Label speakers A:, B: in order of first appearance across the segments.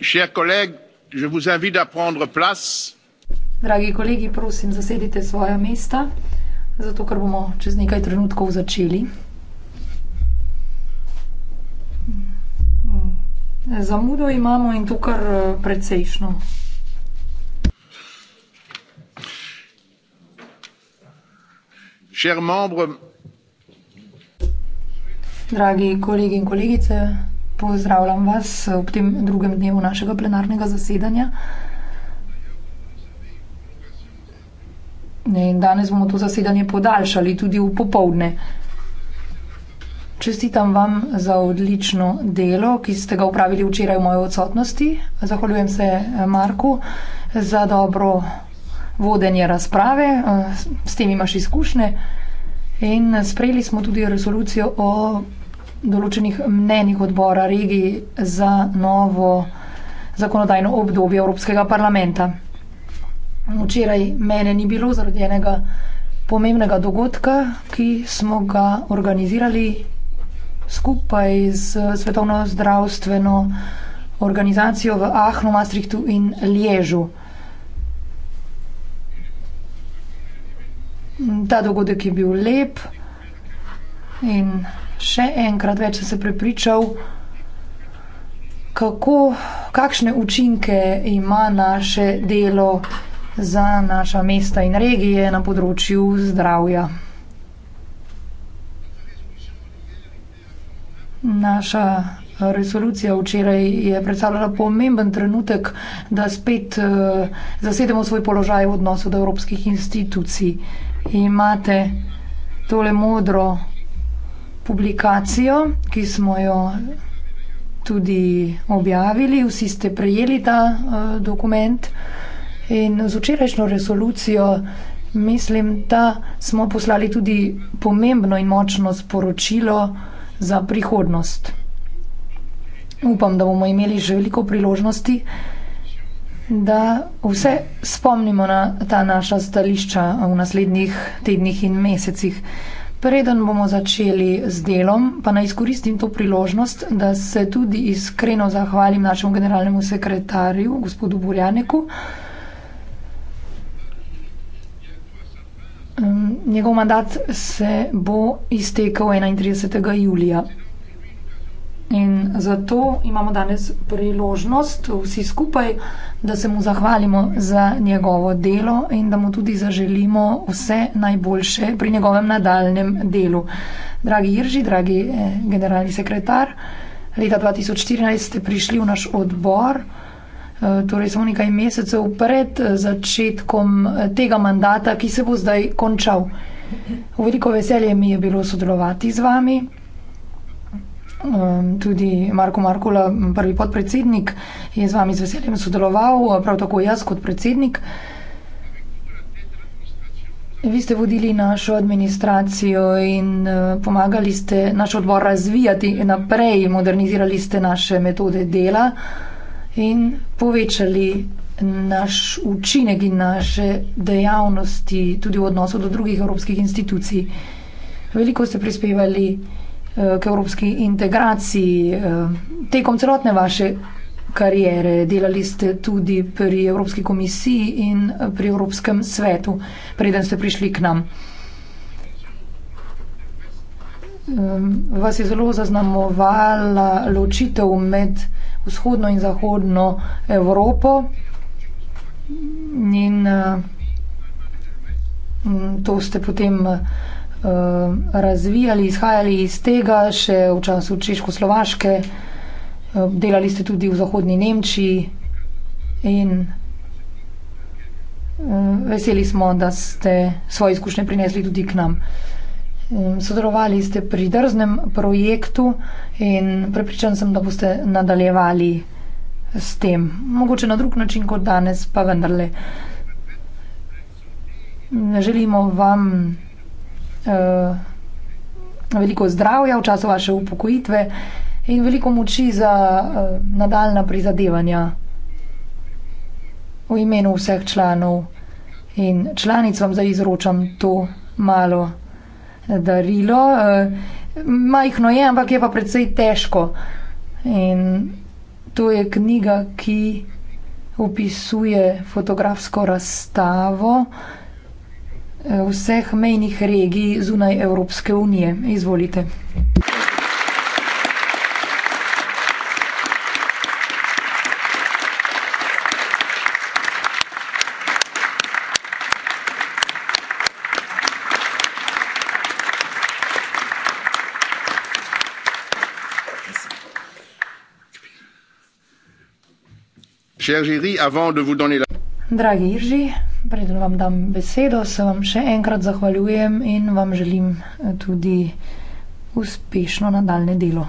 A: chers collègues, je vous invite à prendre place.
B: Dragi kolegi, prosim, zasedite svoja mesta, zato ker bomo čez nekaj trenutkov začeli. Zamudo imamo in to kar eh, precejšno. Dragi kolegi in kolegice, Pozdravljam vas ob tem drugem dnevu našega plenarnega zasedanja. In danes bomo to zasedanje podaljšali tudi v popovdne. Čestitam vam za odlično delo, ki ste ga upravili včeraj v moje odsotnosti. Zahvaljujem se eh, Marku za dobro vodenje razprave, eh, s tem imaš izkušnje. In eh, sprejeli smo tudi resolucijo o določenih mnenjih odbora regij za novo zakonodajno obdobje Evropskega parlamenta. Včeraj mene ni bilo zaradi enega pomembnega dogodka, ki smo ga organizirali skupaj z Svetovno zdravstveno organizacijo v Ahnu, Maastrichtu in Liežu. Ta dogodek je bil lep in še enkrat več se prepričal, kako, kakšne učinke ima naše delo za naša mesta in regije na področju zdravja. Naša resolucija včeraj je predstavljala pomemben trenutek, da spet uh, zasedemo svoj položaj v odnosu do evropskih institucij. Imate tole modro publikacijo, ki smo jo tudi objavili. Vsi ste prejeli ta uh, dokument in z včerajšnjo resolucijo mislim, da smo poslali tudi pomembno in močno sporočilo za prihodnost. Upam, da bomo imeli že veliko priložnosti, da vse spomnimo na ta naša stališča v naslednjih tednih in mesecih. Preden bomo začeli z delom, pa naj izkoristim to priložnost, da se tudi iskreno zahvalim našemu generalnemu sekretarju, gospodu Burjaneku. Njegov mandat se bo iztekel 31. julija. In zato imamo danes priložnost vsi skupaj, da se mu zahvalimo za njegovo delo in da mu tudi zaželimo vse najboljše pri njegovem nadaljem delu. Dragi Irži, dragi eh, generalni sekretar, leta 2014 ste prišli v naš odbor, eh, torej samo nekaj mesecev pred eh, začetkom tega mandata, ki se bo zdaj končal. V veliko veselje mi je bilo sodelovati z vami. Ehm, tudi Marko Markula, prvi podpredsednik, je z vami z veseljem sodeloval, eh, prav tako jaz kot predsednik. Vi ste vodili našo administracijo in eh, pomagali ste naš odbor razvijati naprej, modernizirali ste naše metode dela in povečali naš učinek in naše dejavnosti tudi v odnosu do drugih evropskih institucij. Veliko ste prispevali. Eh, k evropski integraciji. Eh, tekom celotne vaše karijere delali ste tudi pri Evropski komisiji in pri Evropskem svetu, preden ste prišli k nam. Eh, vas je zelo zaznamovala ločitev med vzhodno in zahodno Evropo in to ste potem Um, razvijali, izhajali iz tega, še v času Češko-Slovaške, um, delali ste tudi v Zahodni Nemčiji in um, veseli smo, da ste svoje izkušnje prinesli tudi k nam. Sodelovali ste pri drznem projektu in prepričan sem, da boste nadaljevali s tem. Mogoče na drug način kot danes, pa vendarle. Želimo vam. Eh, veliko zdravja v času vaše upokojitve in veliko moči za uh, eh, nadaljna prizadevanja v imenu vseh članov in članic vam zdaj izročam to malo eh, darilo. Uh, majhno je, ampak je pa predvsej težko. In to je knjiga, ki opisuje fotografsko razstavo vseh mejnih regij zunaj Evropske unije. Izvolite. Dragi Irži, Preden vam dam besedo, se vam še enkrat zahvaljujem in vam želim eh, tudi uspešno nadaljne delo.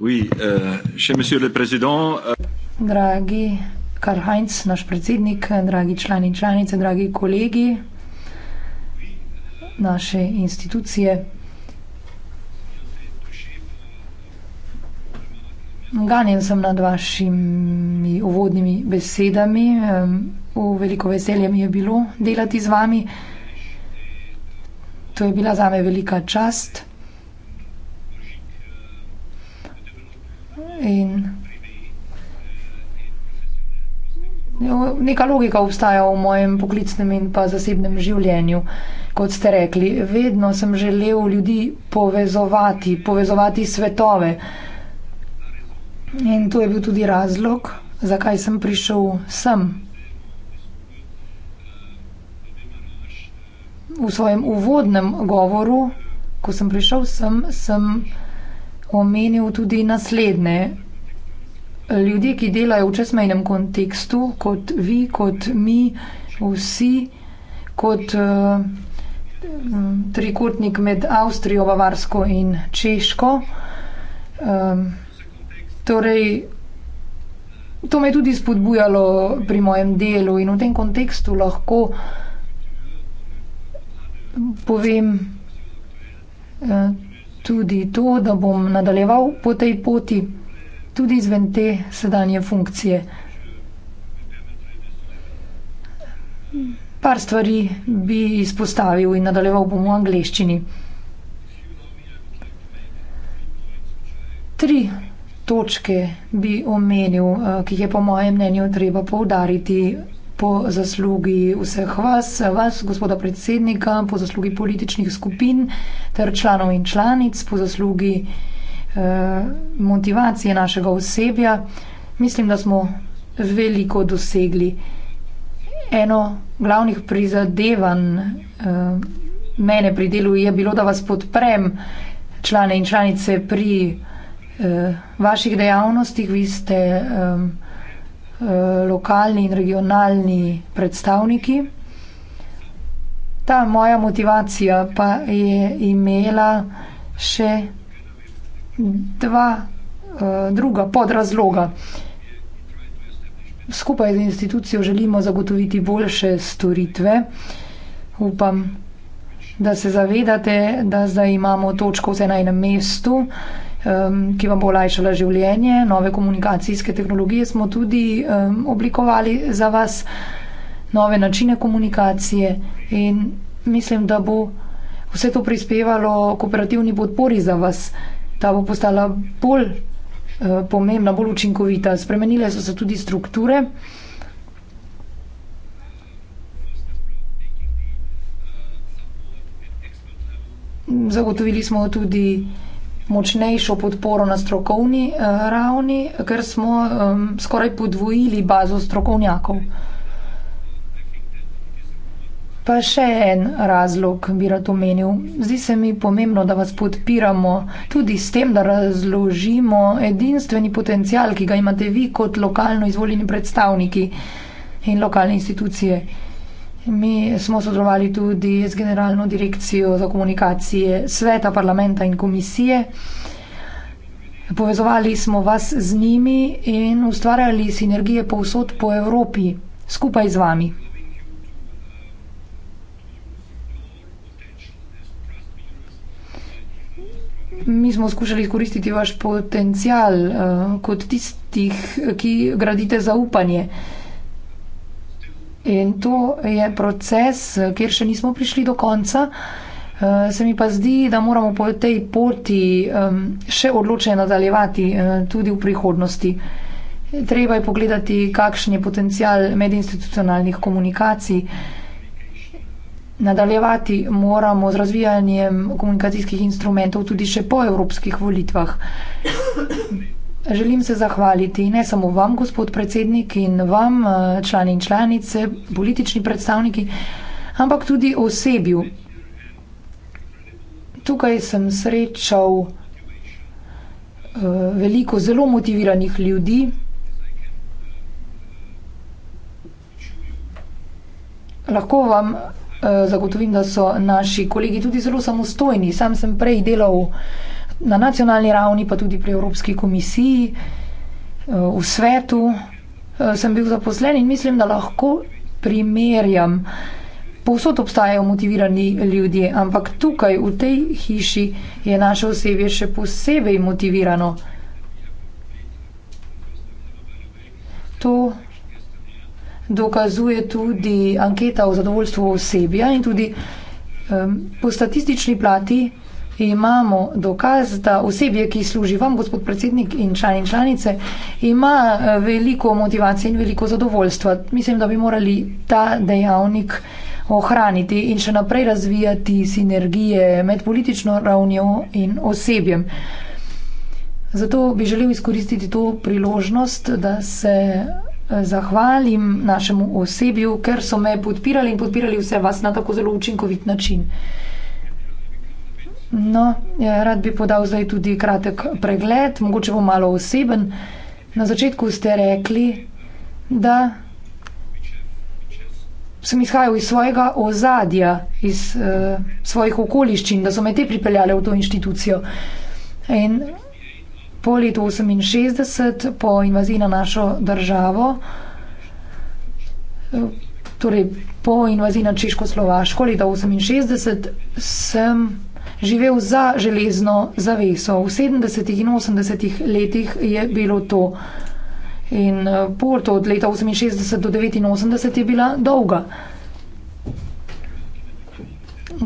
C: Oui, uh, monsieur le président. Euh,
B: dragi Karl Heinz, naš predsednik, dragi člani in članice, dragi kolegi naše institucije. Ganjen sem nad vašimi uvodnimi besedami. Um, Gospod, veliko veselje mi je bilo delati z vami. To je bila zame velika čast. In neka logika obstaja v mojem poklicnem in pa zasebnem življenju. Kot ste rekli, vedno sem želel ljudi povezovati, povezovati svetove. In to je bil tudi razlog, zakaj sem prišel sem. v svojem uvodnem govoru, ko sem prišel sem, sem omenil tudi naslednje. Ljudje, ki delajo v čezmejnem kontekstu, kot vi, kot mi, vsi, kot uh, trikotnik med Avstrijo, Bavarsko in Češko. Um, torej, to me je tudi spodbujalo pri mojem delu in v tem kontekstu lahko povem eh, tudi to, da bom nadaljeval po tej poti tudi izven te sedanje funkcije. Par stvari bi izpostavil in nadaljeval bom v angleščini. Tri točke bi omenil, eh, ki jih je po mojem mnenju treba poudariti po zaslugi vseh vas, vas, gospoda predsednika, po zaslugi političnih skupin ter članov in članic, po zaslugi eh, motivacije našega osebja. Mislim, da smo veliko dosegli. Eno glavnih prizadevanj eh, mene pri delu je bilo, da vas podprem člane in članice pri eh, vaših dejavnostih. Vi ste eh, lokalni in regionalni predstavniki. Ta moja motivacija pa je imela še dva eh, druga podrazloga. Skupaj z institucijo želimo zagotoviti boljše storitve. Upam, da se zavedate, da zdaj imamo točko vse na enem mestu um, ki vam bo olajšala življenje. Nove komunikacijske tehnologije smo tudi um, oblikovali za vas, nove načine komunikacije in mislim, da bo vse to prispevalo kooperativni podpori za vas. Ta bo postala bolj uh, pomembna, bolj učinkovita. Spremenile so se tudi strukture. Zagotovili smo tudi močnejšo podporo na strokovni eh, ravni, ker smo skoraj podvojili bazo strokovnjakov. Pa še en razlog bi rad omenil. Zdi se mi pomembno, da vas podpiramo tudi s tem, da razložimo edinstveni potencial, ki ga imate vi kot lokalno izvoljeni predstavniki in lokalne institucije. Mi smo sodelovali tudi z generalno direkcijo za komunikacije sveta, parlamenta in komisije. Povezovali smo vas z njimi in ustvarjali sinergije povsod po Evropi, skupaj z vami. Mi smo skušali izkoristiti vaš potencial uh, kot tistih, ki gradite zaupanje. Uh, In to je proces, kjer še nismo prišli do konca. Eh, se mi pa zdi, da moramo po tej poti še odločeno nadaljevati eh, tudi v prihodnosti. Treba je pogledati, kakšen je potencial medinstitucionalnih komunikacij. Nadaljevati moramo z razvijanjem komunikacijskih instrumentov tudi še po evropskih volitvah. Želim se zahvaliti ne samo vam, gospod predsednik, in vam, eh, člani in članice, politični predstavniki, ampak tudi osebju. Tukaj sem srečal eh, veliko zelo motiviranih ljudi. Lahko vam eh, zagotovim, da so naši kolegi tudi zelo samostojni. Sam sem prej delal na nacionalni ravni, pa tudi pri Evropski komisiji, eh, v svetu eh, sem bil zaposlen in mislim, da lahko primerjam. Povsod obstajajo motivirani ljudje, ampak tukaj, v tej hiši, je naše osebje še posebej motivirano. To dokazuje tudi anketa o zadovoljstvu osebja in tudi um, po statistični plati imamo dokaz, da osebje, ki služi vam, gospod predsednik in člani in članice, ima eh, veliko motivacije in veliko zadovoljstva. Mislim, da bi morali ta dejavnik ohraniti in še naprej razvijati sinergije med politično ravnjo in osebjem. Zato bi želel izkoristiti to priložnost, da se eh, zahvalim našemu osebju, ker so me podpirali in podpirali vse vas na tako zelo učinkovit način. Uh, No, ja, rad bi podal zdaj tudi kratek pregled, mogoče bo malo oseben. Na začetku ste rekli, da sem izhajal iz svojega ozadja, iz uh, svojih okoliščin, da so me te pripeljale v to inštitucijo. In po letu 68, po invaziji na našo državo, eh, torej po invaziji na Češko-Slovaško leta 68, sem živel za železno zaveso. V 70. in 80. letih je bilo to. In eh, pot od leta 68 do 89 je bila dolga.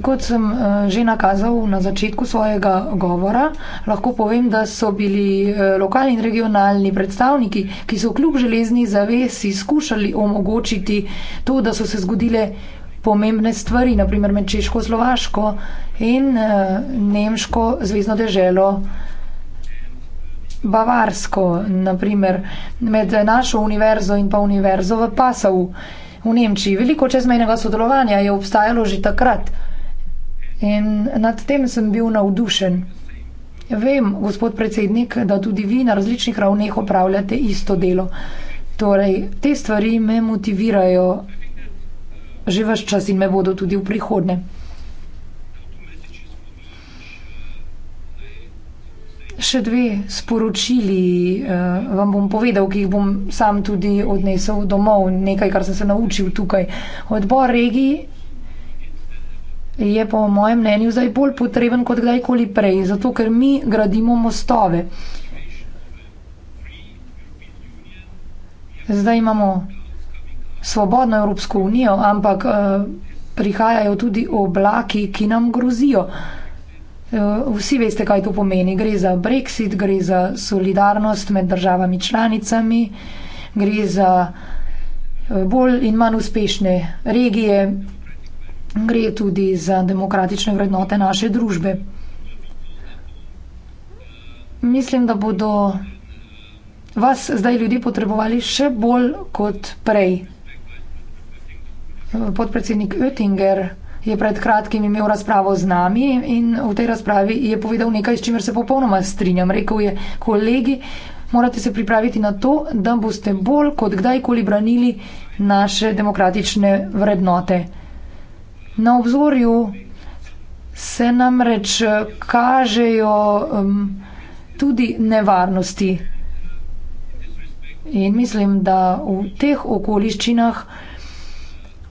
B: Kot sem eh, že nakazal na začetku svojega govora, lahko povem, da so bili eh, lokalni in regionalni predstavniki, ki so kljub železni zavesi skušali omogočiti to, da so se zgodile pomembne stvari, naprimer med Češko, Slovaško in uh, Nemško zvezdno deželo. Bavarsko, naprimer, med našo univerzo in pa univerzo v Pasavu v Nemčiji. Veliko čezmejnega sodelovanja je obstajalo že takrat in nad tem sem bil navdušen. Vem, gospod predsednik, da tudi vi na različnih ravneh opravljate isto delo. Torej, te stvari me motivirajo že vse čas in me bodo tudi v prihodnje. Še dve sporočili eh, vam bom povedal, ki jih bom sam tudi odnesel domov, nekaj, kar sem se naučil tukaj. Odbor regiji je po mojem mnenju zdaj bolj potreben kot kdajkoli prej, zato ker mi gradimo mostove. Zdaj imamo svobodno Evropsko unijo, ampak eh, prihajajo tudi oblaki, ki nam grozijo. Eh, vsi veste, kaj to pomeni. Gre za Brexit, gre za solidarnost med državami članicami, gre za eh, bolj in manj uspešne regije, gre tudi za demokratične vrednote naše družbe. Mislim, da bodo vas zdaj ljudje potrebovali še bolj kot prej. Podpredsednik Oettinger je pred kratkim imel razpravo z nami in v tej razpravi je povedal nekaj, s čimer se popolnoma strinjam. Rekl je kolegi, morate se pripraviti na to, da boste bolj kot kdajkoli branili naše demokratične vrednote. Na obzorju se namreč eh, kažejo um, tudi nevarnosti. In mislim, da v teh okoliščinah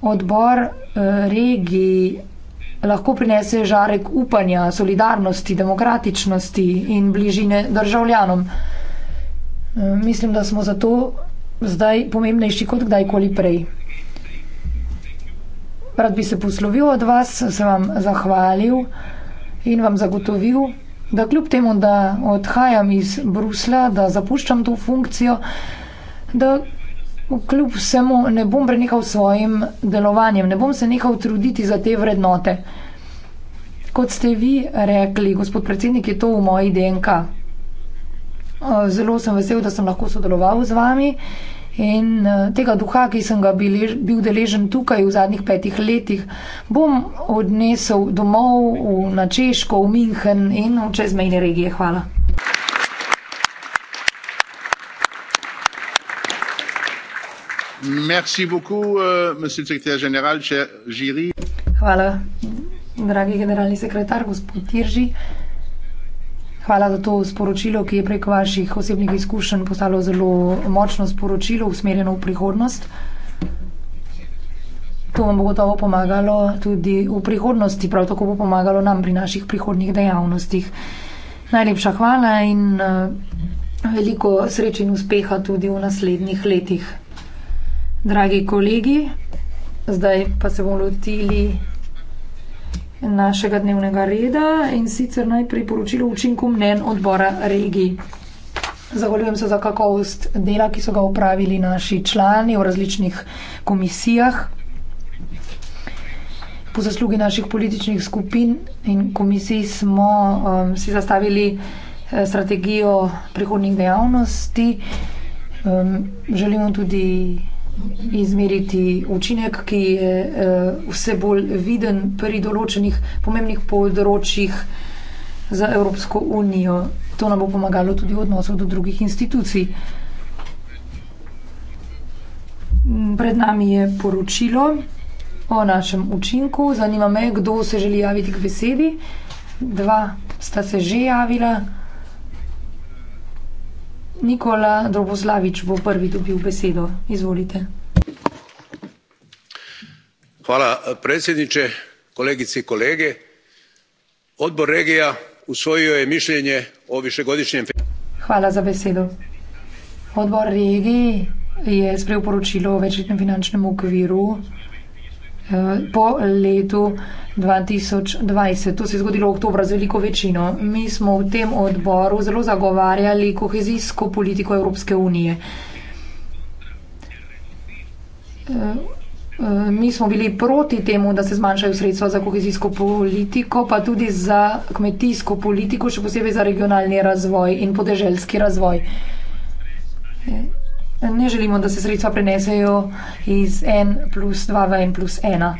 B: odbor eh, regij lahko prinese žarek upanja, solidarnosti, demokratičnosti in bližine državljanom. Eh, mislim, da smo zato zdaj pomembnejši kot kdajkoli prej. Rad bi se poslovil od vas, se vam zahvalil in vam zagotovil, da kljub temu, da odhajam iz Brusla, da zapuščam to funkcijo, da kljub vsemu ne bom prenehal svojim delovanjem, ne bom se nehal truditi za te vrednote. Kot ste vi rekli, gospod predsednik, je to v moji DNK. Eh, zelo sem vesel, da sem lahko sodeloval z vami in eh, tega duha, ki sem ga bil deležen tukaj v zadnjih petih letih, bom odnesel domov na Češko, v Minhen in v čezmejne
D: regije. Hvala.
A: Merci beaucoup, euh, monsieur le secrétaire général, cher Giri.
B: Hvala, dragi generalni sekretar, gospod Tirži. Hvala za to sporočilo, ki je prek vaših osebnih izkušenj postalo zelo močno sporočilo, usmerjeno v prihodnost. To vam bo gotovo pomagalo tudi v prihodnosti, prav tako bo pomagalo nam pri naših prihodnih dejavnostih. Najlepša hvala in eh, veliko sreče in uspeha tudi v naslednjih letih. Dragi kolegi, zdaj pa se bomo lotili našega dnevnega reda in sicer najprej poročilo učinkov mnen odbora regij. Zahvaljujem se za kakovost dela, ki so ga upravili naši člani v različnih komisijah. Po zaslugi naših političnih skupin in komisij smo um, si zastavili eh, strategijo prihodnih dejavnosti. Um, želimo tudi izmeriti učinek, ki je eh, vse bolj viden pri določenih pomembnih področjih za Evropsko unijo. To nam bo pomagalo tudi v odnosu do drugih institucij. Pred nami je poročilo o našem učinku. Zanima me, kdo se želi javiti k besedi. Dva sta se že javila. Nikola Droboslavič bo prvi dobil besedo. Izvolite.
D: Hvala predsjedniče, kolegice i kolege. Odbor regija usvojio je mišljenje o višegodišnjem...
B: Hvala za besedo. Odbor regiji je sprejel poročilo o večletnem finančnem okviru po letu 2020. To se je zgodilo v oktobra z veliko večino. Mi smo v tem odboru zelo zagovarjali kohezijsko politiko Evropske unije. Eh, eh, mi smo bili proti temu, da se zmanjšajo sredstva za kohezijsko politiko, pa tudi za kmetijsko politiko, še posebej za regionalni razvoj in podeželski razvoj. Okay. Eh, ne želimo, da se sredstva prenesejo iz en plus dva v en plus ena.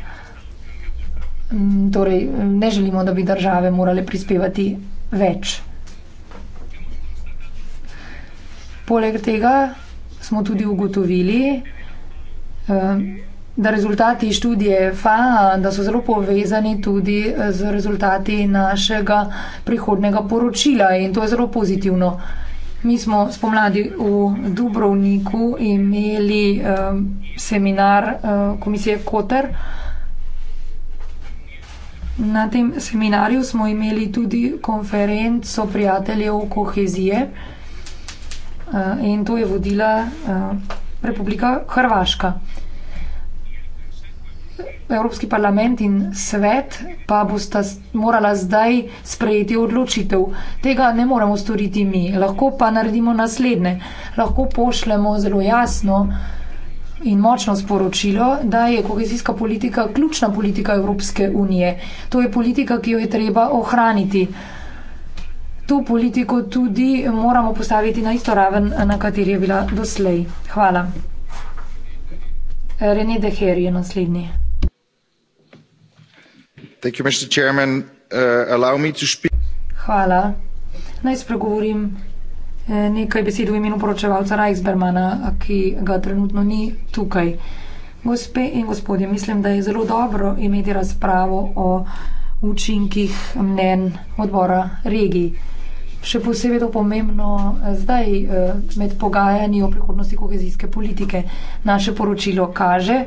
B: Torej, ne želimo, da bi države morale prispevati več. Poleg tega smo tudi ugotovili, eh, da rezultati študije FAA, da so zelo povezani tudi eh, z rezultati našega prihodnega poročila in to je zelo pozitivno. Mi smo spomladi v Dubrovniku imeli uh, seminar uh, komisije Koter. Na tem seminarju smo imeli tudi konferenco prijateljev kohezije uh, in to je vodila uh, Republika Hrvaška. Evropski parlament in svet pa bosta morala zdaj sprejeti odločitev. Tega ne moremo storiti mi, lahko pa naredimo naslednje. Lahko pošljemo zelo jasno in močno sporočilo, da je kohezijska politika ključna politika Evropske unije. To je politika, ki jo je treba ohraniti. To politiko tudi moramo postaviti na isto raven, na kateri je bila doslej. Hvala. Rene Deher je naslednji.
A: Uh,
B: Hvala. Naj spregovorim eh, nekaj besed v imenu poročevalca Reichsbermana, ki ga trenutno ni tukaj. Gospe in gospodje, mislim, da je zelo dobro imeti razpravo o učinkih mnen odbora regij. Še posebej to pomembno eh, zdaj eh, med pogajanji o prihodnosti kohezijske politike. Naše poročilo kaže,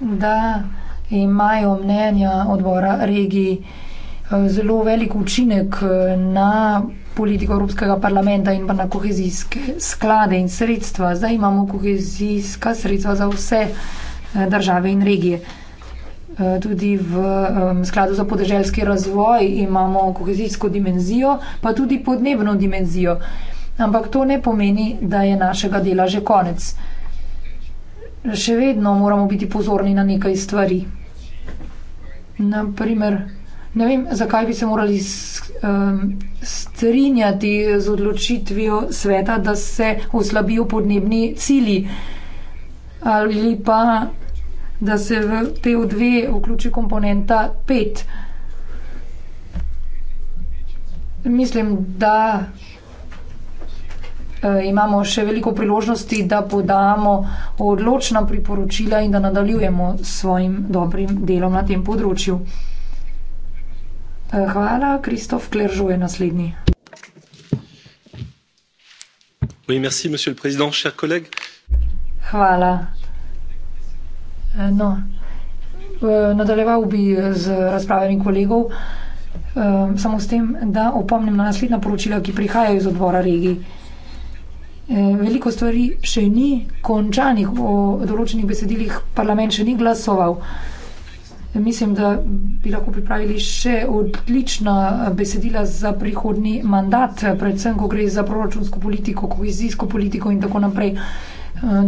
B: da imajo mnenja odbora regiji eh, zelo velik učinek eh, na politiko Evropskega parlamenta in pa na kohezijske sklade in sredstva. Zdaj imamo kohezijska sredstva za vse eh, države in regije. Tudi v skladu za podeželski razvoj imamo kohezijsko dimenzijo, pa tudi podnebno dimenzijo. Ampak to ne pomeni, da je našega dela že konec še vedno moramo biti pozorni na nekaj stvari. Naprimer, ne vem, zakaj bi se morali strinjati z odločitvijo sveta, da se oslabijo podnebni cili ali pa da se v PO2 vključi komponenta 5. Mislim, da Eh, imamo še veliko priložnosti, da podamo odločna priporočila in da nadaljujemo s svojim dobrim delom na tem področju. Eh, hvala, Kristof Kleržo je naslednji.
D: Oui, merci, monsieur le président, chers collègues.
B: Hvala. Eh, no, nadaljeval bi z razpravami kolegov, samo s tem, da opomnim na naslednja poročila, ki prihajajo iz odbora regij. Eh, veliko stvari še ni končanih, o določenih besedilih parlament še ni glasoval. Eh, mislim, da bi lahko pripravili še odlična eh, besedila za prihodni mandat, predvsem, ko gre za proračunsko politiko, kohezijsko politiko in tako naprej.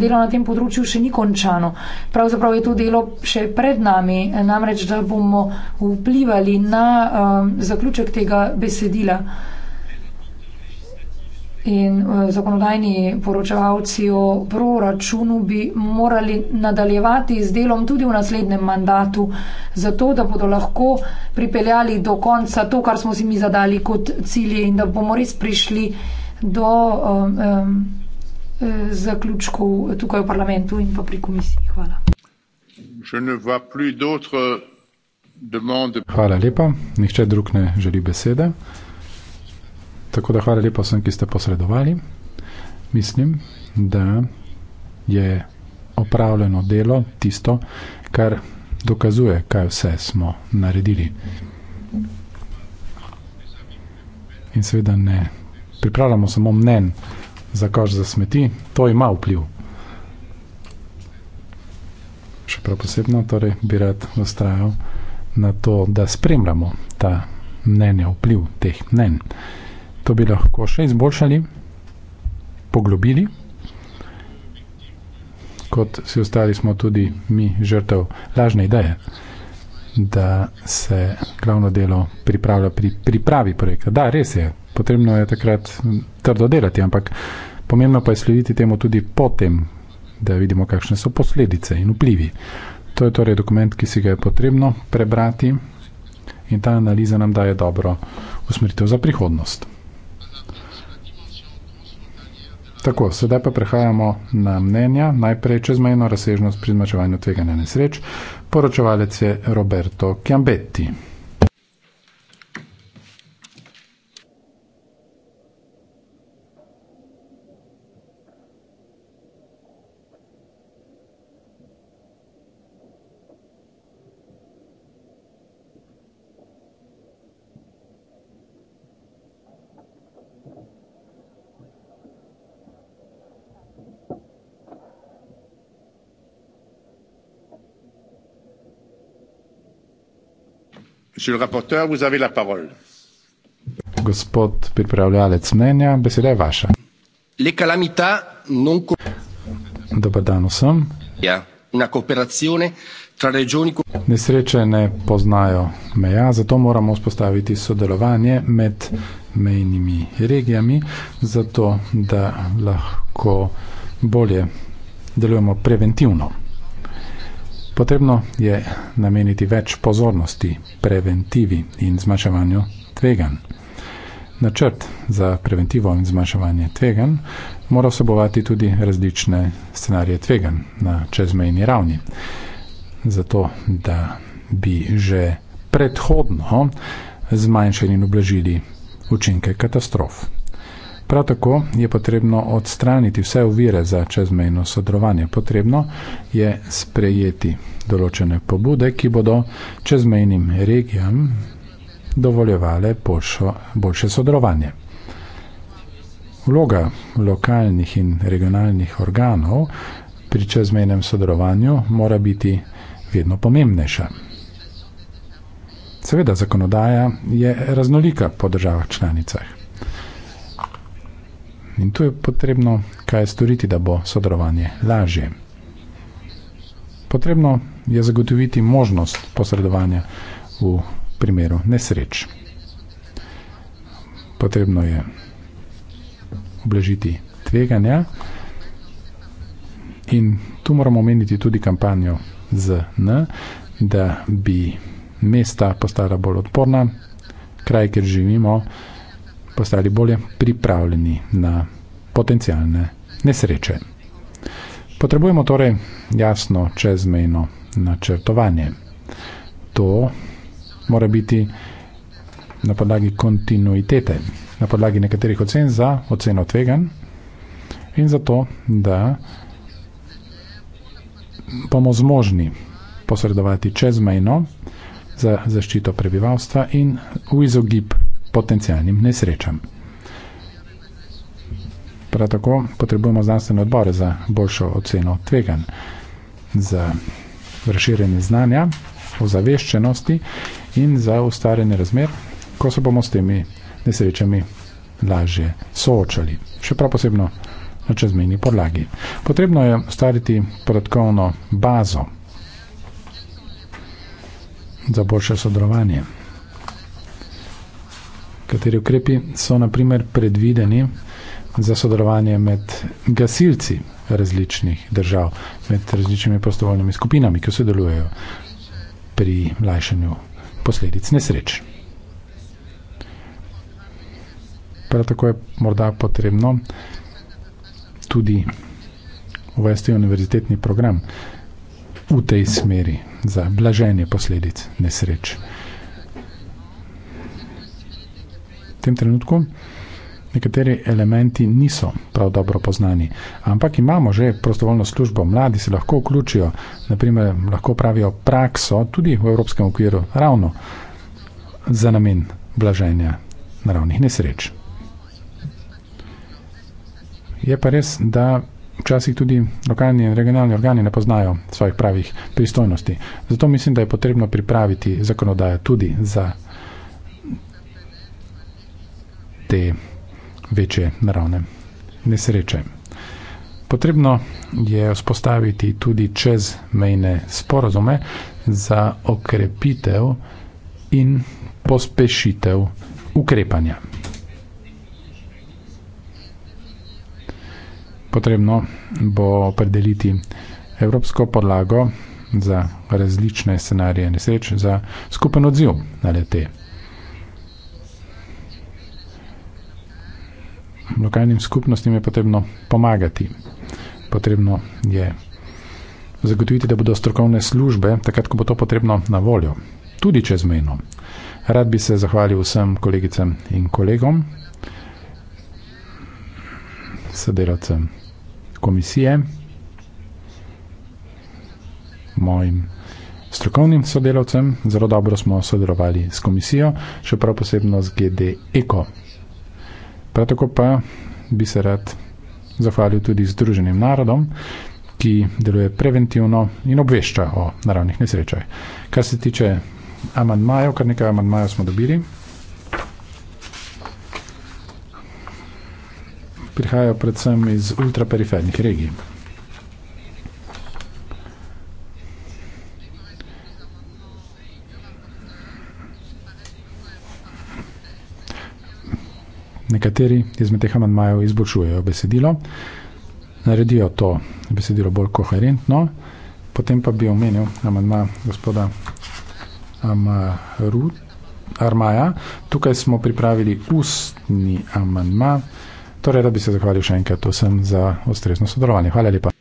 B: Delo na tem področju še ni končano. Pravzaprav je to delo še pred nami, namreč, da bomo vplivali na um, zaključek tega besedila in eh, zakonodajni poročevalci o proračunu bi morali nadaljevati z delom tudi v naslednjem mandatu, zato da bodo lahko pripeljali do konca to, kar smo si mi zadali kot cilje in da bomo res prišli do um, um, eh, zaključkov tukaj v parlamentu in pa pri komisiji. Hvala.
C: Hvala lepa. Nihče drug ne želi besede. Tako da hvala lepa vsem, ki ste posredovali. Mislim, da je opravljeno delo tisto, kar dokazuje, kaj vse smo naredili. In seveda ne pripravljamo samo mnen za kož za smeti, to ima vpliv. Še prav posebno torej bi rad ustrajal na to, da spremljamo ta mnenja, vpliv teh mnenj to bi lahko še izboljšali, poglobili. Kot vsi ostali smo tudi mi žrtev lažne ideje, da se glavno delo pripravlja pri pripravi projekta. Da, res je, potrebno je takrat trdo delati, ampak pomembno pa je slediti temu tudi potem, da vidimo, kakšne so posledice in vplivi. To je torej dokument, ki si ga je potrebno prebrati in ta analiza nam daje dobro usmeritev za prihodnost. Tako, sedaj pa prehajamo na mnenja. Najprej čezmejno razsežnost pri zmačevanju tveganja nesreč. Poročevalec je Roberto Chiambetti.
A: Monsieur le rapporteur, vous avez la parole.
C: Gospod pripravljalec mnenja, beseda je vaša. Le calamità non Dobar dan vsem. Ja, una cooperazione tra regioni. Nesreče ne poznajo meja, zato moramo vzpostaviti sodelovanje med mejnimi regijami, zato da lahko bolje delujemo preventivno. Potrebno je nameniti več pozornosti preventivi in zmanjševanju tvegan. Načrt za preventivo in zmanjševanje tvegan mora vsebovati tudi različne scenarije tvegan na čezmejni ravni. Zato, da bi že predhodno zmanjšali in ublažili učinke katastrof. Prav tako je potrebno odstraniti vse ovire za čezmejno sodelovanje. Potrebno je sprejeti določene pobude, ki bodo čezmejnim regijam dovoljevale boljšo, boljše sodelovanje. Vloga lokalnih in regionalnih organov pri čezmejnem sodelovanju mora biti vedno pomembnejša. Seveda, zakonodaja je raznolika po državah članicah. In tu je potrebno kaj storiti, da bo sodelovanje lažje. Potrebno je zagotoviti možnost posredovanja v primeru nesreč. Potrebno je oblažiti tveganja in tu moramo omeniti tudi kampanjo z N, da bi mesta postala bolj odporna, kraj, kjer živimo, postali bolje pripravljeni na potencijalne nesreče. Potrebujemo torej jasno čezmejno načrtovanje. To mora biti na podlagi kontinuitete, na podlagi nekaterih ocen za oceno tvegan in zato, da bomo zmožni posredovati čezmejno za zaščito prebivalstva in v izogib potencijalnim nesrečam. Prav tako potrebujemo znanstvene odbore za boljšo oceno tveganj, za razširjenje znanja, ozaveščenosti in za ustarjene razmer, ko se bomo s temi nesrečami lažje soočali, še prav posebno na čezmejni podlagi. Potrebno je ustvariti podatkovno bazo za boljše sodelovanje kateri ukrepi so naprimer predvideni za sodelovanje med gasilci različnih držav, med različnimi prostovoljnimi skupinami, ki sodelujejo pri lajšanju posledic nesreč. Prav tako je morda potrebno tudi uvesti univerzitetni program v tej smeri za blaženje posledic nesreč. tem trenutku nekateri elementi niso prav dobro poznani. Ampak imamo že prostovoljno službo, mladi se lahko vključijo, naprimer lahko pravijo prakso tudi v evropskem okviru, ravno za namen blaženja naravnih nesreč. Je pa res, da včasih tudi lokalni in regionalni organi ne poznajo svojih pravih pristojnosti. Zato mislim, da je potrebno pripraviti zakonodajo tudi za te večje naravne nesreče. Potrebno je vzpostaviti tudi čezmejne sporozume za okrepitev in pospešitev ukrepanja. Potrebno bo opredeliti evropsko podlago za različne scenarije nesreč za skupen odziv na letej. lokalnim skupnostim je potrebno pomagati. Potrebno je zagotoviti, da bodo strokovne službe, takrat, ko bo to potrebno, na voljo. Tudi čezmejno. Rad bi se zahvalil vsem kolegicam in kolegom, sodelavcem komisije, mojim strokovnim sodelavcem. Zelo dobro smo sodelovali s komisijo, še prav posebno z GD Eko. Prav tako pa bi se rad zahvalil tudi Združenim narodom, ki deluje preventivno in obvešča o naravnih nesrečah. Kar se tiče amandmajev, kar nekaj amandmajev smo dobili, prihajajo predvsem iz ultraperifernih regij. Nekateri izmed teh amandmajev izboljšujejo besedilo, naredijo to besedilo bolj koherentno, potem pa bi omenil amandma gospoda Amaru, Armaja. Tukaj smo pripravili ustni amandma, torej da bi se zahvalil še enkrat vsem za ustrezno sodelovanje. Hvala lepa.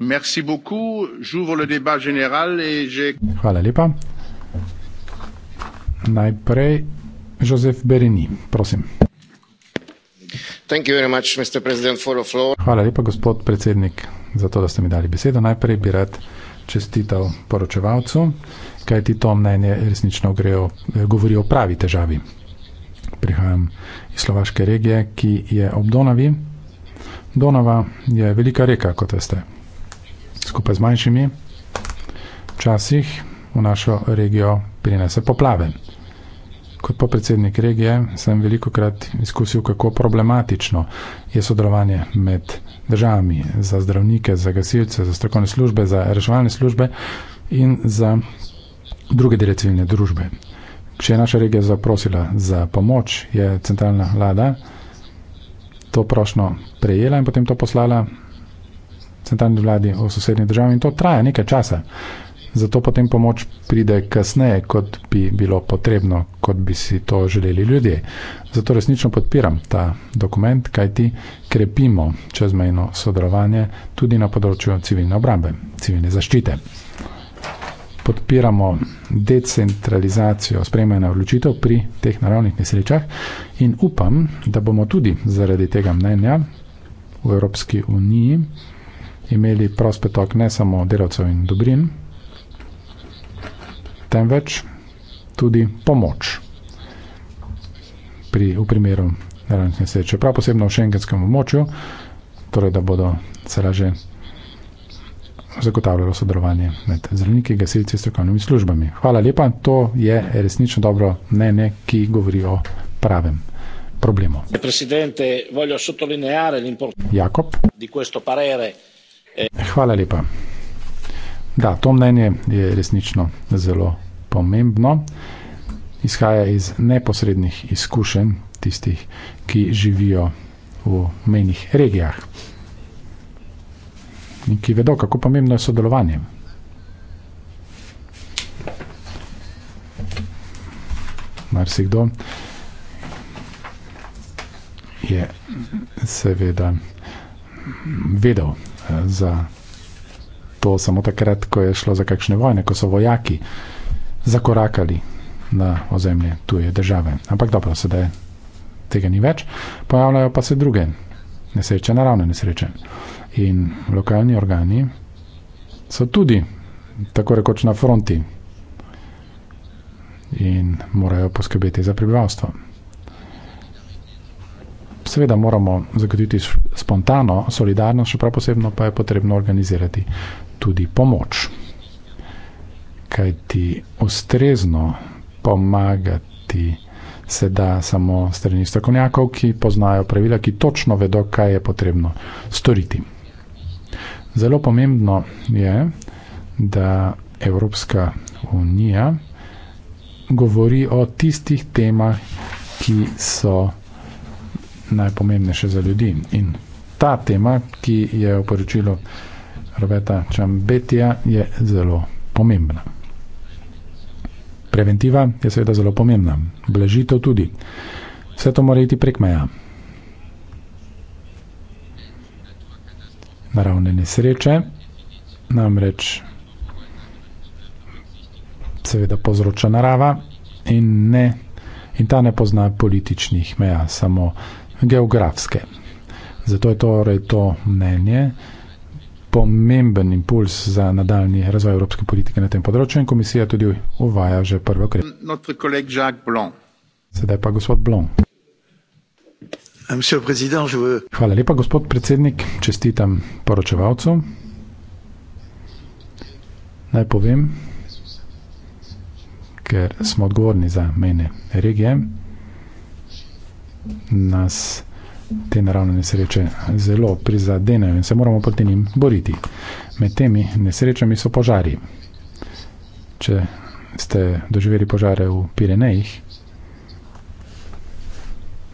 A: Merci beaucoup. J'ouvre le débat général et j'ai.
C: Hvala lepa. Najprej Joseph Bereni, prosim. Much, Hvala lepa, gospod predsednik, za to, da ste mi dali besedo. Najprej bi rad čestital poročevalcu, kaj ti to mnenje resnično grejo, govori o pravi težavi. Prihajam iz slovaške regije, ki je ob Donavi. Donava je velika reka, kot veste, skupaj z manjšimi. Včasih v našo regijo prinese poplave. Kot podpredsednik regije sem veliko krat izkusil, kako problematično je sodelovanje med državami za zdravnike, za gasilce, za strokovne službe, za reševalne službe in za druge dele civilne družbe. Če je naša regija zaprosila za pomoč, je centralna vlada to prošno prejela in potem to poslala centralni vladi v sosednji državi in to traja nekaj časa. Zato potem pomoč pride kasneje, kot bi bilo potrebno, kot bi si to želeli ljudje. Zato resnično podpiram ta dokument, kajti krepimo čezmejno sodelovanje tudi na področju civilne obrambe, civilne zaščite. Podpiramo decentralizacijo sprejemanja odločitev pri teh naravnih nesrečah in upam, da bomo tudi zaradi tega mnenja v Evropski uniji imeli prost petok ne samo delavcev in dobrin, temveč tudi pomoč pri, v primeru naravnične sreče. Prav posebno v šengenskem območju, torej da bodo se laže zagotavljalo sodelovanje med zdravniki, gasilci in strokovnimi službami. Hvala lepa, to je resnično dobro mnenje, ki govori o pravem problemu. Jakob. Hvala lepa. Da, to mnenje je resnično zelo pomembno. Izhaja iz neposrednih izkušenj tistih, ki živijo v menih regijah in ki vedo, kako pomembno je sodelovanje. Marsikdo je seveda vedel eh, za to samo takrat, ko je šlo za kakšne vojne, ko so vojaki zakorakali na ozemlje tuje države. Ampak dobro, sedaj tega ni več, pojavljajo pa se druge nesreče, naravne nesreče. In lokalni organi so tudi tako rekoč na fronti in morajo poskrbeti za prebivalstvo. Seveda moramo zagotoviti spontano solidarnost, še prav posebno pa je potrebno organizirati tudi pomoč. Kaj ti ustrezno pomagati se da samo strani strokovnjakov, ki poznajo pravila, ki točno vedo, kaj je potrebno storiti. Zelo pomembno je, da Evropska unija govori o tistih temah, ki so najpomembnejše za ljudi. In ta tema, ki je v poročilu Roberta Čambetija je zelo pomembna. Preventiva je seveda zelo pomembna, blažitev tudi. Vse to mora iti prek meja. Naravne nesreče namreč seveda povzroča narava in, ne, in ta ne pozna političnih meja, samo geografske. Zato je torej to mnenje, to pomemben impuls za nadaljni razvoj evropske politike na tem področju in komisija tudi uvaja že prve
A: ukrepe.
C: Sedaj pa gospod Blon. Ah, Hvala lepa, gospod predsednik, čestitam poročevalcu. Naj povem, ker smo odgovorni za mene regije, nas je te naravne nesreče zelo prizadenejo in se moramo proti njim boriti. Med temi nesrečami so požari. Če ste doživeli požare v Pirenejih,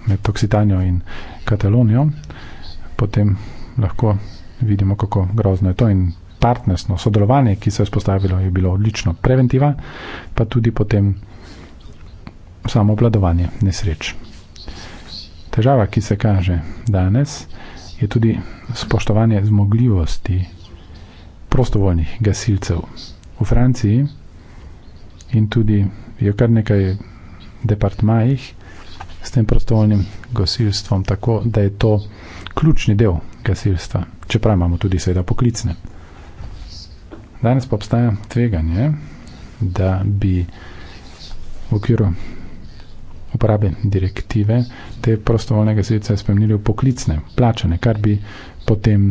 C: med Toksitanjo in Katalonijo, potem lahko vidimo, kako grozno je to in partnersno sodelovanje, ki se je spostavilo, je bilo odlično preventiva, pa tudi potem samo obladovanje nesreč težava, ki se kaže danes, je tudi spoštovanje zmogljivosti prostovoljnih gasilcev. V Franciji in tudi je kar nekaj departmajih s tem prostovoljnim gasilstvom, tako da je to ključni del gasilstva, čeprav imamo tudi seveda poklicne. Danes pa obstaja tveganje, da bi v okviru uporabe direktive, te prostovoljne gasilce spremenili v poklicne, plačane, kar bi potem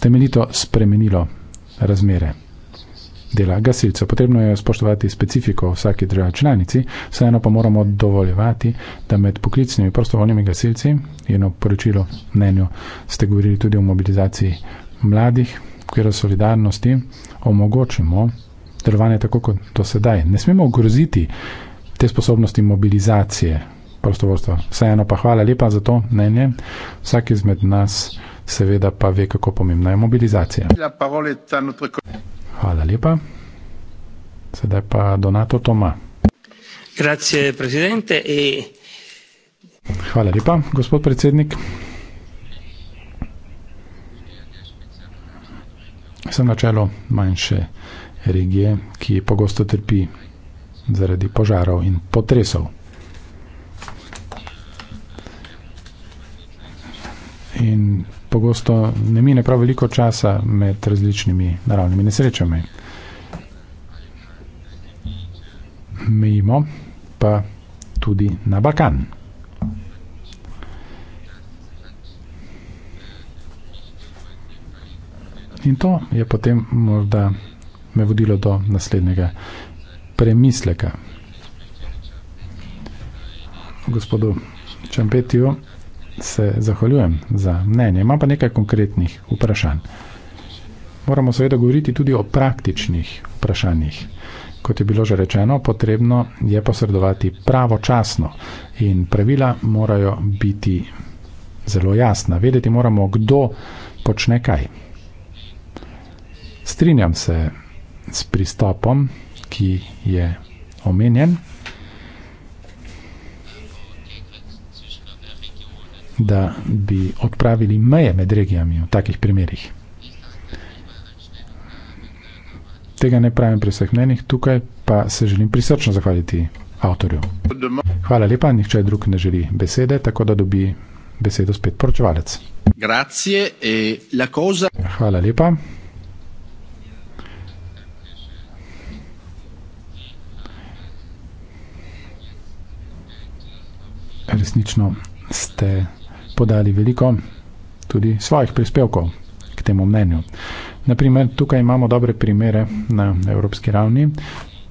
C: temeljito spremenilo razmere dela gasilcev. Potrebno je spoštovati specifiko vsake države članici, vseeno pa moramo dovoljevati, da med poklicnimi prostovoljnimi gasilci, eno poročilo mnenju ste govorili tudi o mobilizaciji mladih, kjer solidarnosti omogočimo delovanje tako kot do sedaj. Ne smemo ogroziti te sposobnosti mobilizacije prostovoljstva. Vseeno pa hvala lepa za to mnenje. Vsak izmed nas seveda pa ve, kako pomembna je mobilizacija. Hvala lepa. Sedaj pa Donato Toma.
A: Grazie, presidente. E...
C: Hvala lepa, gospod predsednik. Sem na čelu manjše regije, ki pogosto trpi zaradi požarov in potresov. In pogosto ne mine prav veliko časa med različnimi naravnimi nesrečami. Mejimo pa tudi na Balkan. In to je potem morda me vodilo do naslednjega premisleka. Gospodu Čampetiju se zahvaljujem za mnenje. Imam pa nekaj konkretnih vprašanj. Moramo seveda govoriti tudi o praktičnih vprašanjih. Kot je bilo že rečeno, potrebno je posredovati pravočasno in pravila morajo biti zelo jasna. Vedeti moramo, kdo počne kaj. Strinjam se s pristopom, ki je omenjen, da bi odpravili meje med regijami v takih primerih. Tega ne pravim pri vseh mnenih, tukaj pa se želim prisrčno zahvaliti avtorju. Hvala lepa, nihče drug ne želi besede, tako da dobi besedo spet poročevalec. Grazie e la cosa. Hvala lepa. resnično ste podali veliko tudi svojih prispevkov k temu mnenju. Naprimer, tukaj imamo dobre primere na evropski ravni.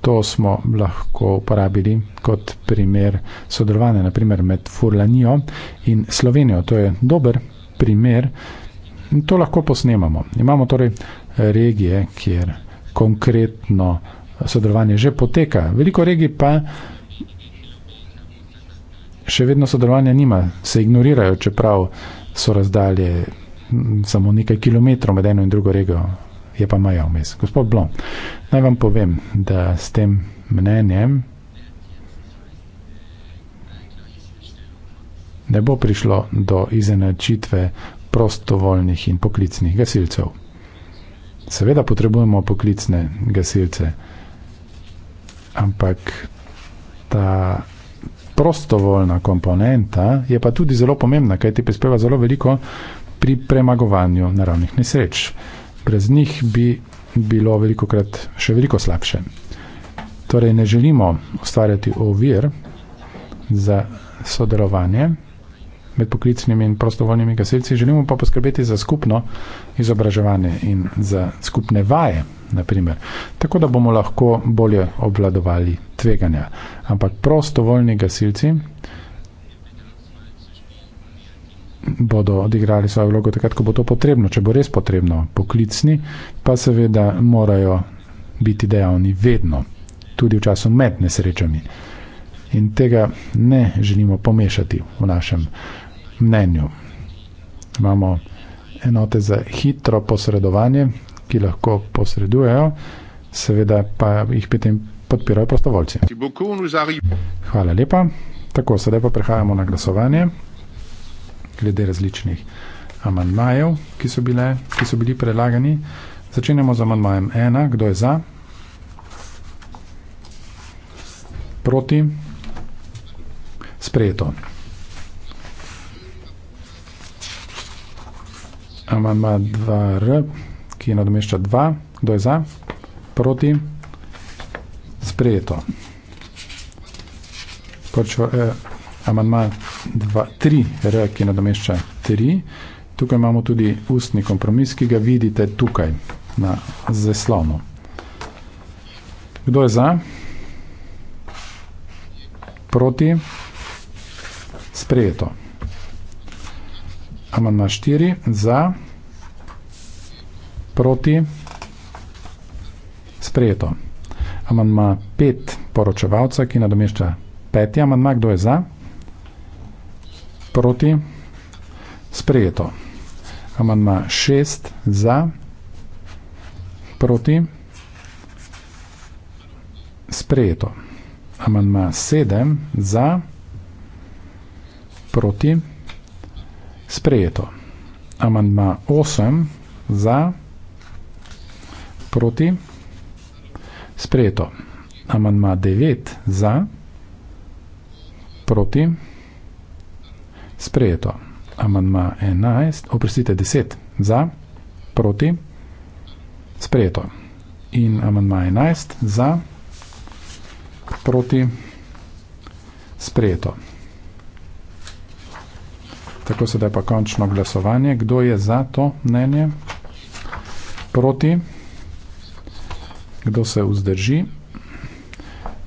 C: To smo lahko uporabili kot primer sodelovanja naprimer, med Furlanijo in Slovenijo. To je dober primer in to lahko posnemamo. Imamo torej regije, kjer konkretno sodelovanje že poteka. Veliko regij pa je še vedno sodelovanja nima, se ignorirajo, čeprav so razdalje hm, samo nekaj kilometrov med eno in drugo regijo, je pa maja vmes. Gospod Blom, naj vam povem, da s tem mnenjem ne bo prišlo do izenačitve prostovoljnih in poklicnih gasilcev. Seveda potrebujemo poklicne gasilce, ampak ta prostovoljna komponenta je pa tudi zelo pomembna, kaj ti prispeva zelo veliko pri premagovanju naravnih nesreč. Brez njih bi bilo veliko krat še veliko slabše. Torej ne želimo ustvarjati ovir za sodelovanje med poklicnimi in prostovoljnimi gasilci, želimo pa poskrbeti za skupno izobraževanje in za skupne vaje naprimer. Tako da bomo lahko bolje obvladovali tveganja. Ampak prostovoljni gasilci bodo odigrali svojo vlogo takrat, ko bo to potrebno, če bo res potrebno, poklicni, pa seveda morajo biti dejavni vedno, tudi v času med nesrečami. In tega ne želimo pomešati v našem mnenju. Imamo enote za hitro posredovanje, ki lahko posredujejo, seveda pa jih potem podpirajo prostovoljci. Hvala lepa. Tako, sedaj pa prehajamo na glasovanje glede različnih amandmajev, ki so, bile, ki so bili predlagani. Začenjamo z amandmajem 1. Kdo je za? Proti? Sprejeto. Amandma 2 ki nadomešča 2, kdo je za, proti, sprejeto. Počo, eh, amandma 3, R, ki nadomešča 3, tukaj imamo tudi ustni kompromis, ki ga vidite tukaj, na zeslonu. Kdo je za, proti, sprejeto. Amandma 4, za, proti, proti. Sprejeto. Amandma pet poročevalca, ki nadomešča peti. Amandma, kdo je za? Proti. Sprejeto. Amandma šest za. Proti. Sprejeto. Amandma sedem za. Proti. Sprejeto. Amandma osem za. Proti proti, sprejeto. Amandma 9 za, proti, sprejeto. Amandma 11, oprostite 10 za, proti, sprejeto. In amandma 11 za, proti, sprejeto. Tako sedaj pa končno glasovanje. Kdo je za to mnenje? Proti. Proti. Kdo se vzdrži?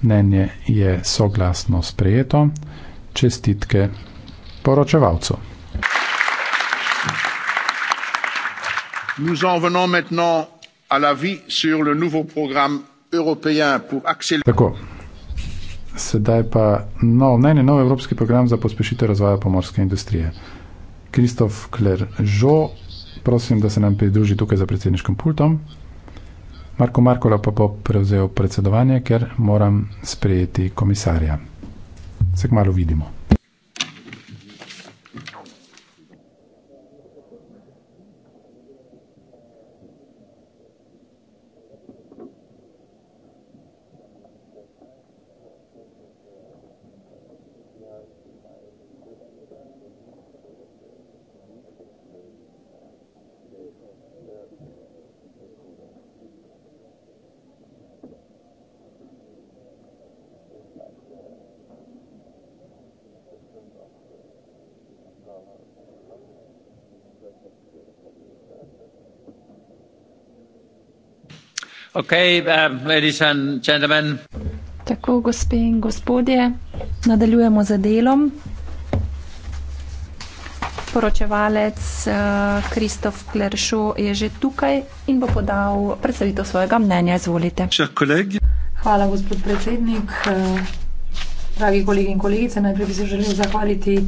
C: Mnenje je soglasno sprejeto. Čestitke poročevalcu.
A: Nous en venons maintenant à l'avis sur le nouveau programme européen
C: pour accélérer. Tako. Sedaj pa nov, ne, ne, nov evropski program za pospešitev razvoja pomorske industrije. Kristof Klerjo, prosim, da se nam pridruži tukaj za predsedniškim pultom. Marko Markola pa bo prevzel predsedovanje, ker moram sprejeti komisarja. Se kmalo vidimo.
A: Okay, um, ladies and gentlemen.
E: Tako, gospe in gospodje, nadaljujemo z delom. Poročevalec uh, Kristof uh, Kleršo je že tukaj in bo podal predstavitev svojega mnenja. Izvolite. Hvala, gospod predsednik. Uh, dragi kolegi in kolegice, najprej bi se želel zahvaliti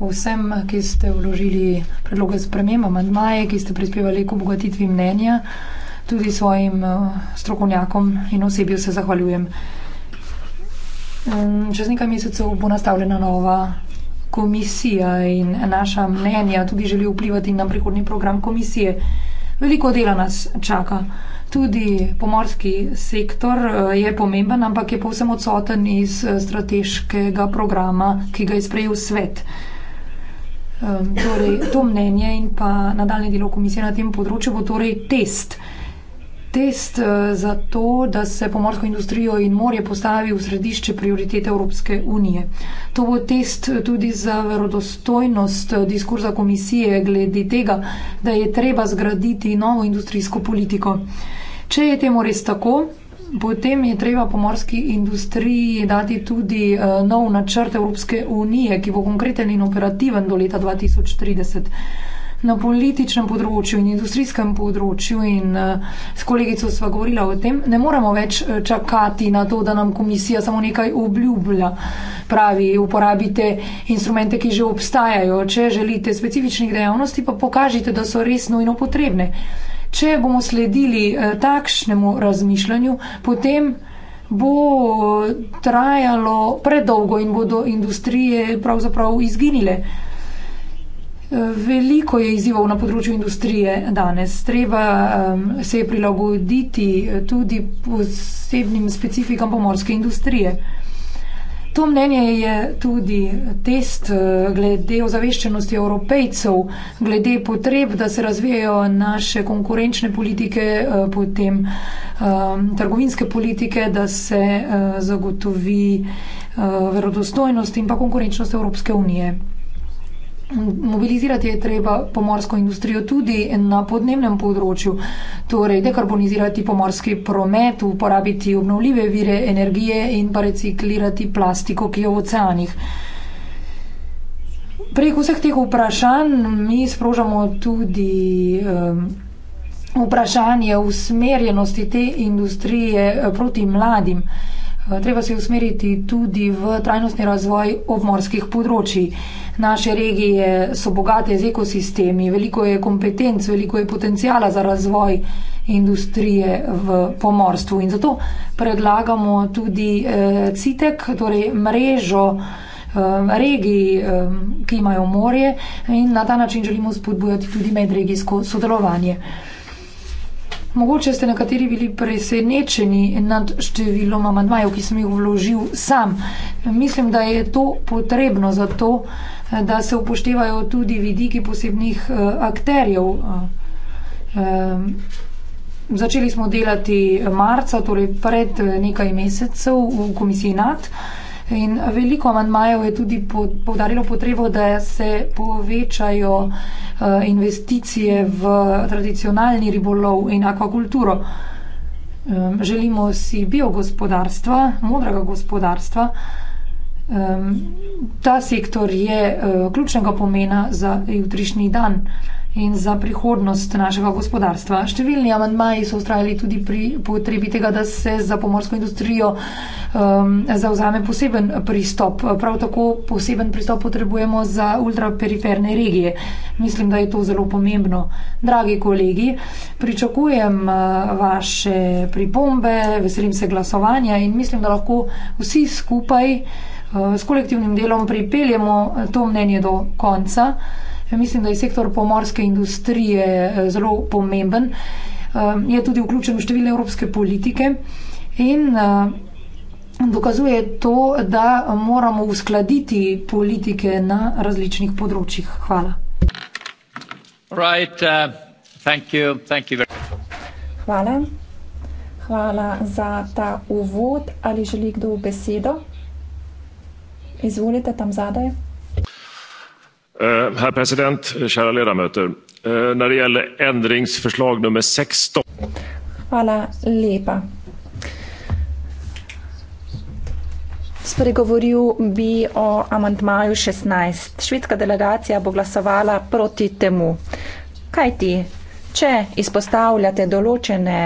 B: vsem, ki ste vložili predloge sprememe, amandmaje, ki ste prispevali k obogatitvi mnenja. Uh, tudi svojim eh, strokovnjakom in osebju se zahvaljujem. Čez nekaj mesecev bo nastavljena nova komisija in naša mnenja tudi želijo vplivati na prihodni program komisije. Veliko dela nas čaka. Tudi pomorski sektor eh, je pomemben, ampak je povsem odsoten iz eh, strateškega programa, ki ga je sprejel svet. Torej, to mnenje in pa nadaljne delo komisije na tem področju bo torej test test eh, za to, da se pomorsko industrijo in morje postavi v središče prioritete Evropske unije. To bo test tudi za verodostojnost eh, diskurza komisije glede tega, da je treba zgraditi novo industrijsko politiko. Če je temu res tako, potem je treba pomorski industriji dati tudi eh, nov načrt Evropske unije, ki bo konkreten in operativen do leta 2030 na političnem področju in industrijskem področju in eh, s kolegico sva govorila o tem, ne moremo več eh, čakati na to, da nam komisija samo nekaj obljublja. Pravi, uporabite instrumente, ki že obstajajo. Če želite specifičnih dejavnosti, pa pokažite, da so res nujno potrebne. Če bomo sledili eh, takšnemu razmišljanju, potem bo trajalo predolgo in bodo industrije pravzaprav izginile. Veliko je izzivov na področju industrije danes. Treba se je prilagoditi eh, tudi posebnim specifikam pomorske industrije. To mnenje je tudi test eh, glede ozaveščenosti evropejcev, glede potreb, da se razvijajo naše konkurenčne politike, eh, potem trgovinske politike, da se zagotovi verodostojnost in pa konkurenčnost Evropske unije. Mobilizirati je treba pomorsko industrijo tudi na podnebnem področju, torej dekarbonizirati pomorski promet, uporabiti obnovljive vire energije in pa reciklirati plastiko, ki je v oceanih. Prek vseh teh vprašanj mi sprožamo tudi um, vprašanje usmerjenosti te industrije eh, proti mladim. Eh, treba se usmeriti tudi v trajnostni razvoj obmorskih področji. Naše regije so bogate z ekosistemi, veliko je kompetenc, veliko je potencijala za razvoj industrije v pomorstvu in zato predlagamo tudi eh, CITEK, torej mrežo eh, regij, ki imajo morje in na ta način želimo spodbujati tudi medregijsko sodelovanje. Mogoče ste nekateri bili presenečeni nad številom amadmajev, ki sem jih vložil sam. Mislim, da je to potrebno zato, da se upoštevajo tudi vidiki posebnih eh, akterjev. Eh, eh, začeli smo delati marca, torej pred nekaj mesecev v komisiji NATO. In veliko manjmajev je tudi povdarilo potrebo, da se povečajo eh, investicije v tradicionalni ribolov in akvakulturo. Ehm, želimo si biogospodarstva, modrega gospodarstva. Ehm, ta sektor je eh, ključnega pomena za jutrišnji dan in za prihodnost našega gospodarstva. Številni amantmaji so ustrajali tudi pri potrebi tega, da se za pomorsko industrijo um, zauzame poseben pristop. Prav tako poseben pristop potrebujemo za ultraperiferne regije. Mislim, da je to zelo pomembno. Dragi kolegi, pričakujem uh, vaše pripombe, veselim se glasovanja in mislim, da lahko vsi skupaj uh, s kolektivnim delom pripeljemo to mnenje do konca. Ja, mislim, da je sektor pomorske industrije eh, zelo pomemben. Ehm, je tudi vključen v številne evropske politike in eh, dokazuje to, da moramo uskladiti politike na
E: različnih področjih. Hvala.
C: Right, uh, thank you. Thank you
E: Hvala. Hvala za ta uvod. Ali želi kdo besedo? Izvolite tam zadaj.
C: Eh, herr president, kära ledamöter. Eh, när det gäller ändringsförslag nummer 16.
E: Hvala lepa. Spregovoril bi o amantmaju 16. Švedska delegacija bo glasovala proti temu. Kaj ti? Če izpostavljate določene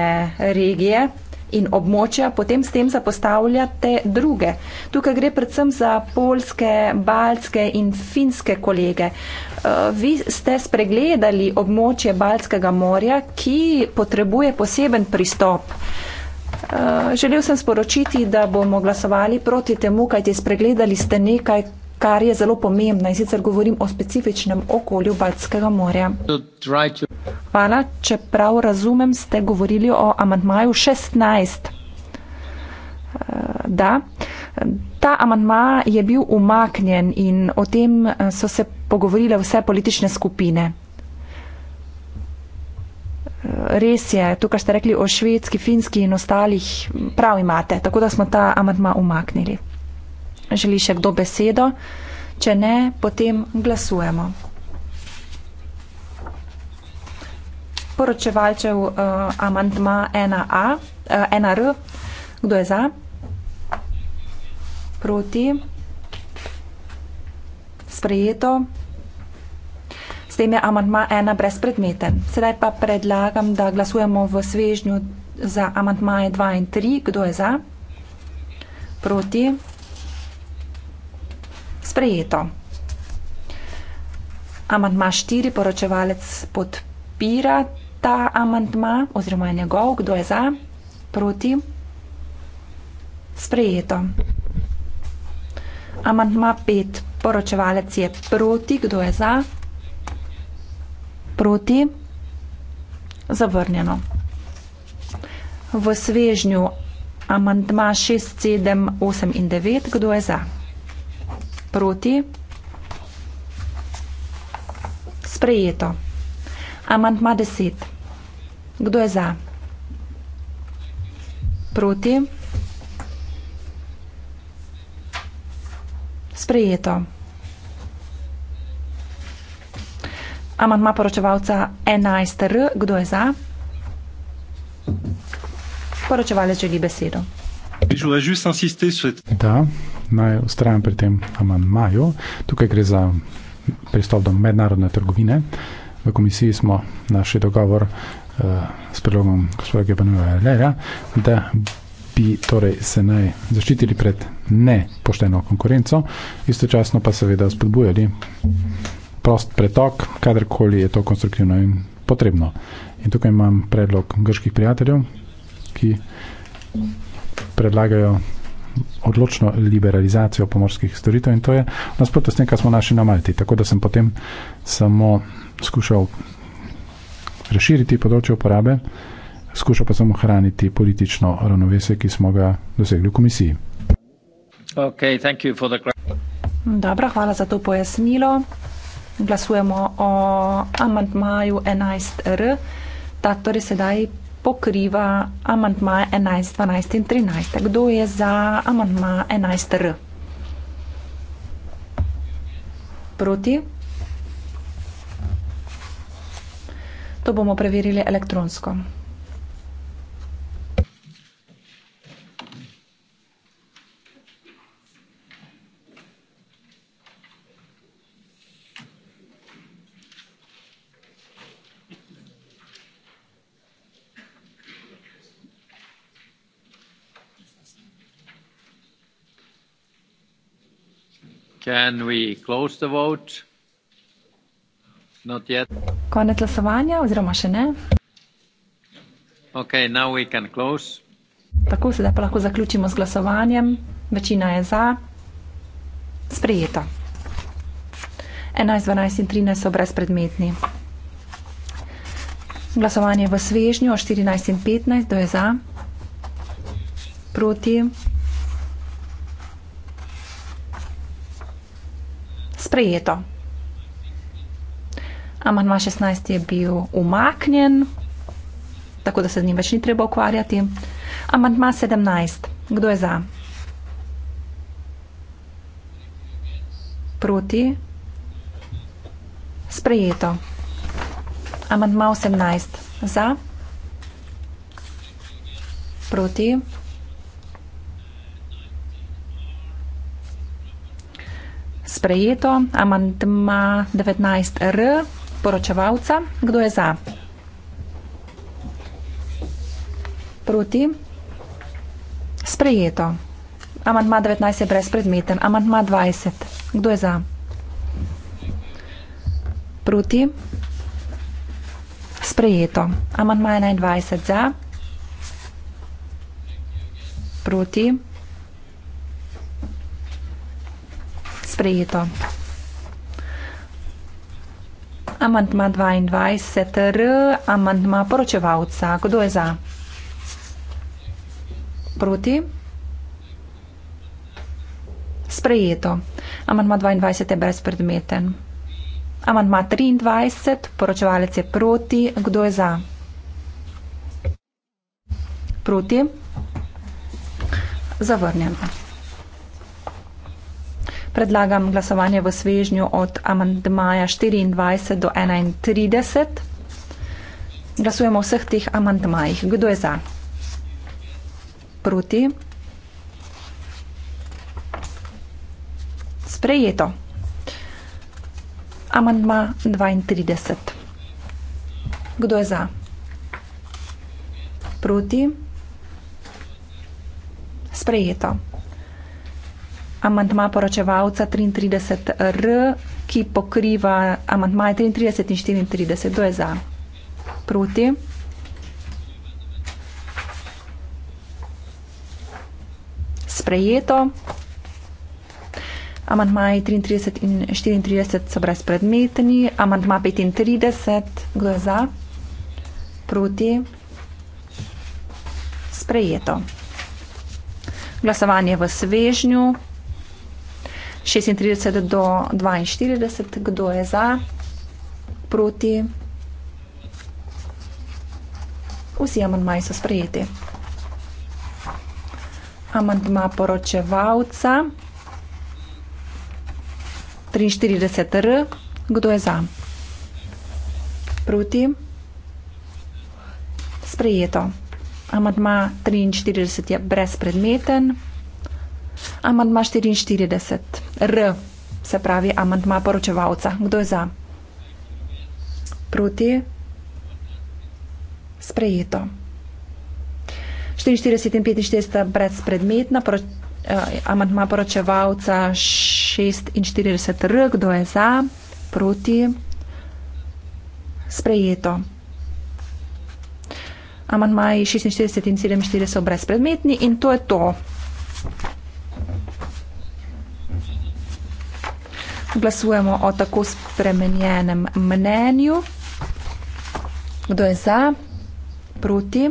E: regije, in območja, potem s tem zapostavljate druge. Tukaj gre predvsem za polske, balske in finske kolege. Eh, vi ste spregledali območje Balskega morja, ki potrebuje poseben pristop. Eh, želel sem sporočiti, da bomo glasovali proti temu, kajti spregledali ste nekaj, kar je zelo pomembno in sicer govorim o specifičnem okolju Baltskega morja. Hvala, če prav razumem, ste govorili o amantmaju 16. Eh, da, ta amantma je bil umaknjen in o tem eh, so se pogovorile vse politične skupine. Eh, res je, to, kar ste rekli o švedski, finski in ostalih, prav imate, tako da smo ta amantma umaknili želi še kdo besedo? Če ne, potem glasujemo. Poročevalčev uh, eh, amantma 1A, uh, eh, 1R, kdo je za? Proti? Sprejeto? S tem je amantma 1 brezpredmeten. Sedaj pa predlagam, da glasujemo v svežnju za amantmaje 2 in 3, kdo je za? Proti? Sprejeto. Amantma štiri, poročevalec podpira ta amantma oziroma je njegov, kdo je za, proti. Sprejeto. Amantma pet, poročevalec je proti, kdo je za, proti. Zavrnjeno. V svežnju amantma 6, 7, 8 in 9, kdo je za? Proti. Sprejeto. Amantma 10. Kdo je za? Proti. Sprejeto. Amantma poročevalca 11. R. Kdo je za? Poročevalec želi besedo.
F: Je želel insistirati
C: na tem naj ustrajam pri tem amandmaju. Tukaj gre za pristop do mednarodne trgovine. V komisiji smo našli dogovor eh, s predlogom gospoda Gebanova, da bi torej se naj zaščitili pred nepošteno konkurenco, istočasno pa seveda spodbujali prost pretok, kadarkoli je to konstruktivno in potrebno. In tukaj imam predlog grških prijateljev, ki predlagajo odločno liberalizacijo pomorskih storitev in to je nasprotno s tem, kar smo našli na Malti. Tako da sem potem samo skušal razširiti področje uporabe, skušal pa samo hraniti politično ravnovesje, ki smo ga dosegli v komisiji. Okay, thank you for the...
E: Dobro, hvala za to pojasnilo. Glasujemo o amantmaju 11R. Ta torej sedaj pokriva amantma 11, 12 in 13. Kdo je za amantma 11 R? Proti? To bomo preverili elektronsko.
C: can we close the vote?
A: Not yet.
E: Konec glasovanja, oziroma še ne.
A: Okay, now we can close.
E: Tako sedaj pa lahko zaključimo z glasovanjem. Večina je za. Sprejeta. 11, 12 in 13 so brezpredmetni. Glasovanje v svežnju o 14 in 15, kdo je za? Proti. sprejeto. Amandma šestnajst je bil umaknjen, tako da se z njim več ni treba ukvarjati. Amandma sedemnajst, kdo je za? Proti? Sprejeto. Amandma osemnajst, za? Proti? sprejeto. Amandma 19R, poročevalca, kdo je za? Proti? Sprejeto. Amandma 19 je brezpredmeten. Amandma 20, kdo je za? Proti? Sprejeto. Amandma 21 za? Proti? sprejeto. Amantma 22, R, amantma poročevalca. Kdo je za? Proti? Sprejeto. Amantma 22 je brezpredmeten. Amantma 23, poročevalec je proti. Kdo je za? Proti? Zavrnjeno predlagam glasovanje v svežnju od amandmaja 24 do 31. Glasujemo o vseh teh amandmajih. Kdo je za? Proti? Sprejeto. Amandma 32. Kdo je za? Proti? Sprejeto amantma poročevalca 33R, ki pokriva amantmaje 33 in 34. Kdo je za? Proti? Sprejeto. Amantmaji 33 in 34 so brezpredmetni. Amantma 35. Kdo je za? Proti? Sprejeto. Glasovanje v svežnju. 36 do 42, kdo je za, proti. Vsi amantmaji so sprejeti. Amantma poročevalca. 43 r, kdo je za, proti. Sprejeto. Amantma 43 je brezpredmeten. Amandma 44. R. Se pravi amandma poročevalca. Kdo je za? Proti? Sprejeto. 44 in 45 brezpredmetna. Poro, eh, amandma poročevalca 46. R. Kdo je za? Proti? Sprejeto. Amandmaji 46 in 47 so brezpredmetni in to je to. glasujemo o tako spremenjenem mnenju. Kdo je za? Proti?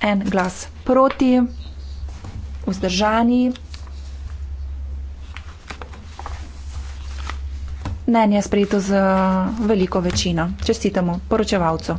E: En glas proti, vzdržani. Mnenje je sprejeto z veliko večino. Čestitamo poročevalcu.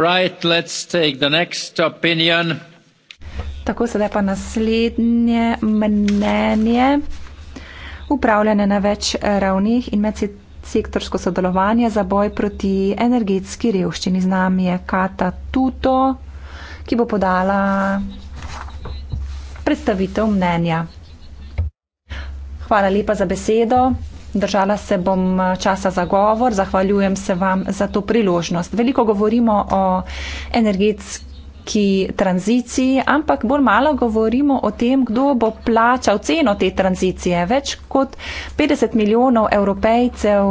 A: Right, let's take the next opinion.
E: Tako sedaj pa naslednje mnenje. Upravljanje na več ravnih in medsektorsko sodelovanje za boj proti energetski revščini z nami je Kata Tuto, ki bo podala predstavitev mnenja. Hvala lepa za besedo. Držala se bom eh, časa za govor, zahvaljujem se vam za to priložnost. Veliko govorimo o energetski ki tranziciji, ampak bolj malo govorimo o tem, kdo bo plačal ceno te tranzicije. Več kot 50 milijonov evropejcev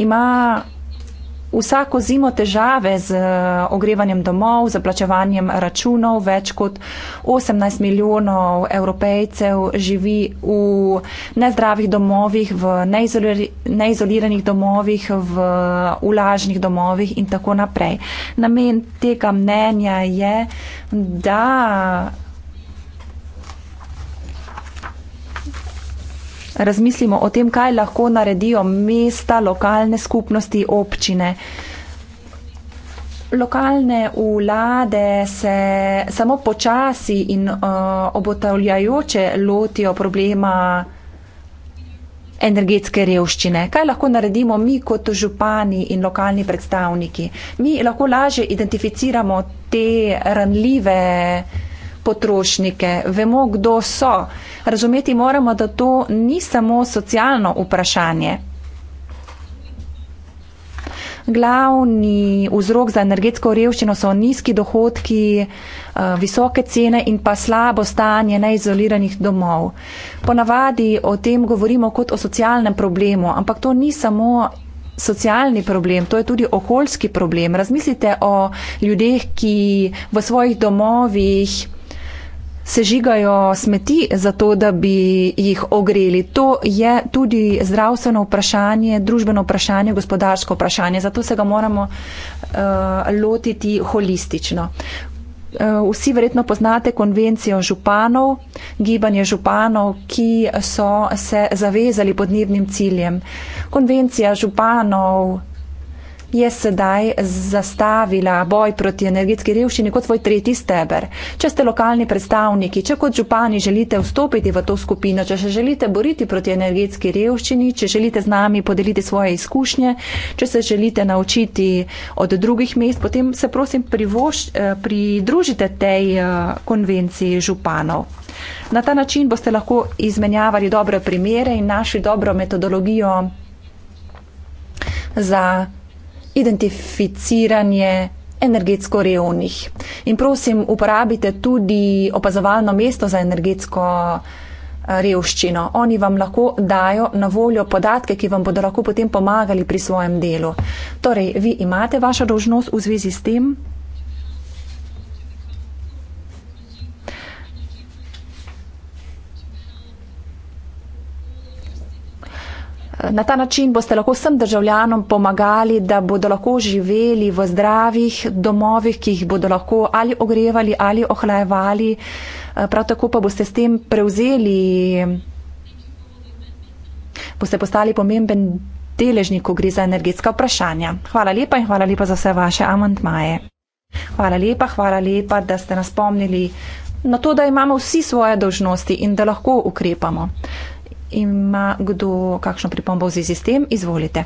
E: ima vsako zimo težave z eh, ogrevanjem domov, z plačevanjem računov. Več kot 18 milijonov evropejcev živi v nezdravih domovih, v neizoli, neizoliranih domovih, v ulažnih domovih in tako naprej. Namen tega mnenja je, da razmislimo o tem, kaj lahko naredijo mesta, lokalne skupnosti, občine. Lokalne vlade se samo počasi in uh, obotavljajoče lotijo problema energetske revščine. Kaj lahko naredimo mi kot župani in lokalni predstavniki? Mi lahko laže identificiramo te ranljive uh, potrošnike, vemo, kdo so. Razumeti moramo, da to ni samo socialno vprašanje. Glavni vzrok za energetsko revščino so nizki dohodki, eh, visoke cene in pa slabo stanje neizoliranih domov. Ponavadi o tem govorimo kot o socialnem problemu, ampak to ni samo socialni problem, to je tudi okoljski problem. Razmislite o ljudeh, ki v svojih domovih sežigajo smeti, zato da bi jih ogreli. To je tudi zdravstveno vprašanje, družbeno vprašanje, gospodarsko vprašanje, zato se ga moramo uh, lotiti holistično. Eh, vsi verjetno poznate konvencijo županov, gibanje županov, ki so se zavezali podnebnim ciljem. Konvencija županov je sedaj zastavila boj proti energetski revščini kot svoj tretji steber. Če ste lokalni predstavniki, če kot župani želite vstopiti v to skupino, če se želite boriti proti energetski revščini, če želite z nami podeliti svoje izkušnje, če se želite naučiti od drugih mest, potem se prosim privoš, eh, pridružite tej eh, konvenciji županov. Na ta način boste lahko izmenjavali dobre primere in našli dobro metodologijo za identificiranje energetsko revnih. In prosim, uporabite tudi opazovalno mesto za energetsko eh, revščino. Oni vam lahko dajo na voljo podatke, ki vam bodo lahko potem pomagali pri svojem delu. Torej, vi imate vašo dožnost v zvezi s tem. Na ta način boste lahko vsem državljanom pomagali, da bodo lahko živeli v zdravih domovih, ki jih bodo lahko ali ogrevali ali ohlajevali. Eh, prav tako pa boste s tem prevzeli, boste postali pomemben deležnik, ko gre za energetska vprašanja. Hvala lepa in hvala lepa za vse vaše amantmaje. Hvala lepa, hvala lepa, da ste nas spomnili na to, da imamo vsi svoje dožnosti in da lahko ukrepamo ima kdo kakšno pripombo v zvezi s tem? Izvolite.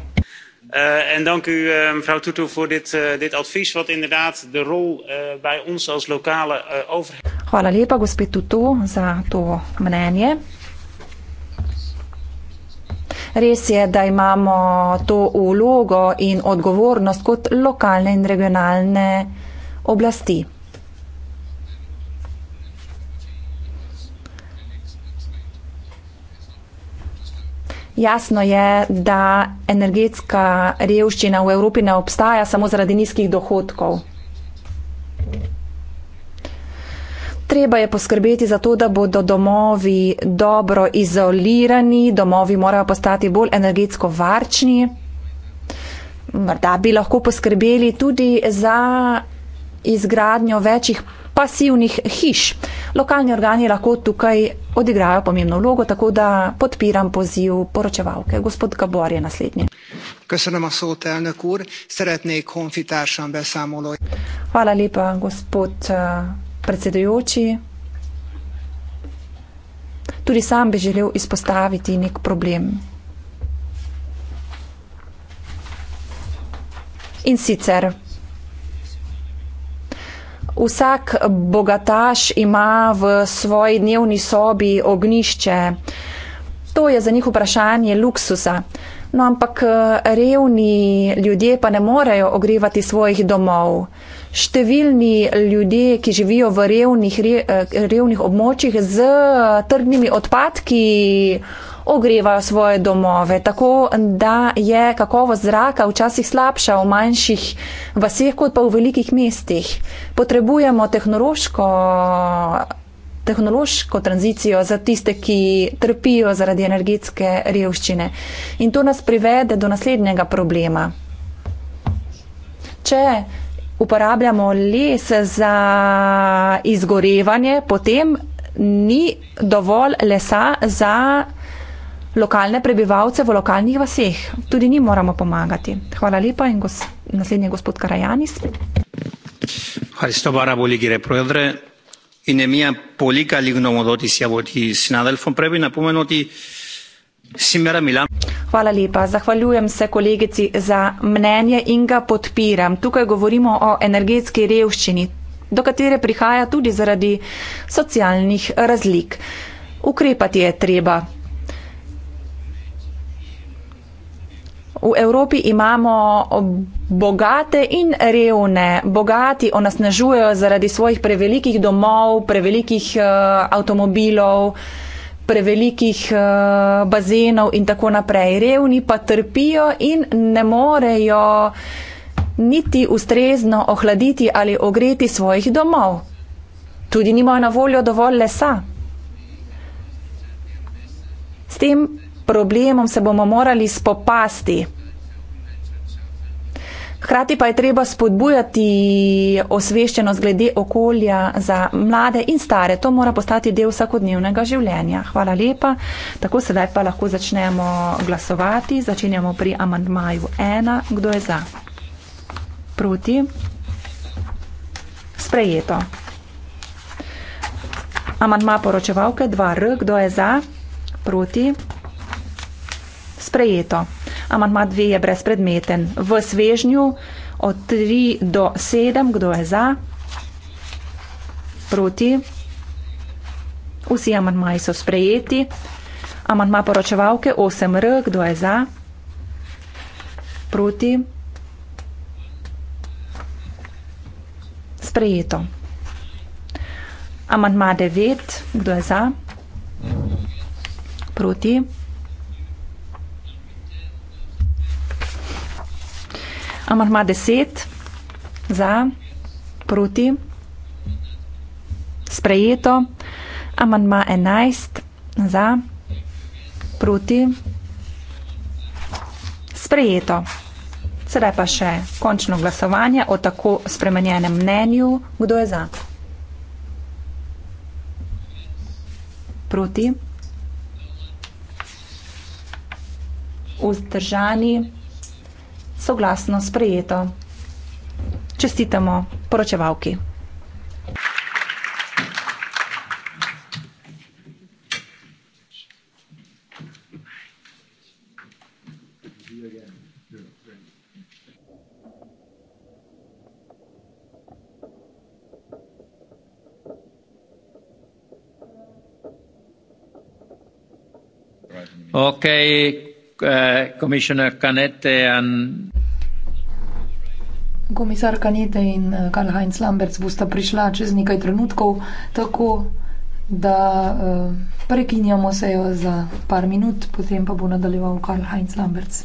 A: Uh, en dank u, uh, mevrouw Tutu, voor dit, uh, dit advies, wat inderdaad de rol uh, bij ons als lokale uh, overheid.
E: Hvala lepa, gospod Tutu, za to mnenje. Res je, da imamo to vlogo in odgovornost kot lokalne in regionalne oblasti. Jasno je, da energetska revščina v Evropi ne obstaja samo zaradi nizkih dohodkov. Treba je poskrbeti za to, da bodo domovi dobro izolirani, domovi morajo postati bolj energetsko varčni. Morda bi lahko poskrbeli tudi za izgradnjo večjih pasivnih hiš. Lokalni organi lahko tukaj odigrajo pomembno vlogo, tako da podpiram poziv poročevalke. Gospod Gabor je naslednji. Hvala lepa, gospod eh, predsedujoči. Tudi sam bi želel izpostaviti nek problem. In sicer Vsak bogataš ima v svoji dnevni sobi ognišče. To je za njih vprašanje luksusa. No, ampak eh, revni ljudje pa ne morejo ogrevati svojih domov. Številni ljudje, ki živijo v revnih, eh, revnih območjih z trdnimi odpadki, ogrevajo svoje domove, tako da je kakovost zraka včasih slabša v manjših vasih kot pa v velikih mestih. Potrebujemo tehnološko, tehnološko tranzicijo za tiste, ki trpijo zaradi energetske revščine. In to nas privede do naslednjega problema. Če uporabljamo les za izgorevanje, potem ni dovolj lesa za lokalne prebivalce v lokalnih vaseh. Tudi njim moramo pomagati. Hvala lepa in gos naslednji gospod Karajanis.
A: Hristobara Boligire Prodre. In je mija polika lignomodoti sjavoti sinadelfom prebi napomenuti Simera Milan.
E: Hvala lepa. Zahvaljujem se kolegici za mnenje in ga podpiram. Tukaj govorimo o energetski revščini, do katere prihaja tudi zaradi socialnih razlik. Ukrepati je treba. v Evropi imamo bogate in revne. Bogati onesnažujejo zaradi svojih prevelikih domov, prevelikih uh, avtomobilov, prevelikih uh, bazenov in tako naprej. Revni pa trpijo in ne morejo niti ustrezno ohladiti ali ogreti svojih domov. Tudi nimajo na voljo dovolj lesa. S tem problemom se bomo morali spopasti. Hkrati pa je treba spodbujati osveščenost glede okolja za mlade in stare. To mora postati del vsakodnevnega življenja. Hvala lepa. Tako sedaj pa lahko začnemo glasovati. Začenjamo pri amandmaju 1. Kdo je za? Proti? Sprejeto. Amandma poročevalke 2R. Kdo je za? Proti? Sprejeto. Amandma 2 je brezpredmeten. V svežnju od 3 do 7, kdo je za, proti. Vsi amandmaji so sprejeti. Amandma poročevalke 8R, kdo je za, proti. Sprejeto. Amandma 9, kdo je za, proti. Proti. Amahma deset za, proti, sprejeto. Amahma enajst za, proti, sprejeto. Sedaj pa še končno glasovanje o tako spremenjenem mnenju. Kdo je za? Proti. Vzdržani soglasno sprejeto. Čestitamo poročevalki.
A: Okay, uh, Commissioner Canette and
B: komisar Kanete in eh, Karl Heinz Lamberts bosta prišla čez nekaj trenutkov, tako da eh, prekinjamo sejo za par minut, potem pa bo nadaljeval Karl Heinz Lamberts.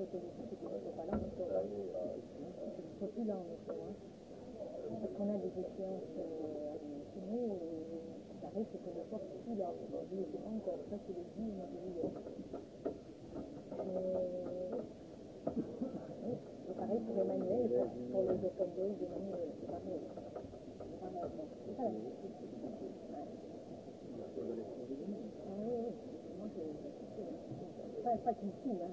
F: peut plus là en effet. Hein. Parce qu'on a des échéances à euh, et ça reste que le corps plus là. Aujourd'hui, il n'était pas encore ça, c'est le 10 mois de juillet. Et euh, pareil pour Emmanuel, pour, pour les open days, c'est pareil. C'est pas mal. C'est pas la même chose. Oui, oui, oui. Moi, je. Pas qu'une fille, hein.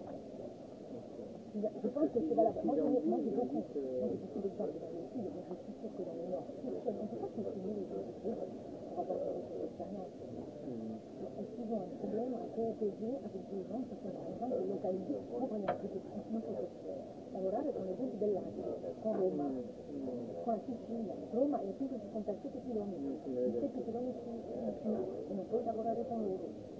F: je pense que c'est valable. Moi, j'ai beaucoup. Moi, j'ai beaucoup d'exemples. Je suis sûr que dans le Nord, je ne sais pas si c'est mieux par rapport à l'expérience. Il y a souvent un problème à coopérer avec des gens qui sont en train de localiser pour un petit peu plus de temps. Lavorare con le gente dell'Asia, con Roma, con la Sicilia. Roma è 567 km, 7 km in Cina, e non puoi lavorare con loro.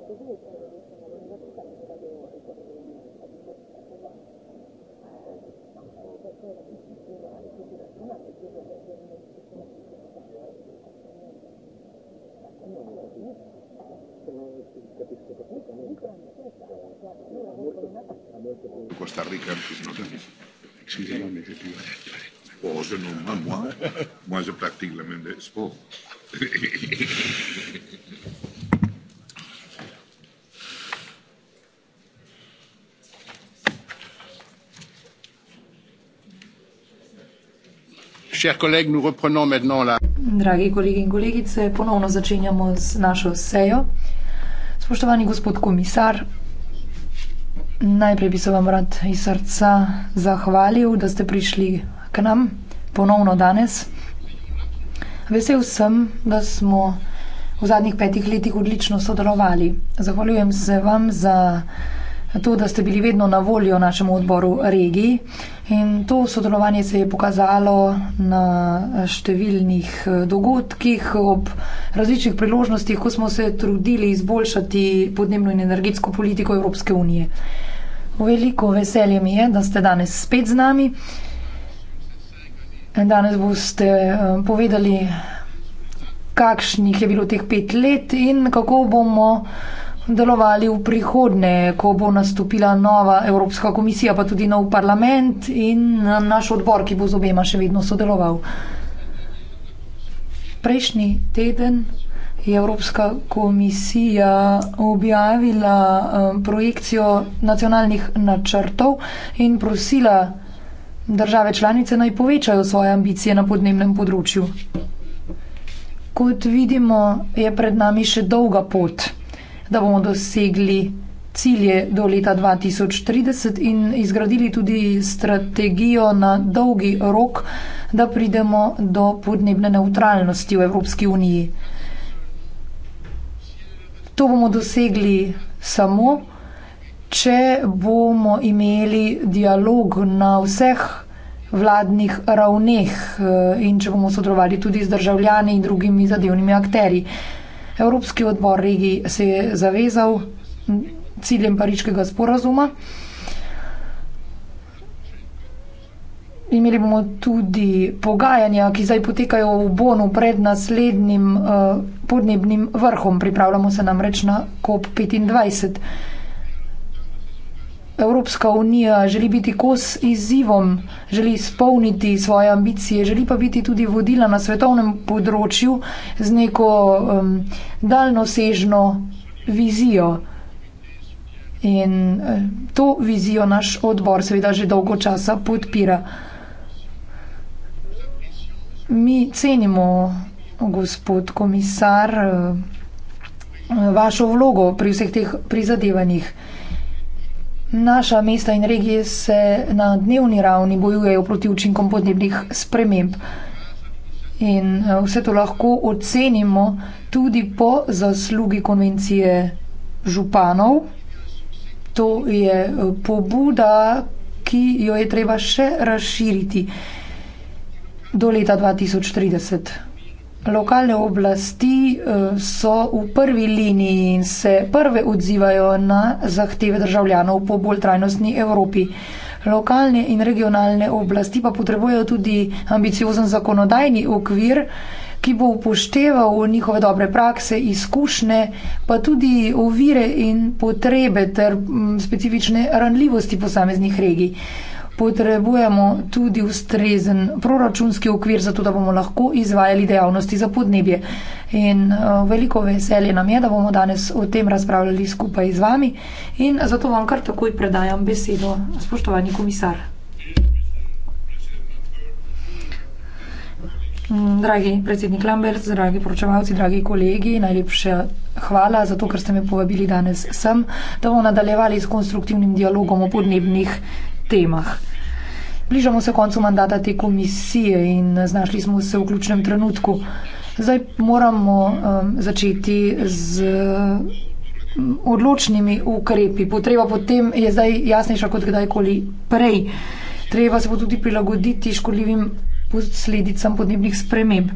A: Costa Rica, Oh, je ne moi, moi, moi, je pratique le même sport. Dragi
B: kolegi in kolegice, ponovno začenjamo z našo sejo. Spoštovani gospod komisar, najprej bi se vam rad iz srca zahvalil, da ste prišli k nam ponovno danes. Vesel sem, da smo v zadnjih petih letih odlično sodelovali. Zahvaljujem se vam za to, da ste bili vedno na voljo našemu odboru regiji in to sodelovanje se je pokazalo na številnih eh, dogodkih ob različnih priložnostih, ko smo se trudili izboljšati podnebno in energetsko politiko Evropske unije. Veliko veselje mi je, da ste danes spet z nami. Danes boste eh, povedali, kakšnih je bilo teh pet let in kako bomo delovali v prihodnje, ko bo nastopila nova Evropska komisija, pa tudi nov parlament in eh, naš odbor, ki bo z obema še vedno sodeloval. Prejšnji teden je Evropska komisija objavila eh, projekcijo nacionalnih načrtov in prosila države članice naj povečajo svoje ambicije na podnebnem področju. Kot vidimo, je pred nami še dolga pot da bomo dosegli cilje do leta 2030 in izgradili tudi strategijo na dolgi rok, da pridemo do podnebne neutralnosti v Evropski uniji. To bomo dosegli samo, če bomo imeli dialog na vseh vladnih ravneh eh, in če bomo sodelovali tudi z državljani in drugimi zadevnimi akteri. Evropski odbor regij se je zavezal ciljem pariškega sporazuma. Imeli bomo tudi pogajanja, ki zdaj potekajo v Bonu pred naslednjim uh, podnebnim vrhom. Pripravljamo se namreč na COP25. Evropska unija želi biti kos izzivom, želi izpolniti svoje ambicije, želi pa biti tudi vodila na svetovnem področju z neko um, daljnosežno vizijo. In eh, to vizijo naš odbor seveda že dolgo časa podpira. Mi cenimo, gospod komisar, eh, vašo vlogo pri vseh teh prizadevanjih. Naša mesta in regije se na dnevni ravni bojujejo proti učinkom podnebnih sprememb. In eh, vse to lahko ocenimo tudi po zaslugi konvencije županov. To je eh, pobuda, ki jo je treba še razširiti do leta 2030. Lokalne oblasti eh, so v prvi liniji in se prve odzivajo na zahteve državljanov po bolj trajnostni Evropi. Lokalne in regionalne oblasti pa potrebujejo tudi ambiciozen zakonodajni okvir, ki bo upošteval njihove dobre prakse, izkušnje, pa tudi ovire in potrebe ter mm, specifične ranljivosti posameznih regij potrebujemo tudi ustrezen proračunski okvir, zato da bomo lahko izvajali dejavnosti za podnebje. In uh, veliko veselje nam je, da bomo danes o tem razpravljali skupaj z vami. In zato vam kar takoj predajam besedo, spoštovani komisar. Dragi predsednik Lambert, dragi poročevalci, dragi kolegi, najlepša hvala za to, ker ste me povabili danes sem, da bomo nadaljevali s konstruktivnim dialogom o podnebnih temah. Bližamo se koncu mandata te komisije in eh, znašli smo se v ključnem trenutku. Zdaj moramo um, začeti z um, odločnimi ukrepi. Potreba potem je zdaj jasnejša kot kdajkoli prej. Treba se bo tudi prilagoditi škodljivim posledicam podnebnih sprememb.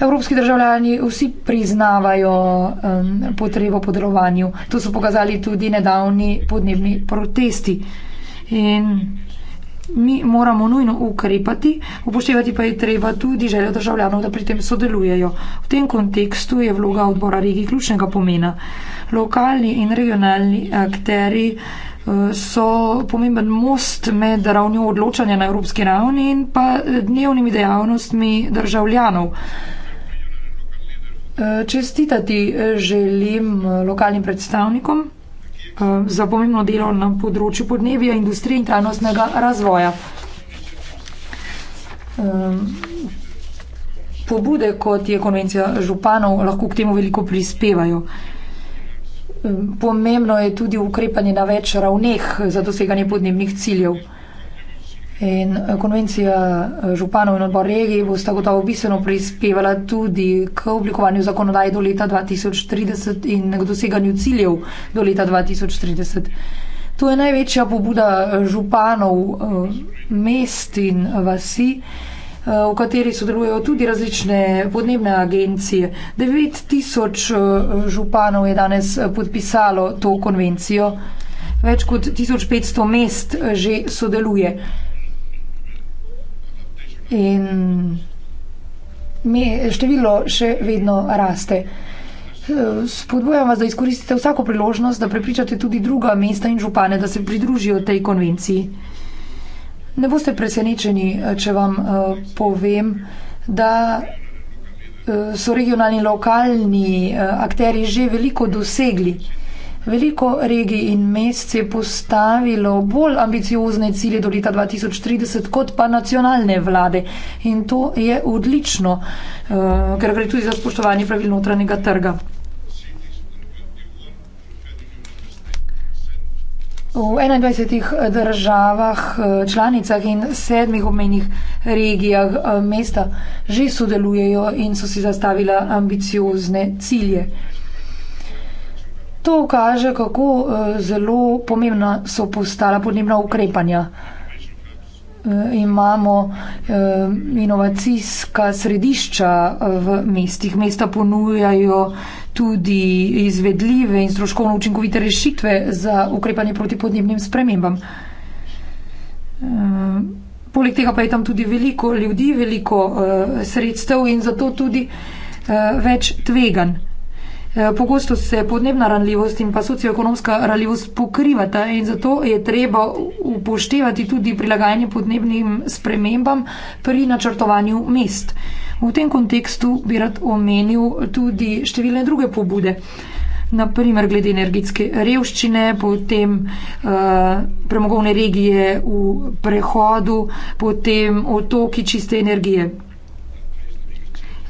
B: Evropski državljani vsi priznavajo um, potrebo po delovanju. To so pokazali tudi nedavni podnebni protesti. In mi moramo nujno ukrepati, upoštevati pa je treba tudi željo državljanov, da pri tem sodelujejo. V tem kontekstu je vloga odbora regij ključnega pomena. Lokalni in regionalni akteri eh, so pomemben most med ravnjo odločanja na evropski ravni in pa eh, dnevnimi dejavnostmi državljanov. Eh, čestitati želim lokalnim predstavnikom. Eh, za pomembno delo na področju podnebja, industrije in trajnostnega razvoja. Eh, pobude, kot je konvencija županov, lahko k temu veliko prispevajo. Eh, pomembno je tudi ukrepanje na več ravneh za doseganje podnebnih ciljev. In eh, konvencija eh, županov in odbor regije bo sta gotovo bistveno prispevala tudi k oblikovanju zakonodaje do leta 2030 in k doseganju ciljev do leta 2030. To je največja pobuda eh, županov mest in vasi, v kateri sodelujejo tudi različne podnebne agencije. 9000 županov je danes podpisalo to konvencijo, več kot 1500 mest že sodeluje in mi število še vedno raste. Spodbujam vas, da izkoristite vsako priložnost, da prepričate tudi druga mesta in župane, da se pridružijo tej konvenciji. Ne boste presenečeni, če vam eh, povem, da eh, so regionalni in lokalni eh, akteri že veliko dosegli. Veliko regij in mest je postavilo bolj ambiciozne cilje do leta 2030 kot pa nacionalne vlade in to je odlično, eh, ker gre tudi za spoštovanje pravil notranjega trga. V 21 državah, eh, članicah in sedmih omenjih regijah eh, mesta že sodelujejo in so si zastavila ambiciozne cilje. To kaže, kako eh, zelo pomembna so postala podnebna ukrepanja. Eh, imamo eh, inovacijska središča v mestih. Mesta ponujajo tudi izvedljive in stroškovno učinkovite rešitve za ukrepanje proti podnebnim spremembam. Poleg tega pa je tam tudi veliko ljudi, veliko sredstev in zato tudi več tveganj. Eh, pogosto se podnebna ranljivost in pa socioekonomska ranljivost pokrivata in zato je treba upoštevati tudi prilagajanje podnebnim spremembam pri načrtovanju mest. V tem kontekstu bi rad omenil tudi številne druge pobude. Naprimer, glede energetske revščine, potem uh, premogovne regije v prehodu, potem otoki čiste energije.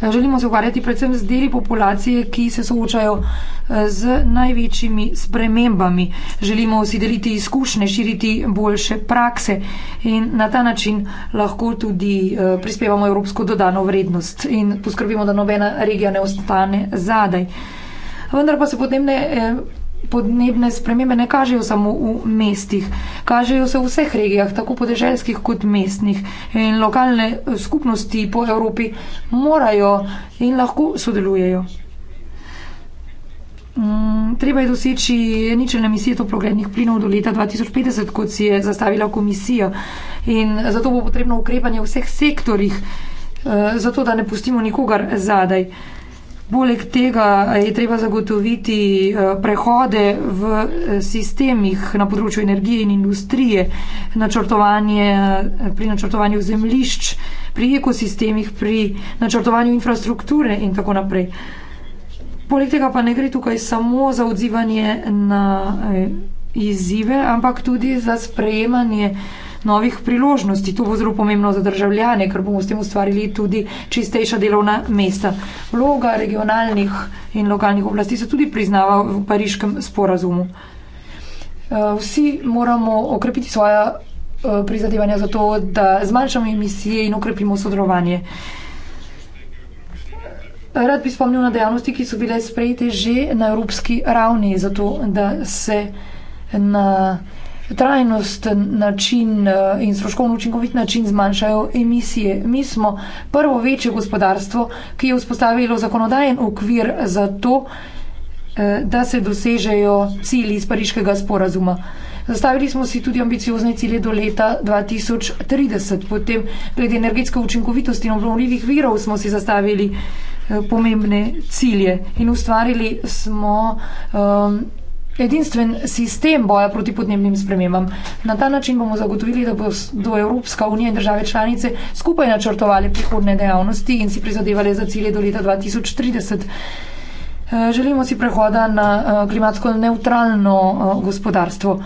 B: Želimo se ukvarjati predvsem z deli populacije, ki se soočajo eh, z največjimi spremembami. Želimo si deliti izkušnje, širiti boljše prakse in na ta način lahko tudi eh, prispevamo evropsko dodano vrednost in poskrbimo, da nobena regija ne ostane zadaj. Vendar pa se potem ne. Eh, podnebne spremembe ne kažejo samo v mestih, kažejo se v vseh regijah, tako podeželskih kot mestnih. In lokalne eh, skupnosti po Evropi morajo in lahko sodelujejo. Mm, treba je doseči ničelne emisije toplogrednih plinov do leta 2050, kot si je zastavila komisija. In zato bo potrebno ukrepanje v vseh sektorjih, eh, zato da ne pustimo nikogar zadaj. Poleg tega je treba zagotoviti prehode v sistemih na področju energije in industrije, načrtovanje, pri načrtovanju zemlišč, pri ekosistemih, pri načrtovanju infrastrukture in tako naprej. Poleg tega pa ne gre tukaj samo za odzivanje na izzive, ampak tudi za sprejemanje novih priložnosti. To bo zelo pomembno za državljane, ker bomo s tem ustvarili tudi čistejša delovna mesta. Vloga regionalnih in lokalnih oblasti se tudi priznava v pariškem sporazumu. Eh, vsi moramo okrepiti svoja eh, prizadevanja za to, da zmanjšamo emisije in okrepimo sodelovanje. Rad bi spomnil na dejavnosti, ki so bile sprejete že na evropski ravni, zato da se na trajnosten način eh, in stroškovno učinkovit način zmanjšajo emisije. Mi smo prvo večje gospodarstvo, ki je vzpostavilo zakonodajen okvir za to, eh, da se dosežejo cilji iz pariškega sporazuma. Zastavili smo si tudi ambiciozne cilje do leta 2030. Potem, glede energetske učinkovitosti in obnovljivih virov, smo si zastavili eh, pomembne cilje in ustvarili smo um, edinstven sistem boja proti podnebnim spremembam. Na ta način bomo zagotovili, da bo do Evropska unija in države članice skupaj načrtovali prihodne dejavnosti in si prizadevali za cilje do leta 2030. Eh, želimo si prehoda na eh, klimatsko neutralno eh, gospodarstvo.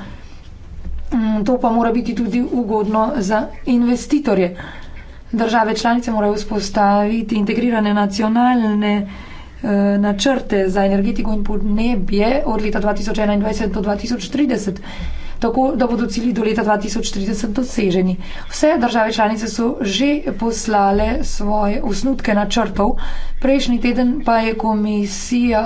B: Mm, to pa mora biti tudi ugodno za investitorje. Države članice morajo vzpostaviti integrirane nacionalne. Eh, načrte za energetiko in podnebje od leta 2021 do 2030, tako da bodo cilji do leta 2030 doseženi. Vse države članice so že poslale svoje usnutke načrtov, prejšnji teden pa je komisija.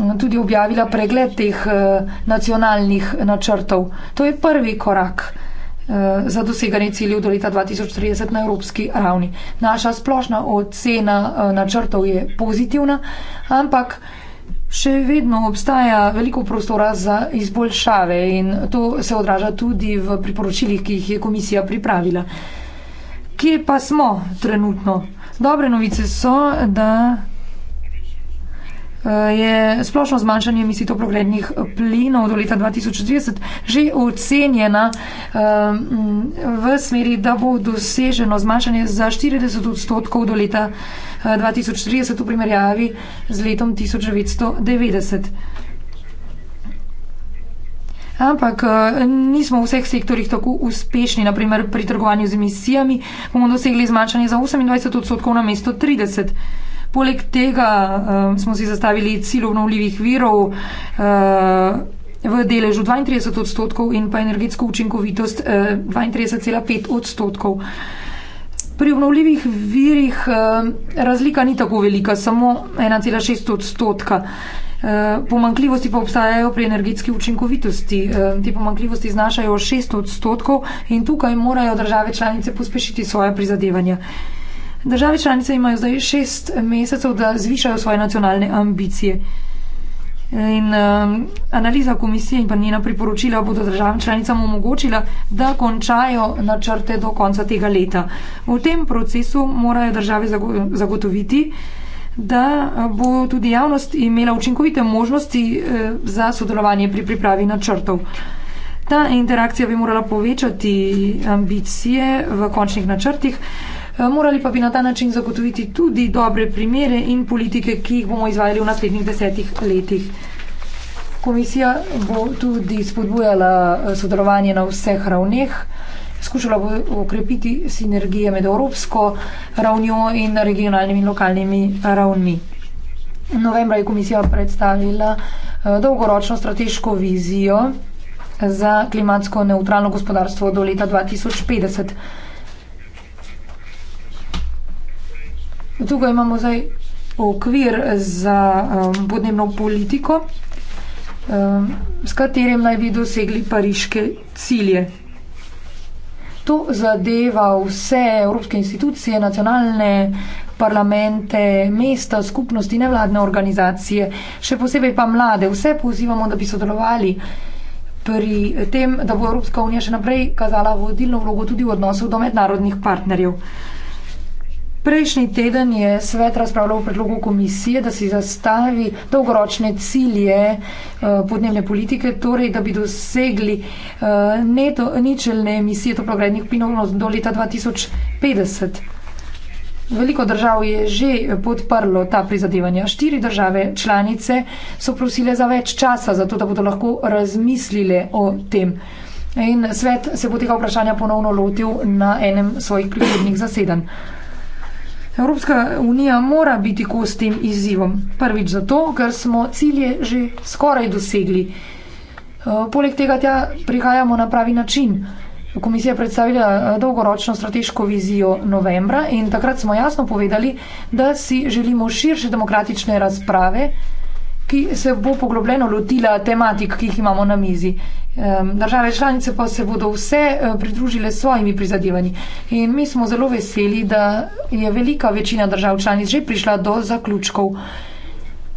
B: Um, tudi objavila pregled teh eh, nacionalnih načrtov. To je prvi korak. Eh, za doseganje ciljev do leta 2030 na evropski ravni. Naša splošna ocena eh, načrtov je pozitivna, ampak še vedno obstaja veliko prostora za izboljšave in to se odraža tudi v priporočilih, ki jih je komisija pripravila. Kje pa smo trenutno? Dobre novice so, da je splošno zmanjšanje emisij toplogrednih plinov do leta 2030 že ocenjena um, v smeri, da bo doseženo zmanjšanje za 40 odstotkov do leta 2030 uh, v primerjavi z letom 1990. Ampak uh, nismo v vseh sektorjih tako uspešni. Naprimer, pri trgovanju z emisijami bomo dosegli zmanjšanje za 28 odstotkov na mesto 30 odstotkov. Poleg tega um, smo si zastavili cilj obnovljivih virov uh, v deležu 32 odstotkov in pa energetsko učinkovitost uh, eh, 32,5 odstotkov. Pri obnovljivih virih uh, razlika ni tako velika, samo 1,6 odstotka. Pomankljivosti pa obstajajo pri energetski učinkovitosti. Te pomankljivosti znašajo 6 odstotkov in tukaj morajo države članice pospešiti svoje prizadevanja. Države članice imajo zdaj šest mesecev, da zvišajo svoje nacionalne ambicije. In um, analiza komisije in pa njena priporočila bodo državam članicam omogočila, da končajo načrte do konca tega leta. V tem procesu morajo države zagotoviti, da uh, bo tudi javnost imela učinkovite možnosti eh, za sodelovanje pri pripravi načrtov. Ta interakcija bi morala povečati ambicije v končnih načrtih. Eh, morali pa bi na ta način zagotoviti tudi dobre primere in politike, ki jih bomo izvajali v naslednjih desetih letih. Komisija bo tudi spodbujala eh, sodelovanje na vseh ravneh, skušala bo okrepiti sinergije med evropsko ravnjo in regionalnimi in lokalnimi ravnmi. Novembra je komisija predstavila eh, dolgoročno strateško vizijo za klimatsko neutralno gospodarstvo do leta 2050. Tukaj imamo zdaj okvir za um, podnebno politiko, um, s katerim naj bi dosegli pariške cilje. To zadeva vse evropske institucije, nacionalne parlamente, mesta, skupnosti, nevladne organizacije, še posebej pa mlade. Vse pozivamo, da bi sodelovali pri tem, da bo Evropska unija še naprej kazala vodilno vlogo tudi v odnosu do mednarodnih partnerjev. Prejšnji teden je svet razpravljal o predlogu komisije, da si zastavi dolgoročne cilje eh, podnebne politike, torej da bi dosegli eh, neto, ničelne emisije toplogrednih plinov do leta 2050. Veliko držav je že podprlo ta prizadevanja. Štiri države članice so prosile za več časa, zato da bodo lahko razmislile o tem. In svet se bo tega vprašanja ponovno lotil na enem svojih prihodnih zasedanj. Evropska unija mora biti kos tem izzivom. Prvič zato, ker smo cilje že skoraj dosegli. Eh, poleg tega tja prihajamo na pravi način. Komisija predstavila eh, dolgoročno strateško vizijo novembra in takrat smo jasno povedali, da si želimo širše demokratične razprave ki se bo poglobljeno lotila tematik, ki jih imamo na mizi. Države članice pa se bodo vse e, pridružile s svojimi prizadevanji. In mi smo zelo veseli, da je velika večina držav članic že prišla do zaključkov.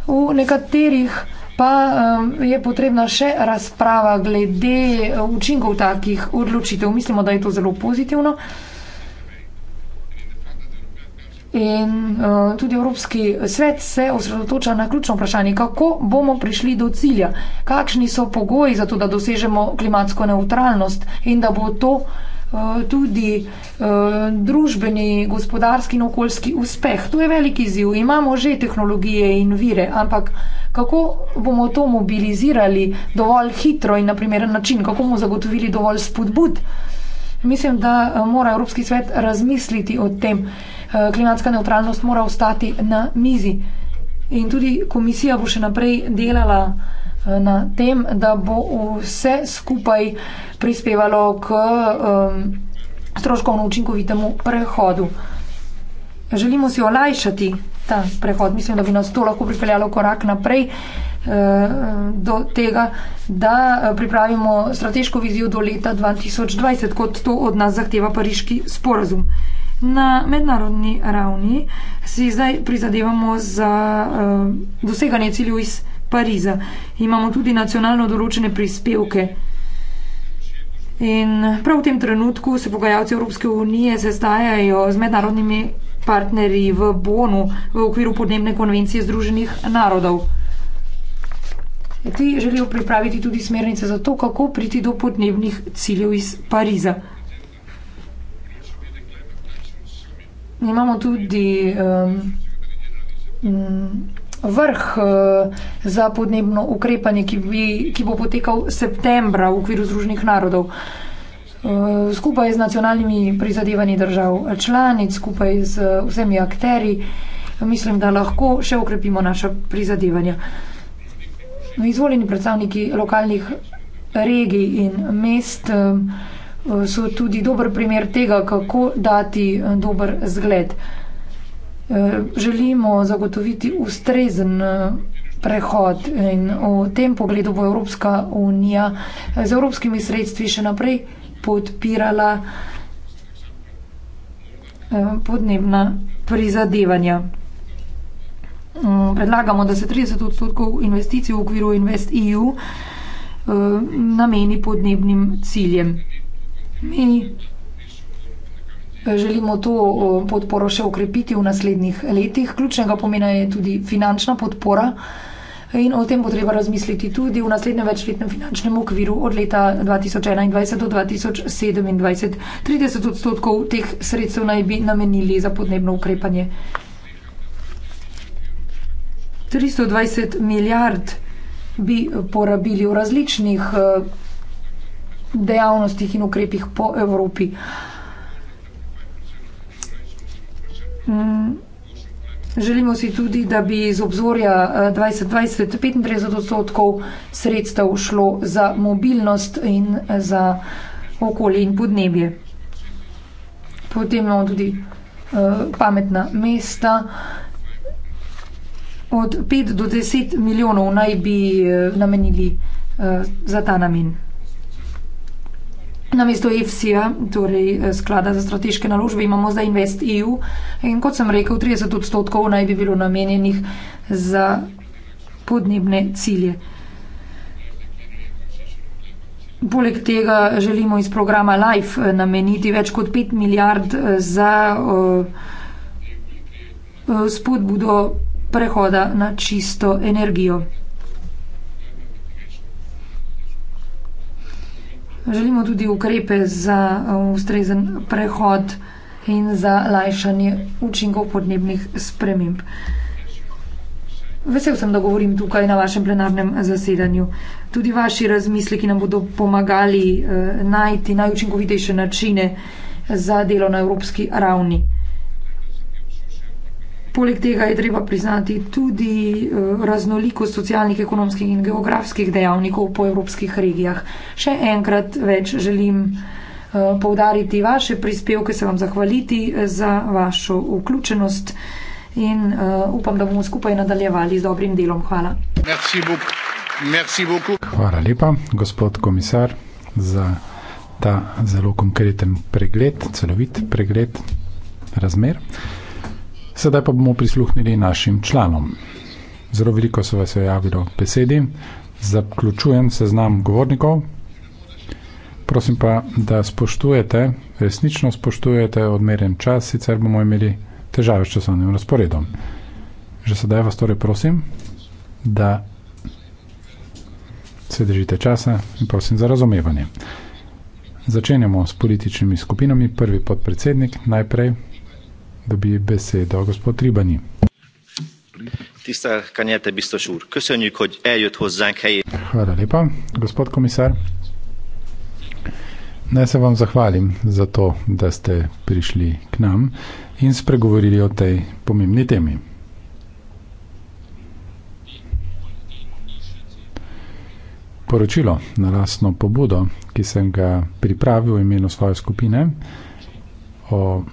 B: V nekaterih pa je potrebna še razprava glede e, učinkov takih odločitev. Mislimo, da je to zelo pozitivno. In uh, tudi Evropski svet se osredotoča na ključno vprašanje, kako bomo prišli do cilja, kakšni so pogoji za to, da dosežemo klimatsko neutralnost in da bo to uh, tudi uh, družbeni, gospodarski in okoljski uspeh. To je veliki ziv. Imamo že tehnologije in vire, ampak kako bomo to mobilizirali dovolj hitro in na primeren način, kako bomo zagotovili dovolj spodbud. Mislim, da mora Evropski svet razmisliti o tem. Eh, klimatska neutralnost mora ostati na mizi. In tudi komisija bo še naprej delala eh, na tem, da bo vse skupaj prispevalo k um, stroškovno učinkovitemu prehodu. Želimo si olajšati ta prehod. Mislim, da bi nas to lahko pripeljalo korak naprej eh, do tega, da pripravimo strateško vizijo do leta 2020, kot to od nas zahteva pariški sporazum na mednarodni ravni si zdaj prizadevamo za uh, doseganje ciljev iz Pariza. Imamo tudi nacionalno določene prispevke. In prav v tem trenutku se pogajalci Evropske unije sestajajo z mednarodnimi partnerji v Bonu v okviru podnebne konvencije Združenih narodov. Ti želijo pripraviti tudi smernice za to, kako priti do podnebnih ciljev iz Pariza. imamo tudi um, vrh eh, za podnebno ukrepanje, ki, bi, ki bo potekal septembra v okviru Združenih narodov. Eh, skupaj z nacionalnimi prizadevanji držav članic, skupaj z vsemi akteri, mislim, da lahko še ukrepimo naša prizadevanja. Izvoljeni predstavniki lokalnih regij in mest. Um, so tudi dober primer tega, kako dati eh, dober zgled. Eh, želimo zagotoviti ustrezen eh, prehod in v tem pogledu bo Evropska unija z evropskimi sredstvi še naprej podpirala podnebna prizadevanja. Mm, predlagamo, da se 30 odstotkov investicij v okviru InvestEU nameni podnebnim ciljem. Mi eh, želimo to eh, podporo še ukrepiti v naslednjih letih. Ključnega pomena je tudi finančna podpora. In o tem bo treba razmisliti tudi v naslednjem večletnem finančnem okviru od leta 2021 do 2027. 30 odstotkov teh sredstev naj bi namenili za podnebno ukrepanje. 320 milijard bi porabili v različnih eh, dejavnostih in ukrepih po Evropi. Mm, želimo si tudi, da bi iz obzorja 2020 eh, 35 odstotkov sredstev šlo za mobilnost in eh, za okolje in podnebje. Potem imamo tudi eh, pametna mesta. Od 5 do 10 milijonov naj bi namenili za ta namen. Na mesto EFSI-ja, torej eh, sklada za strateške naložbe, imamo zdaj Invest EU in kot sem rekel, 30 odstotkov naj bi bilo namenjenih za podnebne cilje. Poleg tega želimo iz programa LIFE eh, nameniti več kot 5 milijard eh, za uh, spodbudo prehoda na čisto energijo. Želimo tudi ukrepe za uh, ustrezen prehod in za lajšanje učinkov podnebnih sprememb. Vesel sem, da govorim tukaj na vašem plenarnem zasedanju. Tudi vaši razmisleki nam bodo pomagali uh, najti najučinkovitejše načine za delo na evropski ravni. Poleg tega je treba priznati tudi eh, raznolikost socialnih, ekonomskih in geografskih dejavnikov po evropskih regijah. Še enkrat več želim eh, povdariti vaše prispevke, se vam zahvaliti eh, za vašo vključenost in upam, da bomo skupaj nadaljevali z dobrim delom. Hvala.
C: Hvala lepa, gospod komisar, za ta zelo konkreten pregled, celovit pregled razmer. Sedaj pa bomo prisluhnili našim članom. Zelo veliko se vas je javilo besedi. Zaključujem seznam govornikov. Prosim pa, da spoštujete, resnično spoštujete odmeren čas, sicer bomo imeli težave s časovnim razporedom. Že sedaj vas torej prosim, da se držite časa in prosim za razumevanje. Začenjamo s političnimi skupinami. Prvi podpredsednik, najprej dobi besedo gospod Ribani.
F: Tisztelt Kanyete biztos úr, köszönjük, hogy eljött hozzánk helyi.
C: Hvala lepa, gospod komisár. Ne se vam zahvalim za to, da ste prišli k nam in spregovorili o tej pomembni temi. Poročilo na lastno pobudo, ki sem ga pripravil v imenu svoje skupine o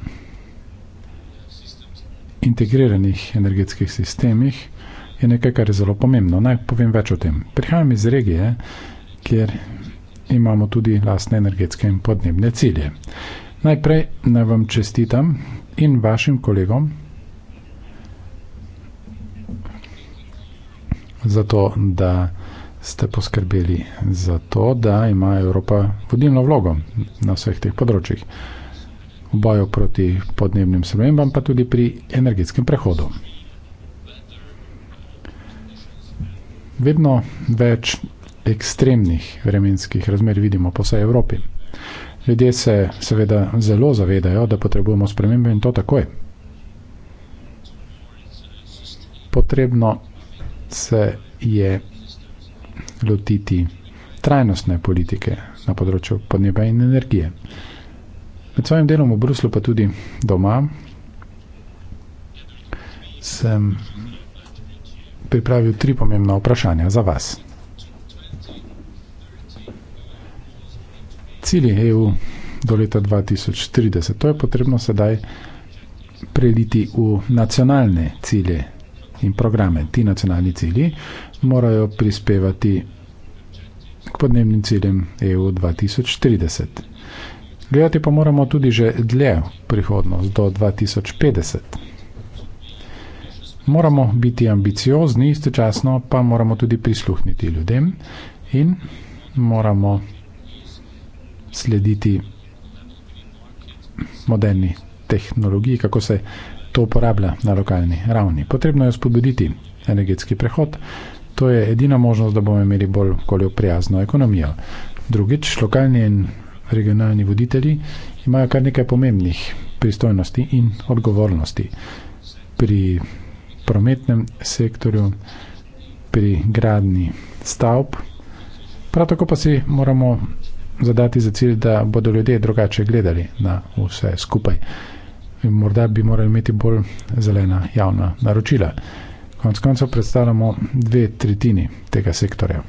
C: integriranih energetskih sistemih, je nekaj, kar je zelo pomembno. Naj povem več o tem. Prihajam iz regije, kjer imamo tudi lastne energetske in podnebne cilje. Najprej naj vam čestitam in vašim kolegom za to, da ste poskrbeli za to, da ima Evropa vodilno vlogo na vseh teh področjih v boju proti podnebnim spremembam, pa tudi pri energetskem prehodu. Vedno več ekstremnih vremenskih razmer vidimo po vsej Evropi. Ljudje se seveda zelo zavedajo, da potrebujemo spremembe in to takoj. Potrebno se je lotiti trajnostne politike na področju podnebja in energije. Med svojim delom v Bruslu, pa tudi doma, sem pripravil tri pomembna vprašanja za vas. Cilji EU do leta 2030, to je potrebno sedaj preliti v nacionalne cilje in programe. Ti nacionalni cilji morajo prispevati k podnebnim ciljem EU 2030. Gledati pa moramo tudi že dlje v prihodnost, do 2050. Moramo biti ambiciozni, istočasno pa moramo tudi prisluhniti ljudem in moramo slediti moderni tehnologiji, kako se to uporablja na lokalni ravni. Potrebno je spodbuditi energetski prehod, to je edina možnost, da bomo imeli bolj okoljoprijazno ekonomijo. Drugič, lokalni in regionalni voditelji imajo kar nekaj pomembnih pristojnosti in odgovornosti pri prometnem sektorju, pri gradni stavb. Prav tako pa si moramo zadati za cilj, da bodo ljudje drugače gledali na vse skupaj. Morda bi morali imeti bolj zelena javna naročila. Konc koncev predstavljamo dve tretjini tega sektorja.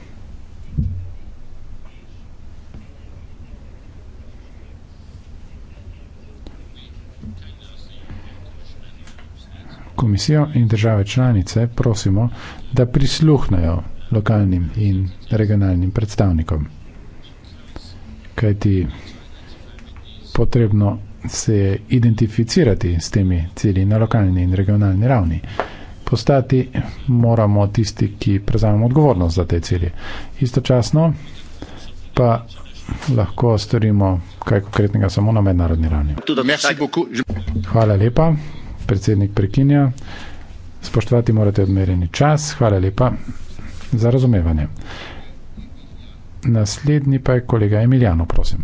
C: komisijo in države članice prosimo, da prisluhnejo lokalnim in regionalnim predstavnikom. Kajti potrebno se je identificirati s temi cilji na lokalni in regionalni ravni. Postati moramo tisti, ki prezamemo odgovornost za te cilje. Istočasno pa lahko storimo kaj konkretnega samo na mednarodni ravni. Hvala lepa predsednik prekinja. Spoštovati morate odmereni čas. Hvala lepa za razumevanje. Naslednji pa je kolega Emiliano, prosim.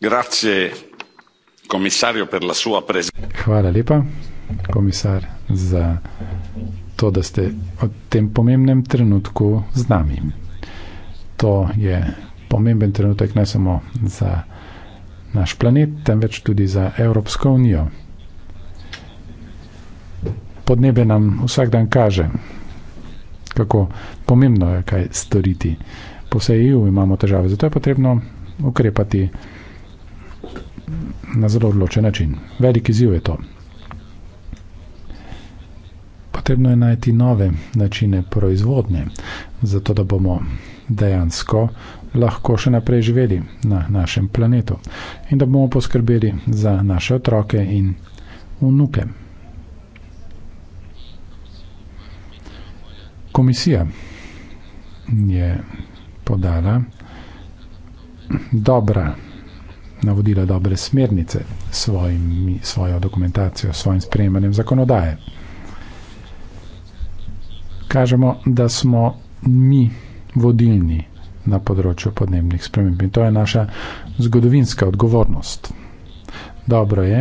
C: Grazie, komisarju, per la sua prezen. Hvala lepa, komisar, za to, da ste v tem pomembnem trenutku z nami. To je pomemben trenutek ne samo za naš planet, temveč tudi za Evropsko unijo. Podnebje nam vsak dan kaže, kako pomembno je kaj storiti. Po vsej EU imamo težave, zato je potrebno ukrepati na zelo odločen način. Veliki ziv je to. Potrebno je najti nove načine proizvodnje, zato da bomo dejansko lahko še naprej živeli na našem planetu in da bomo poskrbeli za naše otroke in vnuke. Komisija je podala dobra, navodila dobre smernice svojim, svojo dokumentacijo, svojim sprejemanjem zakonodaje. Kažemo, da smo mi vodilni na področju podnebnih sprememb. In to je naša zgodovinska odgovornost. Dobro je,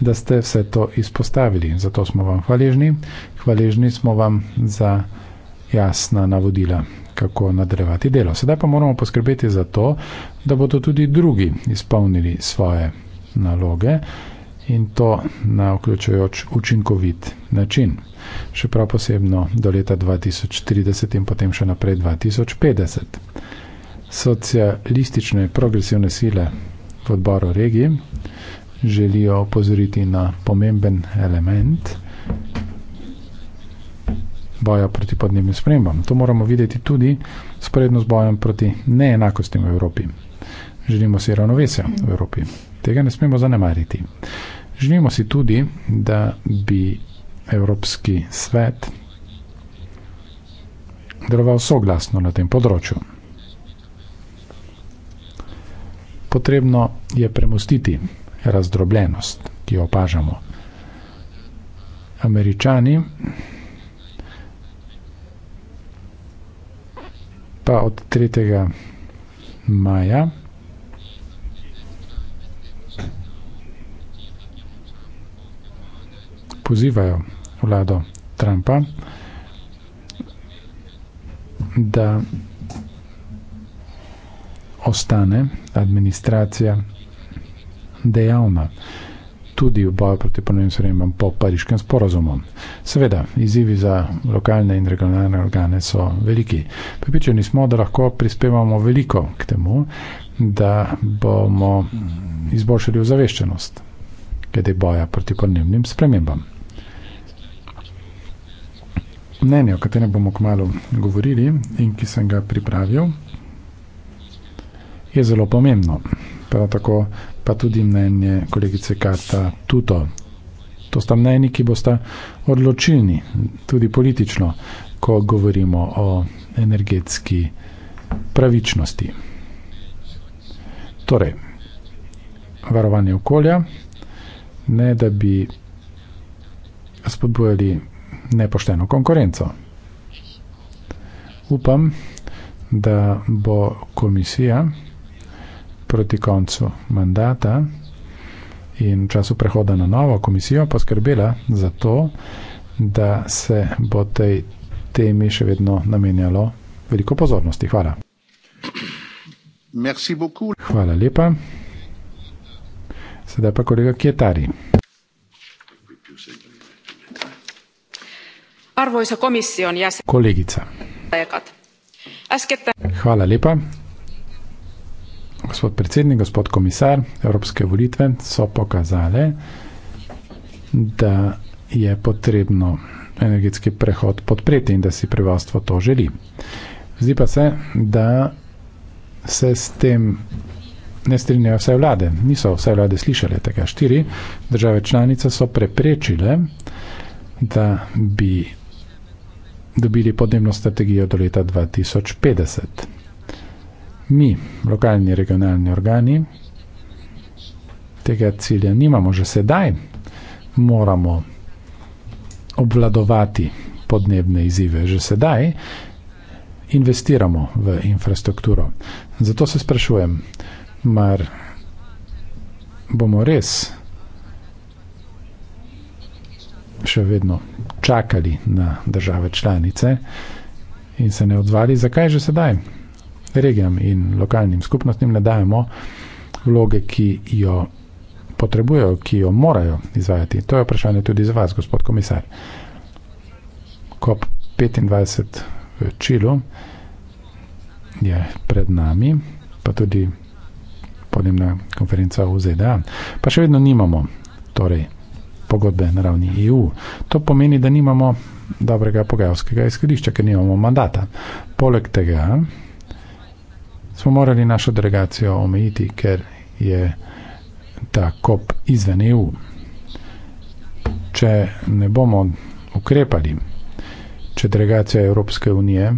C: da ste vse to izpostavili in zato smo vam hvaležni. Hvaležni smo vam za jasna navodila, kako nadrevati delo. Sedaj pa moramo poskrbeti za to, da bodo tudi drugi izpolnili svoje naloge in to na vključujoč učinkovit način. Še prav posebno do leta 2030 in potem še naprej 2050. Socialistične progresivne sile v odboru regiji želijo opozoriti na pomemben element boja proti podnebnim spremembam. To moramo videti tudi s prednost z bojem proti neenakostim v Evropi. Želimo si ravnovesja v Evropi. Tega ne smemo zanemariti. Želimo si tudi, da bi Evropski svet deloval soglasno na tem področju. Potrebno je premostiti razdrobljenost, ki jo opažamo. Američani pa od 3. maja pozivajo vlado Trumpa, da ostane administracija dejavna tudi v boju proti ponovim sremenjem po pariškem sporozumu. Seveda, izzivi za lokalne in regionalne organe so veliki. Pripričani smo, da lahko prispevamo veliko k temu, da bomo izboljšali ozaveščenost glede boja proti ponovim spremembam mnenje, o katerem bomo kmalo govorili in ki sem ga pripravil, je zelo pomembno. Prav tako pa tudi mnenje kolegice Karta Tuto. To sta mnenji, ki bosta odločilni, tudi politično, ko govorimo o energetski pravičnosti. Torej, varovanje okolja, ne da bi spodbojali nepošteno konkurenco. Upam, da bo komisija proti koncu mandata in v času prehoda na novo komisijo poskrbela za to, da se bo tej temi še vedno namenjalo veliko pozornosti. Hvala. Hvala lepa. Sedaj pa kolega Kietari.
D: Arvoisa komission jäsen. Kollegica. Äskettä...
C: Hvala lepa. Gospod predsednik, gospod komisar, evropske volitve so pokazale, da je potrebno energetski prehod podpreti in da si prebivalstvo to želi. Zdi pa se, da se s tem ne strinjajo vse vlade. Niso vse vlade slišale tega. Štiri države članice so preprečile, da bi dobili podnebno strategijo do leta 2050. Mi, lokalni regionalni organi, tega cilja nimamo že sedaj. Moramo obvladovati podnebne izive že sedaj. Investiramo v infrastrukturo. Zato se sprašujem, mar bomo res še vedno čakali na države članice in se ne odzvali, zakaj že sedaj regijam in lokalnim skupnostim ne dajemo vloge, ki jo potrebujejo, ki jo morajo izvajati. To je vprašanje tudi za vas, gospod komisar. COP25 v Čilu je pred nami, pa tudi podnebna konferenca v ZDA. Pa še vedno nimamo torej pogodbe na ravni EU. To pomeni, da nimamo dobrega pogajalskega izhodišča, ker nimamo mandata. Poleg tega smo morali našo delegacijo omejiti, ker je ta kop izven EU. Če ne bomo ukrepali, če delegacija Evropske unije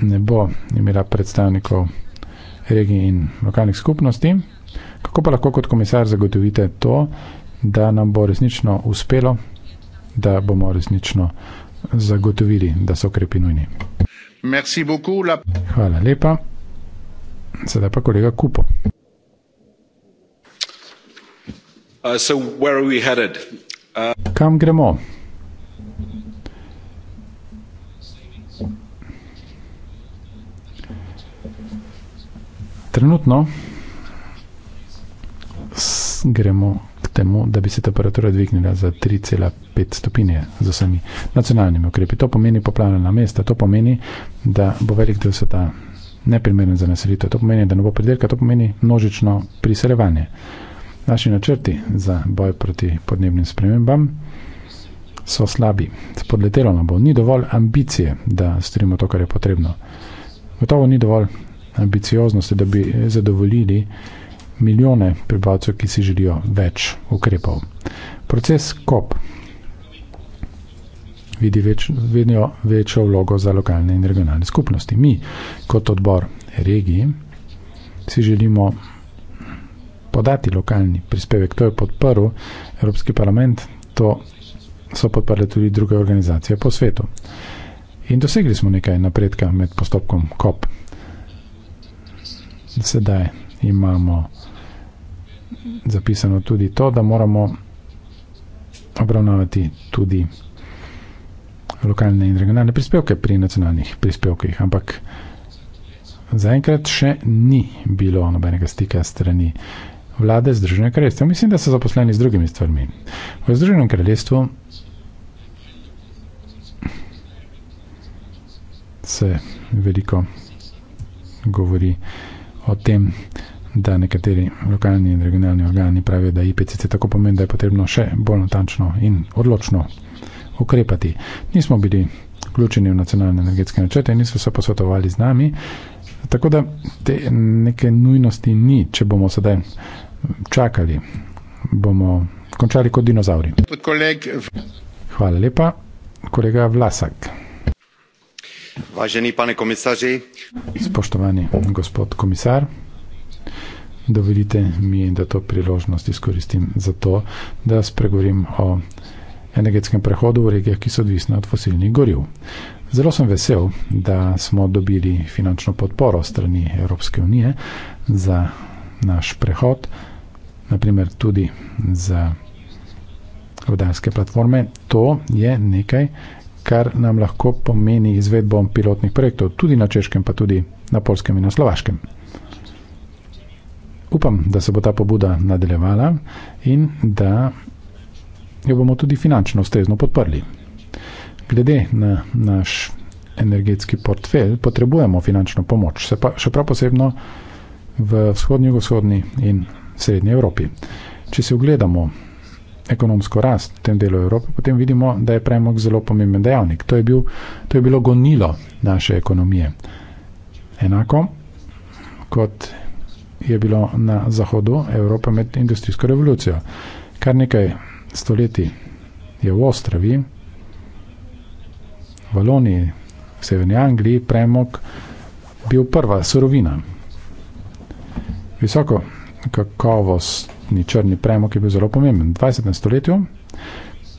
C: ne bo imela predstavnikov regij in lokalnih skupnosti, kako pa lahko kot komisar zagotovite to, da da nam bo resnično uspelo, da bomo resnično zagotovili, da so ukrepi nujni. Hvala lepa. Sedaj pa kolega Kupo. Uh, Kam gremo? Trenutno gremo temu, da bi se temperatura dvignila za 3,5 stopinje z vsemi nacionalnimi ukrepi. To pomeni poplavljena mesta, to pomeni, da bo velik del sveta neprimeren za naselitev, to pomeni, da ne bo pridelka, to pomeni množično priseljevanje. Naši načrti za boj proti podnebnim spremembam so slabi. Spodletelo nam bo. Ni dovolj ambicije, da storimo to, kar je potrebno. Gotovo ni dovolj ambicioznosti, da bi zadovoljili milijone prebivalcev, ki si želijo več ukrepov. Proces COP vidi več, vedno večjo vlogo za lokalne in regionalne skupnosti. Mi, kot odbor regiji, si želimo podati lokalni prispevek. To je podprl Evropski parlament, to so podprle tudi druge organizacije po svetu. In dosegli smo nekaj napredka med postopkom COP. Sedaj imamo zapisano tudi to, da moramo obravnavati tudi lokalne in regionalne prispevke pri nacionalnih prispevkih, ampak zaenkrat še ni bilo nobenega stika strani vlade Združenega kraljestva. Mislim, da so zaposleni z drugimi stvarmi. V Združenem kraljestvu se veliko govori o tem, da nekateri lokalni in regionalni organi pravijo, da IPCC tako pomeni, da je potrebno še bolj natančno in odločno ukrepati. Nismo bili vključeni v nacionalne energetske načrte, niso se posvetovali z nami, tako da te neke nujnosti ni, če bomo sedaj čakali, bomo končali kot dinozauri. Hvala lepa, kolega Vlasak.
A: Važeni pane komisarji.
C: Spoštovani gospod komisar dovolite mi, da to priložnost izkoristim za to, da spregovorim o energetskem prehodu v regijah, ki so odvisne od fosilnih goriv. Zelo sem vesel, da smo dobili finančno podporo strani Evropske unije za naš prehod, naprimer tudi za vodarske platforme. To je nekaj, kar nam lahko pomeni izvedbo pilotnih projektov tudi na češkem, pa tudi na polskem in na slovaškem. Upam, da se bo ta pobuda nadaljevala in da jo bomo tudi finančno ustrezno podprli. Glede na naš energetski portfelj, potrebujemo finančno pomoč, še prav posebno v vzhodnji, jugovzhodni in srednji Evropi. Če si ogledamo ekonomsko rast v tem delu Evrope, potem vidimo, da je premog zelo pomemben dejavnik. To je, bil, to je bilo gonilo naše ekonomije. Enako kot je bilo na zahodu Evrope med industrijsko revolucijo. Kar nekaj stoletij je v Ostravi, v Valoniji, v Severni Angliji, premog bil prva surovina. Visoko kakovostni črni premog je bil zelo pomemben. V 20. stoletju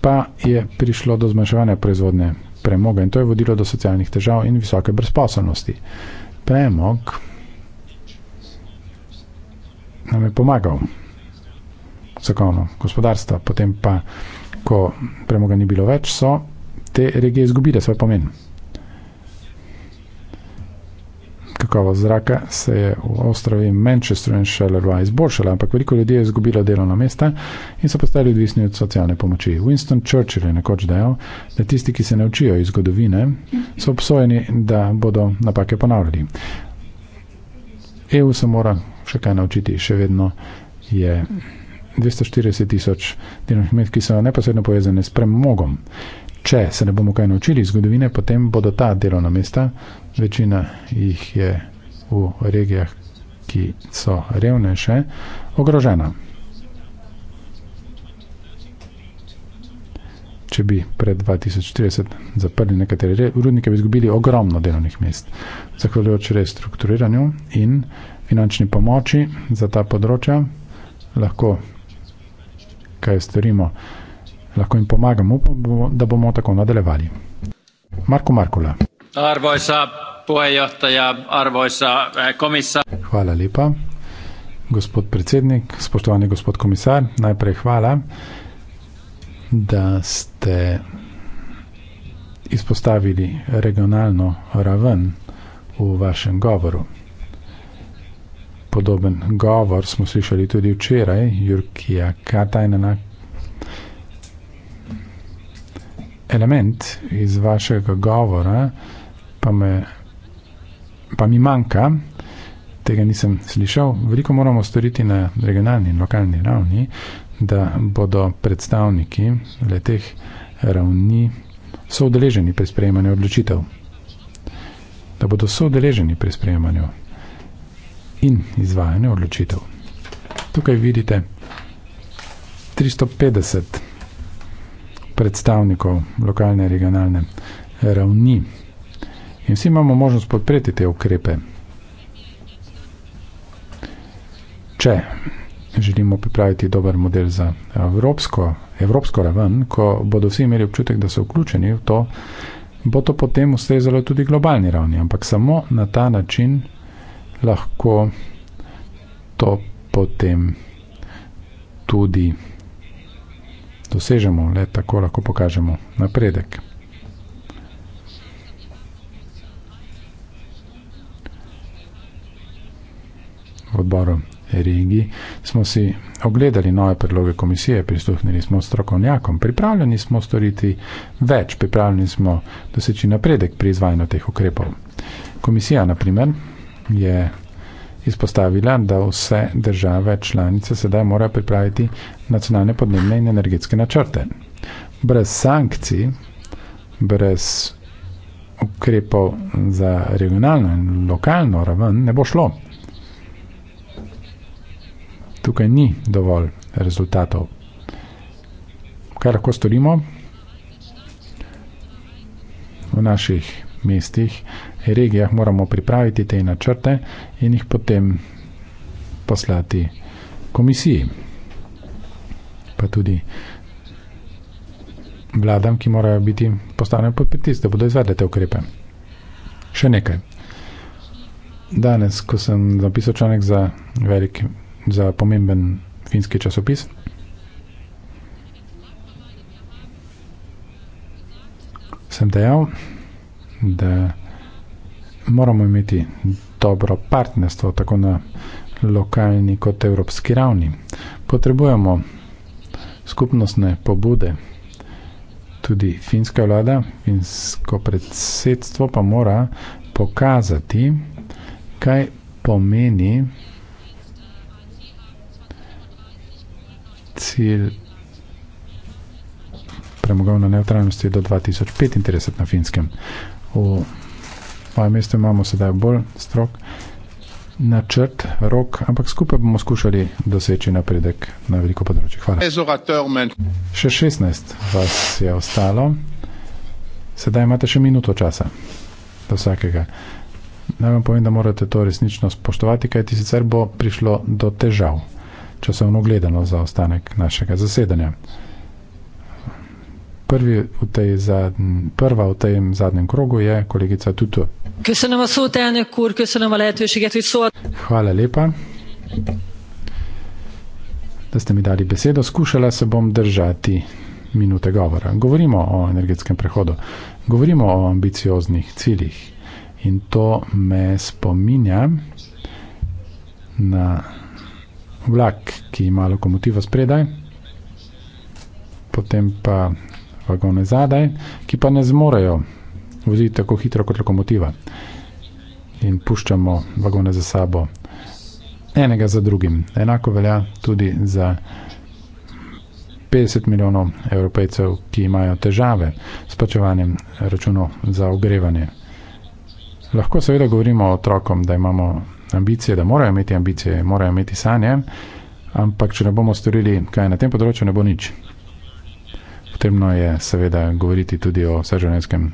C: pa je prišlo do zmanjševanja proizvodne premoga in to je vodilo do socialnih težav in visoke brezposobnosti. Premog, nam je pomagal zakonom gospodarstva, potem pa, ko premoga ni bilo več, so te regije izgubile svoj pomen. Kakovo zraka se je v ostrovi Manchesteru in Šelerva izboljšala, ampak veliko ljudi je izgubilo delovna mesta in so postali odvisni od socialne pomoči. Winston Churchill je nekoč dejal, da tisti, ki se ne učijo iz zgodovine, so obsojeni, da bodo napake ponavljali. EU se mora še kaj naučiti, še vedno je 240 tisoč delovnih mest, ki so neposredno povezane s premogom. Če se ne bomo kaj naučili iz zgodovine, potem bodo ta delovna mesta, večina jih je v regijah, ki so revnejše, ogrožena. Če bi pred 2040 zaprli nekatere rudnike, bi izgubili ogromno delovnih mest, zahvaljujoč restrukturiranju in finančni pomoči za ta področja, lahko kaj storimo, lahko jim pomagamo, da bomo tako nadaljevali. Marko Markula. Arvojsa pojejohtaja, arvojsa eh, komisar. Hvala lepa. Gospod predsednik, spoštovani gospod komisar, najprej hvala, da ste izpostavili regionalno raven v vašem govoru podoben govor smo slišali tudi včeraj, Jurkija Katajnana. Element iz vašega govora pa, me, pa mi manjka, tega nisem slišal. Veliko moramo storiti na regionalni in lokalni ravni, da bodo predstavniki le teh ravni so udeleženi pri sprejemanju odločitev. Da bodo so udeleženi pri sprejemanju odločitev in izvajanje odločitev. Tukaj vidite 350 predstavnikov lokalne regionalne ravni in vsi imamo možnost podpreti te ukrepe. Če želimo pripraviti dober model za evropsko, evropsko raven, ko bodo vsi imeli občutek, da so vključeni v to, bo to potem ustrezalo tudi globalni ravni, ampak samo na ta način………']![ lahko to potem tudi dosežemo, le tako lahko pokažemo napredek. V odboru Erigi smo si ogledali nove predloge komisije, prisluhnili smo strokovnjakom, pripravljeni smo storiti več, pripravljeni smo doseči napredek pri izvajanju teh ukrepov. Komisija, na primer, je izpostavila, da vse države članice sedaj morajo pripraviti nacionalne podnebne in energetske načrte. Brez sankcij, brez ukrepov za regionalno in lokalno raven ne bo šlo. Tukaj ni dovolj rezultatov. Kaj lahko storimo? V naših mestih regijah moramo pripraviti te načrte in jih potem poslati komisiji, pa tudi vladam, ki morajo biti postavljene pod pritisk, da bodo izvedle te ukrepe. Še nekaj. Danes, ko sem zapisal članek za velik, za pomemben finski časopis, sem dejal, da je moramo imeti dobro partnerstvo, tako na lokalni kot evropski ravni. Potrebujemo skupnostne pobude, tudi finska vlada, finsko predsedstvo pa mora pokazati, kaj pomeni cilj premogovne neutralnosti do 2035 na finskem. Moje mesto imamo sedaj bolj strok načrt, rok, ampak skupaj bomo skušali doseči napredek na veliko področje.
A: Hvala.
C: Še 16 vas je ostalo. Sedaj imate še minuto časa do vsakega. Naj vam povem, da morate to resnično spoštovati, kajti sicer bo prišlo do težav, časovno gledano za ostanek našega zasedanja prvi v tej zadn, prva v tem zadnjem krogu je kolegica Tutu. Hvala lepa, da ste mi dali besedo. Skušala se bom držati minute govora. Govorimo o energetskem prehodu, govorimo o ambicioznih ciljih in to me spominja na vlak, ki ima lokomotivo spredaj, potem pa vagone zadaj, ki pa ne zmorejo voziti tako hitro kot lokomotiva. In puščamo vagone za sabo enega za drugim. Enako velja tudi za 50 milijonov evropejcev, ki imajo težave s plačevanjem računov za ogrevanje. Lahko seveda govorimo otrokom, da imamo ambicije, da morajo imeti ambicije, morajo imeti sanje, ampak če ne bomo storili kaj na tem področju, ne bo nič. Potrebno je seveda govoriti tudi o vseživljenjskem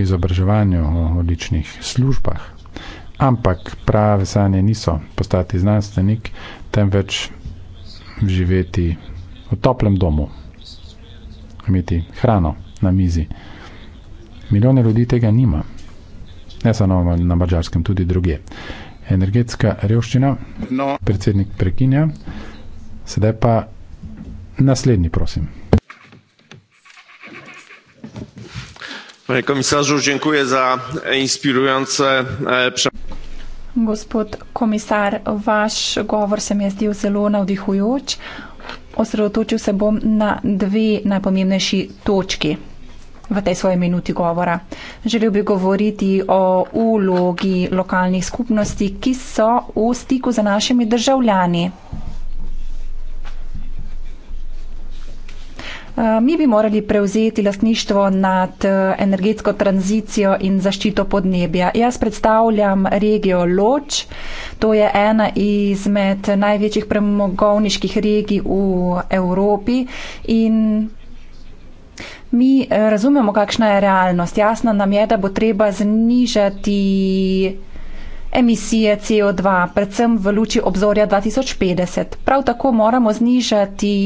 C: izobraževanju, o odličnih službah. Ampak prave sanje niso postati znanstvenik, temveč živeti v toplem domu, imeti hrano na mizi. Milijone ljudi tega nima. Ne samo na mađarskem, tudi druge. Energetska revščina, no. predsednik prekinja, sedaj pa naslednji, prosim.
D: Panie komisarzu, dziękuję za inspirujące e,
E: Gospod komisar, vaš govor se mi je zdel zelo navdihujoč. Osredotočil se bom na dve najpomembnejši točki v tej svoji minuti govora. Želel bi govoriti o ulogi lokalnih skupnosti, ki so v stiku z našimi državljani. Eh, mi bi morali prevzeti lastništvo nad eh, energetsko tranzicijo in zaščito podnebja. Jaz predstavljam regijo Loč, to je ena izmed največjih premogovniških regij v Evropi in mi eh, razumemo, kakšna je realnost. Jasno nam je, da bo treba znižati emisije CO2, predvsem v luči obzorja 2050. Prav tako moramo znižati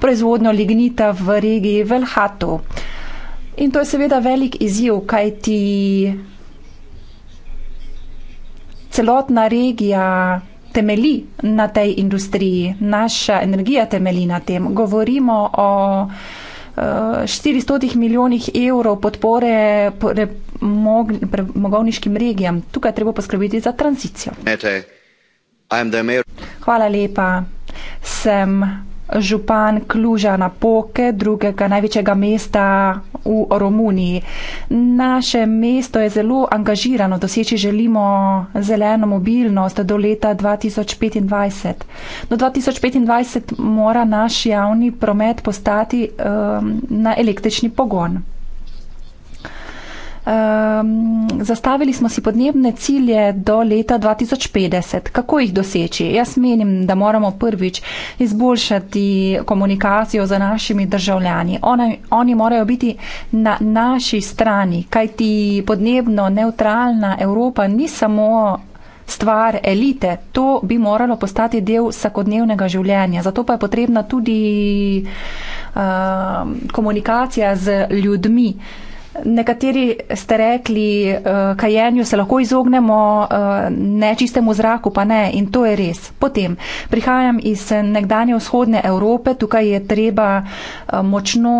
E: proizvodnjo lignita v regiji Velhatu. In to je seveda velik izjiv, kaj ti celotna regija temeli na tej industriji, naša energija temeli na tem. Govorimo o 400 milijonih evrov podpore premogovniškim regijam. Tukaj treba poskrbeti za tranzicijo. Hvala lepa. Sem župan Kluža na Poke, drugega največjega mesta v Romuniji. Naše mesto je zelo angažirano, doseči želimo zeleno mobilnost do leta 2025. Do 2025 mora naš javni promet postati um, na električni pogon. Um, zastavili smo si podnebne cilje do leta 2050. Kako jih doseči? Jaz menim, da moramo prvič izboljšati komunikacijo za našimi državljani. Ona, oni morajo biti na naši strani, kajti podnebno neutralna Evropa ni samo stvar elite. To bi moralo postati del vsakodnevnega življenja. Zato pa je potrebna tudi uh, komunikacija z ljudmi. Uh, Nekateri ste rekli, eh, kajenju se lahko izognemo eh, nečistemu zraku, pa ne in to je res. Potem prihajam iz nekdanje vzhodne Evrope, tukaj je treba eh, močno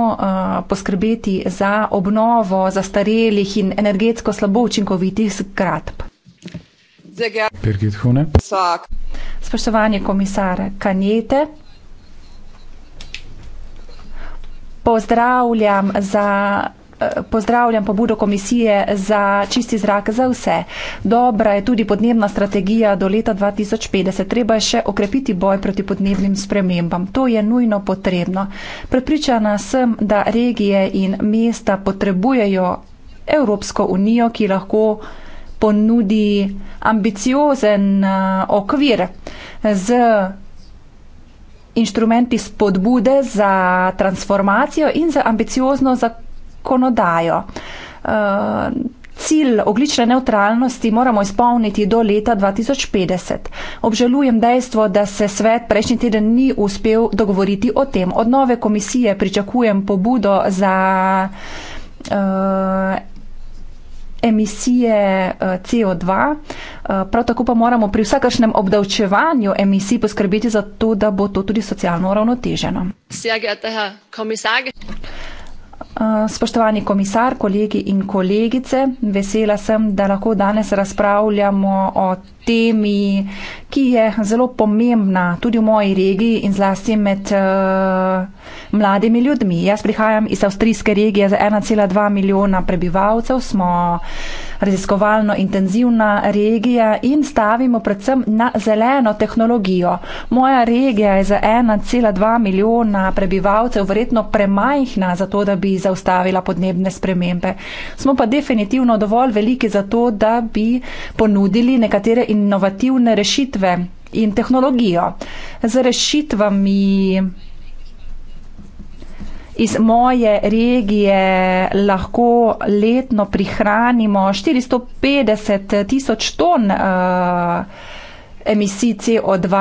E: poskrbeti za obnovo zastarelih in energetsko slabo učinkovitih zgradb. Spoštovanje komisar Kanjete. Pozdravljam za Eh, pozdravljam pobudo komisije za čisti zrak za vse. Dobra je tudi podnebna strategija do leta 2050. Treba je še okrepiti boj proti podnebnim spremembam. To je nujno potrebno. Prepričana sem, da regije in mesta potrebujejo Evropsko unijo, ki lahko ponudi ambiciozen eh, okvir z inštrumenti spodbude za transformacijo in za ambiciozno zakonodajo zakonodajo. Eh, cilj oglične neutralnosti moramo izpolniti do leta 2050. Obžalujem dejstvo, da se svet prejšnji teden ni uspel dogovoriti o tem. Od nove komisije pričakujem pobudo za uh, emisije CO2. Uh, eh, prav tako pa moramo pri vsakršnem obdavčevanju emisij poskrbeti za to, da bo to tudi socialno uravnoteženo. Sjage, teha, komisar. Eh, spoštovani komisar, kolegi in kolegice, vesela sem, da lahko danes razpravljamo o temi, ki je zelo pomembna tudi v moji regiji in zlasti med uh, mladimi ljudmi. Jaz prihajam iz avstrijske regije z 1,2 milijona prebivalcev, smo raziskovalno intenzivna regija in stavimo predvsem na zeleno tehnologijo. Moja regija je za 1,2 milijona prebivalcev verjetno premajhna za to, da bi zaustavila podnebne spremembe. Smo pa definitivno dovolj veliki za to, da bi ponudili nekatere inovativne rešitve in tehnologijo. Z rešitvami iz moje regije lahko letno prihranimo 450 tisoč ton. Uh, emisij CO2,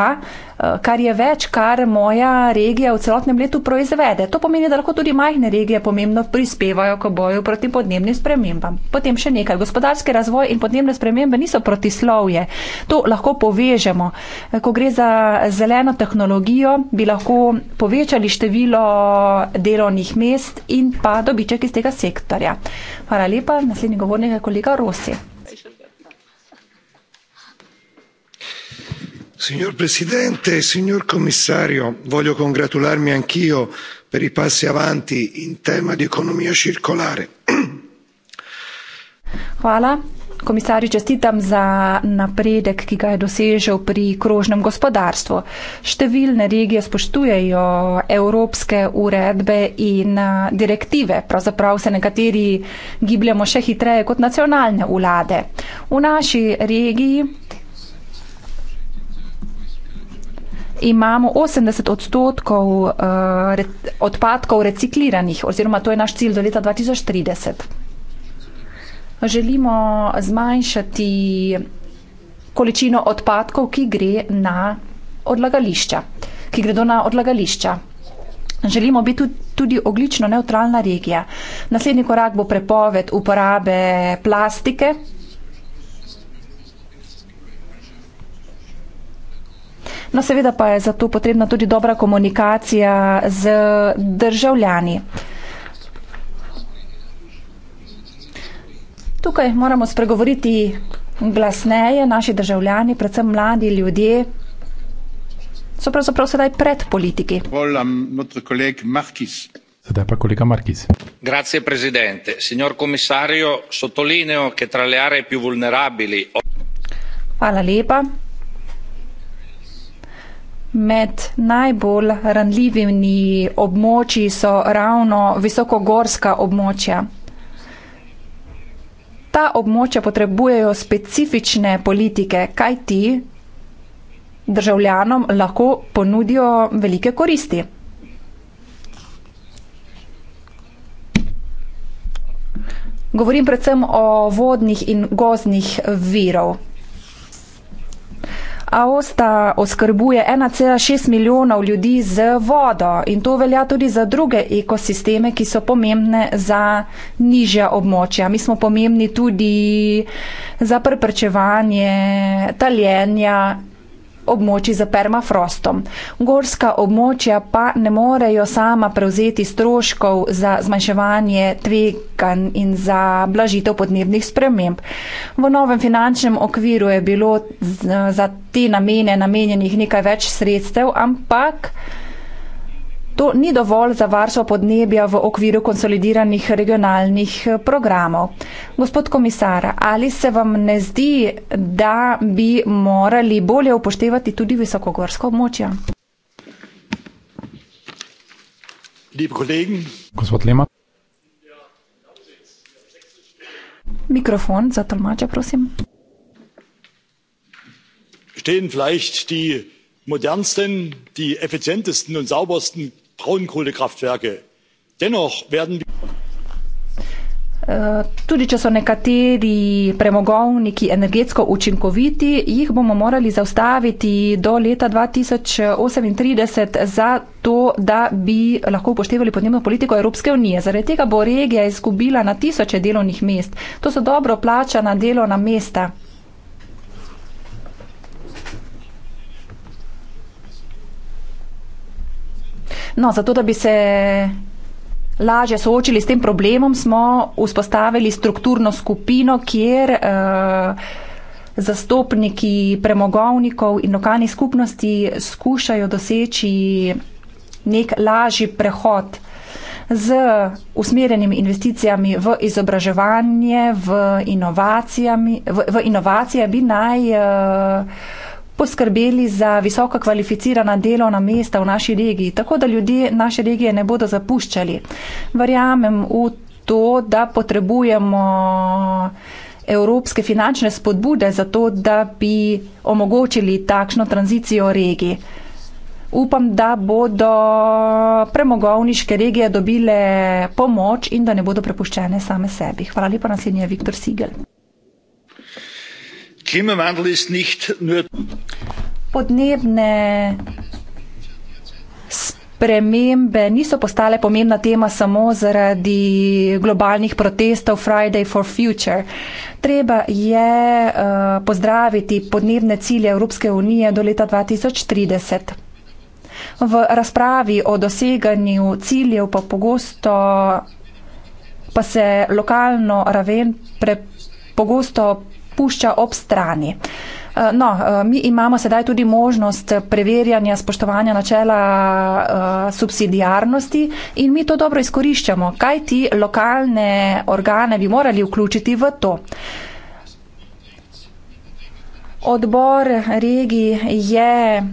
E: eh, kar je več, kar moja regija v celotnem letu proizvede. To pomeni, da lahko tudi majhne regije pomembno prispevajo k boju proti podnebnim spremembam. Potem še nekaj. Gospodarski razvoj in podnebne spremembe niso protislovje. To lahko povežemo. Eh, ko gre za zeleno tehnologijo, bi lahko povečali število delovnih mest in pa dobiček iz tega sektorja. Hvala lepa. Naslednji govornik je kolega Rosi. signor
F: presidente signor commissario voglio congratularmi anch'io per i passi
C: avanti in tema di economia circolare.
E: Hvala. Komisarju čestitam za napredek, ki ga je dosežel pri krožnem gospodarstvu. Številne regije spoštujejo evropske uredbe in direktive, pravzaprav se nekateri gibljamo še hitreje kot nacionalne vlade. V naši regiji imamo 80 odstotkov eh, odpadkov recikliranih, oziroma to je naš cilj do leta 2030. Želimo zmanjšati količino odpadkov, ki gre na odlagališča, ki gredo na odlagališča. Želimo biti tudi oglično neutralna regija. Naslednji korak bo prepoved uporabe plastike No, seveda pa je zato potrebna tudi dobra komunikacija z državljani. Tukaj moramo spregovoriti glasneje, naši državljani, predvsem mladi ljudje,
A: so pravzaprav sedaj pred politiki. Sedaj
C: pa kolega Markis. Grazie, presidente. Signor commissario, sottolineo, che tra le aree più vulnerabili.
E: Hvala lepa. Med najbolj ranljivimi območji so ravno visokogorska območja. Ta območja potrebujejo specifične politike, kaj ti državljanom lahko ponudijo velike koristi. Govorim predvsem o vodnih in gozdnih virov. Aosta oskrbuje 1,6 milijonov ljudi z vodo in to velja tudi za druge ekosisteme, ki so pomembne za nižja območja. Mi smo pomembni tudi za preprečevanje taljenja območij za permafrostom. Gorska območja pa ne morejo sama prevzeti stroškov za zmanjševanje tvekan in za blažitev podnebnih sprememb. V novem finančnem okviru je bilo za te namene namenjenih nekaj več sredstev, ampak to ni dovolj za varstvo podnebja v okviru konsolidiranih regionalnih eh, programov. Gospod komisar, ali se vam ne zdi, da bi morali bolje upoštevati tudi visokogorsko območje? Gospod Lema. Mikrofon za tolmača, prosim.
C: Stehen vielleicht die
A: modernsten, die effizientesten und saubersten braunkohlekraftwerke. Dennoch werden wir
E: eh, Tudi če so nekateri premogovniki energetsko učinkoviti, jih bomo morali zaustaviti do leta 2038 za to, da bi lahko upoštevali podnebno politiko Evropske unije. Zaradi tega bo regija izgubila na tisoče delovnih mest. To so dobro plačana delovna mesta. No, zato, da bi se lažje soočili s tem problemom, smo vzpostavili strukturno skupino, kjer uh, zastopniki premogovnikov in lokalnih skupnosti skušajo doseči nek lažji prehod z usmerjenimi investicijami v izobraževanje, v, v, v inovacije, bi naj. Uh, poskrbeli za visoko kvalificirana delovna mesta v naši regiji, tako da ljudje naše regije ne bodo zapuščali. Verjamem v to, da potrebujemo evropske finančne spodbude za to, da bi omogočili takšno tranzicijo regiji. Upam, da bodo premogovniške regije dobile pomoč in da ne bodo prepuščene same sebi. Hvala lepa, naslednji je Viktor Sigel. Klimawandel ist nicht nur. Podnebne spremembe niso postale pomembna tema samo zaradi globalnih protestov Friday for Future. Treba je uh, pozdraviti podnebne cilje Evropske unije do leta 2030. V razpravi o doseganju ciljev pa pogosto pa se lokalno raven pre, pogosto pušča ob strani. Eh, no, eh, mi imamo sedaj tudi možnost preverjanja spoštovanja načela eh, subsidijarnosti in mi to dobro izkoriščamo, kaj ti lokalne organe bi morali vključiti v to. Odbor regij je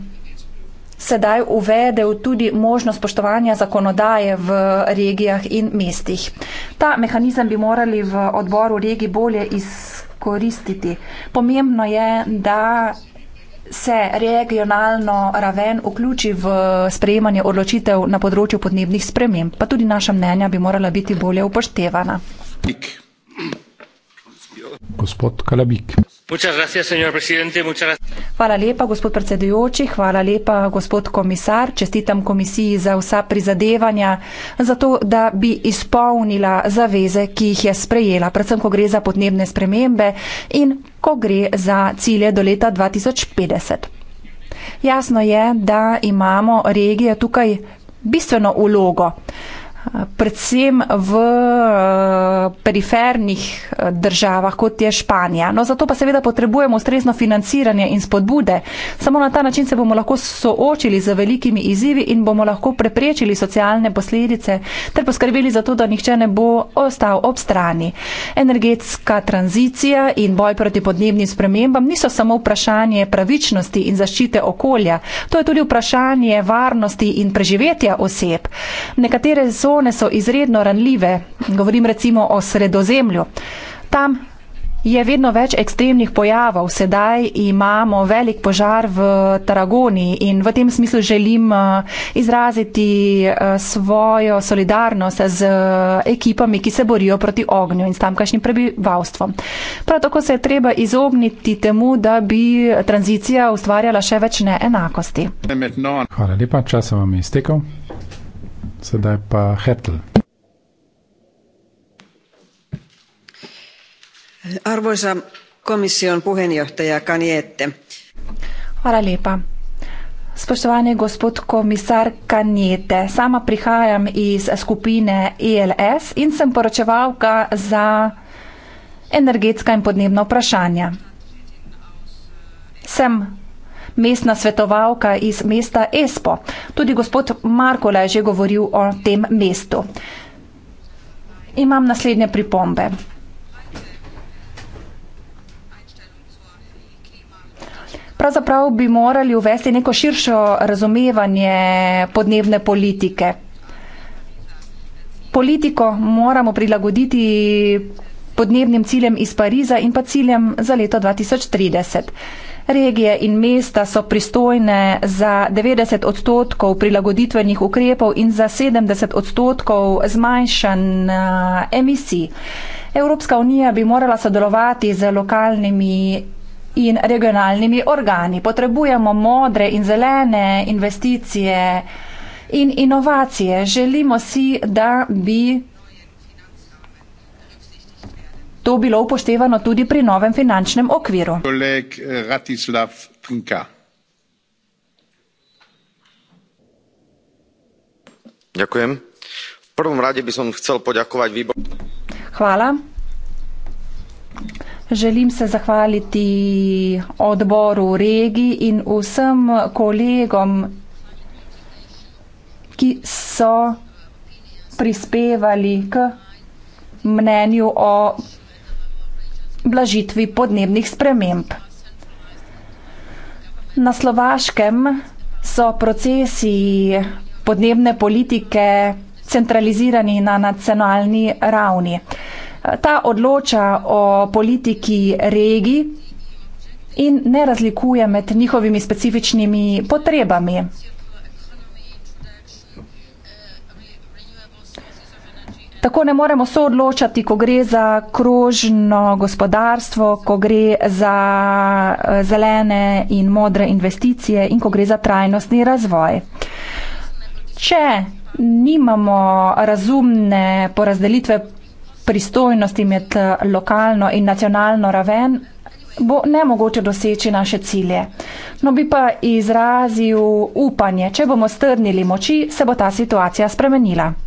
E: sedaj uvedel tudi možnost spoštovanja zakonodaje v regijah in mestih. Ta mehanizem bi morali v odboru regij bolje izkoriščati koristiti. Pomembno je, da se regionalno raven vključi v sprejemanje odločitev na področju podnebnih sprememb, pa tudi naša mnenja bi morala biti bolje upoštevana. Pik.
C: Gospod Kalabik.
E: Hvala lepa, gospod predsedujoči, hvala lepa, gospod komisar. Čestitam komisiji za vsa prizadevanja, za to, da bi izpolnila zaveze, ki jih je sprejela, predvsem, ko gre za podnebne spremembe in ko gre za cilje do leta 2050. Jasno je, da imamo regije tukaj bistveno vlogo predvsem v eh, perifernih eh, državah, kot je Španija. No, zato pa seveda potrebujemo ustrezno financiranje in spodbude. Samo na ta način se bomo lahko soočili z velikimi izzivi in bomo lahko preprečili socialne posledice ter poskrbeli za to, da nihče ne bo ostal ob strani. Energetska tranzicija in boj proti podnebnim spremembam niso samo vprašanje pravičnosti in zaščite okolja, to je tudi vprašanje varnosti in preživetja oseb. Nekatere so cone so izredno ranljive, govorim recimo o sredozemlju. Tam je vedno več ekstremnih pojavov, sedaj imamo velik požar v Taragoni in v tem smislu želim eh, izraziti eh, svojo solidarnost z eh, ekipami, ki se borijo proti ognju in s tamkajšnjim prebivalstvom. Prav tako se je treba izogniti temu, da bi tranzicija ustvarjala še več neenakosti.
C: Hvala lepa, čas vam je iztekel sedaj pa Hetl.
E: Arvoisa komisjon puheenjohtaja Kanjete. Hvala lepa. Spoštovani gospod komisar Kanjete, sama prihajam iz skupine ELS in sem poročevalka za energetska in podnebna vprašanja. Sem mestna svetovalka iz mesta Espo. Tudi gospod Markola je že govoril o tem mestu. Imam naslednje pripombe. Pravzaprav bi morali uvesti neko širšo razumevanje podnebne politike. Politiko moramo prilagoditi podnebnim ciljem iz Pariza in pa ciljem za leto 2030. Regije in mesta so pristojne za 90 odstotkov prilagoditvenih ukrepov in za 70 odstotkov zmanjšan emisij. Evropska unija bi morala sodelovati z lokalnimi in regionalnimi organi. Potrebujemo modre in zelene investicije in inovacije. Želimo si, da bi To bilo upoštevano tudi pri novem finančnem okviru.
A: Koleg eh, Ratislav Trnka. Ďakujem. V
D: prvom rade by som chcel poďakovať výbor.
E: Hvala. Želim se zahvaliti odboru regi in vsem kolegom, ki so prispevali k mnenju o blažitvi podnebnih sprememb. Na Slovaškem so procesi podnebne politike centralizirani na nacionalni ravni. Ta odloča o politiki regij in ne razlikuje med njihovimi specifičnimi potrebami. Tako ne moremo soodločati, ko gre za krožno gospodarstvo, ko gre za eh, zelene in modre investicije in ko gre za trajnostni razvoj. Če nimamo razumne porazdelitve pristojnosti med eh, lokalno in nacionalno raven, bo nemogoče doseči naše cilje. No bi pa izrazil upanje, če bomo strnili moči, se bo ta situacija spremenila.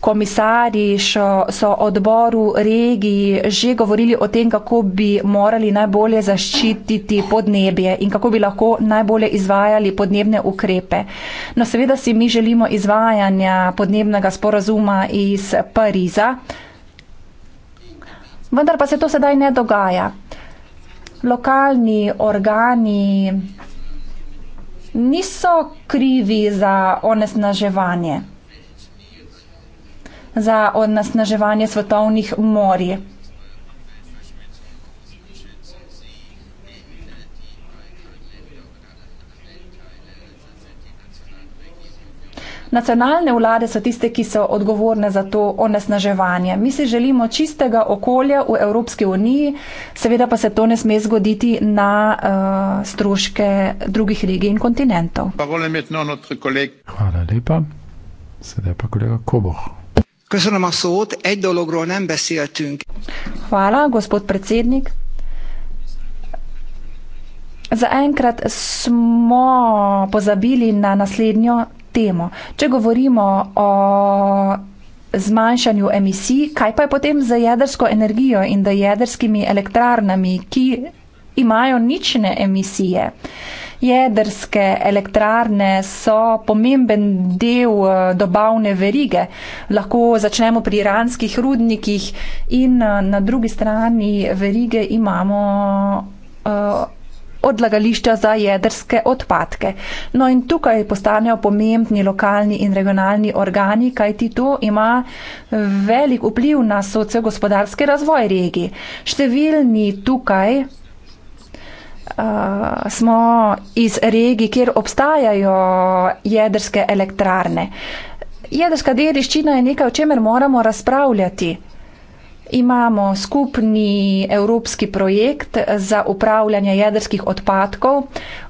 E: Komisari šo, so odboru regiji že govorili o tem, kako bi morali najbolje zaščititi podnebje in kako bi lahko najbolje izvajali podnebne ukrepe. No, seveda si mi želimo izvajanja podnebnega sporazuma iz Pariza, vendar pa se to sedaj ne dogaja. Lokalni organi niso krivi za onesnaževanje za onesnaževanje svetovnih morij. Nacionalne vlade so tiste, ki so odgovorne za to onesnaževanje. Mi si želimo čistega okolja v Evropski uniji, seveda pa se to ne sme zgoditi na uh, stroške drugih regij in kontinentov.
C: Hvala lepa. Sedaj pa kolega Koboh. Köszönöm a
A: szót, egy dologról
F: nem beszéltünk.
E: Hála, gospod predsednik. Zaenkrat smo pozabili na naslednjo temo. Če govorimo o zmanjšanju emisij, kaj pa je potem za jedrsko energijo in da jedrskimi elektrarnami, ki imajo nične emisije? Uh, jedrske elektrarne so pomemben del eh, dobavne verige. Lahko začnemo pri iranskih rudnikih in eh, na drugi strani verige imamo eh, odlagališča za jedrske odpadke. No in tukaj postanejo pomembni lokalni in regionalni organi, kajti to ima velik vpliv na sociogospodarski razvoj regiji. Številni tukaj uh, smo iz regij, kjer obstajajo jedrske elektrarne. Jedrska dediščina je nekaj, o čemer moramo razpravljati. Imamo skupni evropski projekt za upravljanje jedrskih odpadkov.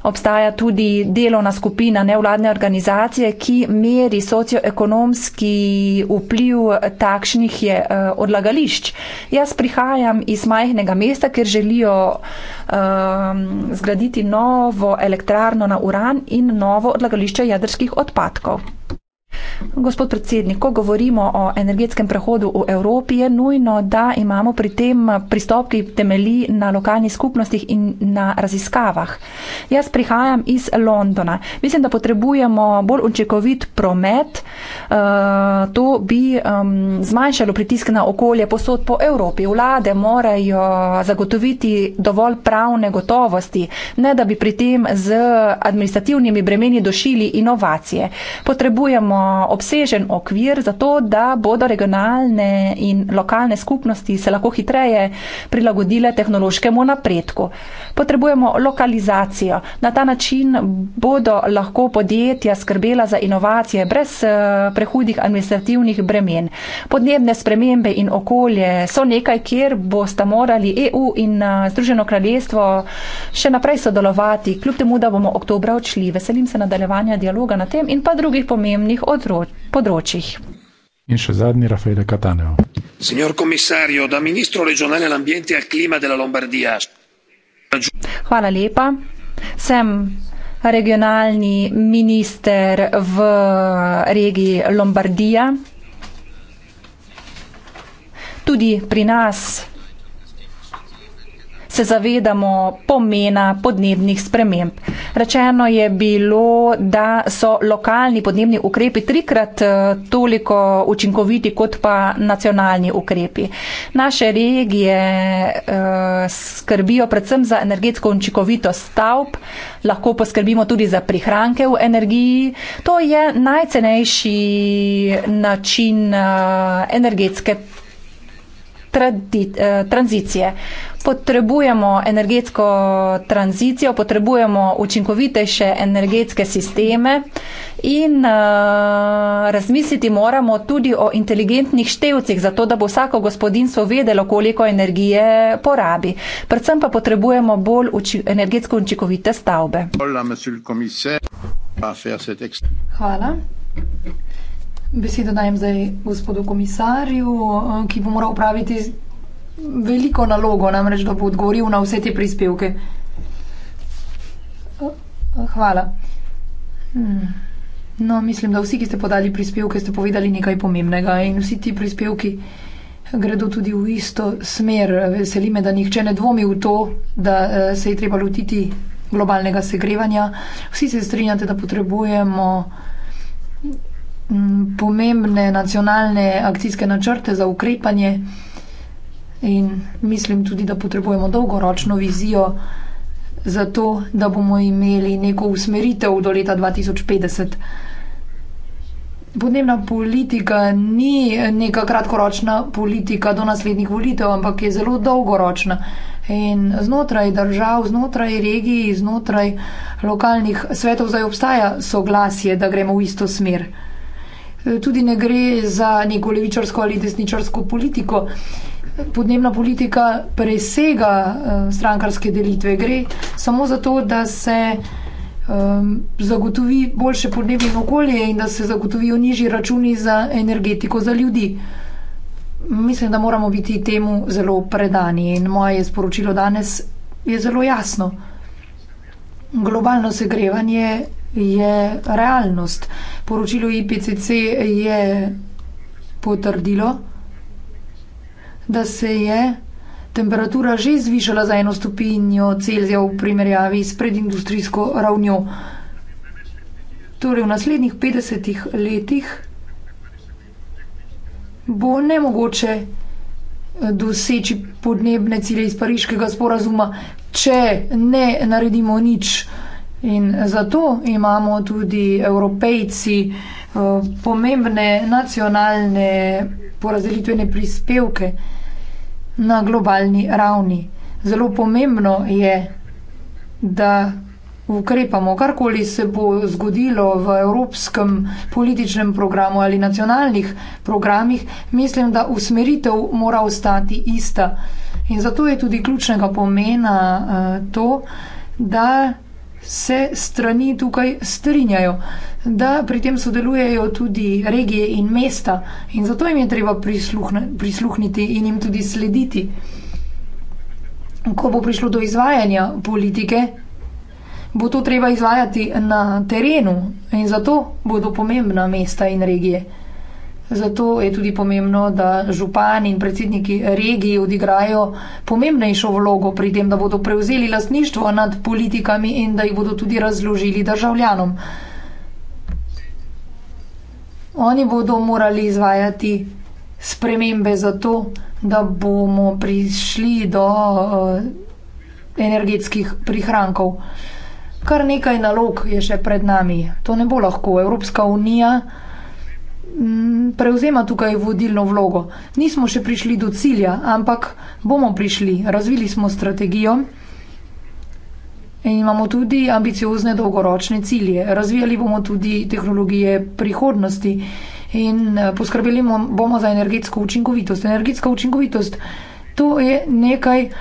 E: Obstaja tudi delovna skupina nevladne organizacije, ki meri socioekonomski vpliv takšnih je eh, odlagališč. Jaz prihajam iz majhnega mesta, ker želijo um, zgraditi novo elektrarno na uran in novo odlagališče jedrskih odpadkov. Gospod predsednik, ko govorimo o energetskem prehodu v Evropi, je nujno, da imamo pri tem pristop, ki temelji na lokalnih skupnostih in na raziskavah. Jaz prihajam iz Londona. Mislim, da potrebujemo bolj učinkovit promet. Eh, to bi zmanjšalo pritisk na okolje posod po Evropi. Vlade morajo zagotoviti dovolj pravne gotovosti, ne da bi pri tem z administrativnimi bremeni došili inovacije. Potrebujemo obsežen okvir za to, da bodo regionalne in lokalne skupnosti se lahko hitreje prilagodile tehnološkemu napredku. Potrebujemo lokalizacijo. Na ta način bodo lahko podjetja skrbela za inovacije brez eh, prehudih administrativnih bremen. Podnebne spremembe in okolje so nekaj, kjer boste morali EU in eh, Združeno kraljestvo še naprej sodelovati, kljub temu, da bomo oktobra odšli. Veselim se nadaljevanja dialoga na tem in pa drugih pomembnih področjih.
C: In še zadnji Rafael Cataneo.
D: Signor komisarjo, da ministro regionale l'ambiente al e clima della Lombardia.
E: Hvala lepa. Sem regionalni minister v regiji Lombardija. Tudi pri nas se zavedamo pomena podnebnih sprememb. Rečeno je bilo, da so lokalni podnebni ukrepi trikrat eh, toliko učinkoviti kot pa nacionalni ukrepi. Naše regije eh, skrbijo predvsem za energetsko učinkovitost stavb, lahko poskrbimo tudi za prihranke v energiji. To je najcenejši način eh, energetske Eh, tranzicije. Potrebujemo energetsko tranzicijo, potrebujemo učinkovitejše energetske sisteme in eh, razmisliti moramo tudi o inteligentnih števcih, zato da bo vsako gospodinstvo vedelo, koliko energije porabi. Predvsem pa potrebujemo bolj uči energetsko učinkovite stavbe.
A: Hvala.
B: Hvala. Besedo dajem zdaj gospodu komisarju, eh, ki bo moral upraviti veliko nalogo, namreč da bo odgovoril na vse te prispevke. Eh, eh, hvala. Hmm. No, mislim, da vsi, ki ste podali prispevke, ste povedali nekaj pomembnega in vsi ti prispevki gredo tudi v isto smer. Veseli me, da nihče ne dvomi v to, da se je treba lotiti globalnega segrevanja. Vsi se strinjate, da potrebujemo pomembne nacionalne akcijske načrte za ukrepanje in mislim tudi, da potrebujemo dolgoročno vizijo za to, da bomo imeli neko usmeritev do leta 2050. Podnebna politika ni neka kratkoročna politika do naslednjih volitev, ampak je zelo dolgoročna. In znotraj držav, znotraj regiji, znotraj lokalnih svetov zdaj obstaja soglasje, da gremo v isto smer. Eh, tudi ne gre za neko levičarsko ali desničarsko politiko. Podnebna politika presega eh, strankarske delitve. Gre samo zato, da se ehm, zagotovi boljše podnebje in okolje in da se zagotovijo nižji računi za energetiko za ljudi. Mislim, da moramo biti temu zelo predani in moje sporočilo danes je zelo jasno. Globalno segrevanje je realnost. Poročilo IPCC je potrdilo, da se je temperatura že zvišala za eno stopinjo Celzija v primerjavi s predindustrijsko ravnjo. Torej v naslednjih 50 letih bo nemogoče eh, doseči podnebne cilje iz pariškega sporazuma, če ne naredimo nič. In zato imamo tudi evropejci eh, pomembne nacionalne porazdelitvene prispevke na globalni ravni. Zelo pomembno je, da ukrepamo, karkoli se bo zgodilo v evropskem političnem programu ali nacionalnih programih, mislim, da usmeritev mora ostati ista. In zato je tudi ključnega pomena eh, to, da se strani tukaj strinjajo, da pri tem sodelujejo tudi regije in mesta in zato jim je treba prisluhne, prisluhniti in jim tudi slediti. Ko bo prišlo do izvajanja politike, bo to treba izvajati na terenu in zato bodo pomembna mesta in regije. Zato je tudi pomembno, da župani in predsedniki regije odigrajo pomembnejšo vlogo pri tem, da bodo prevzeli lastništvo nad politikami in da jih bodo tudi razložili državljanom. Oni bodo morali izvajati spremembe zato, da bomo prišli do uh, energetskih prihrankov. Kar nekaj nalog je še pred nami. To ne bo lahko. Evropska unija. Mm, prevzema tukaj vodilno vlogo. Nismo še prišli do cilja, ampak bomo prišli. Razvili smo strategijo in imamo tudi ambiciozne dolgoročne cilje. Razvijali bomo tudi tehnologije prihodnosti in eh, poskrbeli bomo za energetsko učinkovitost. Energetska učinkovitost, to je nekaj eh,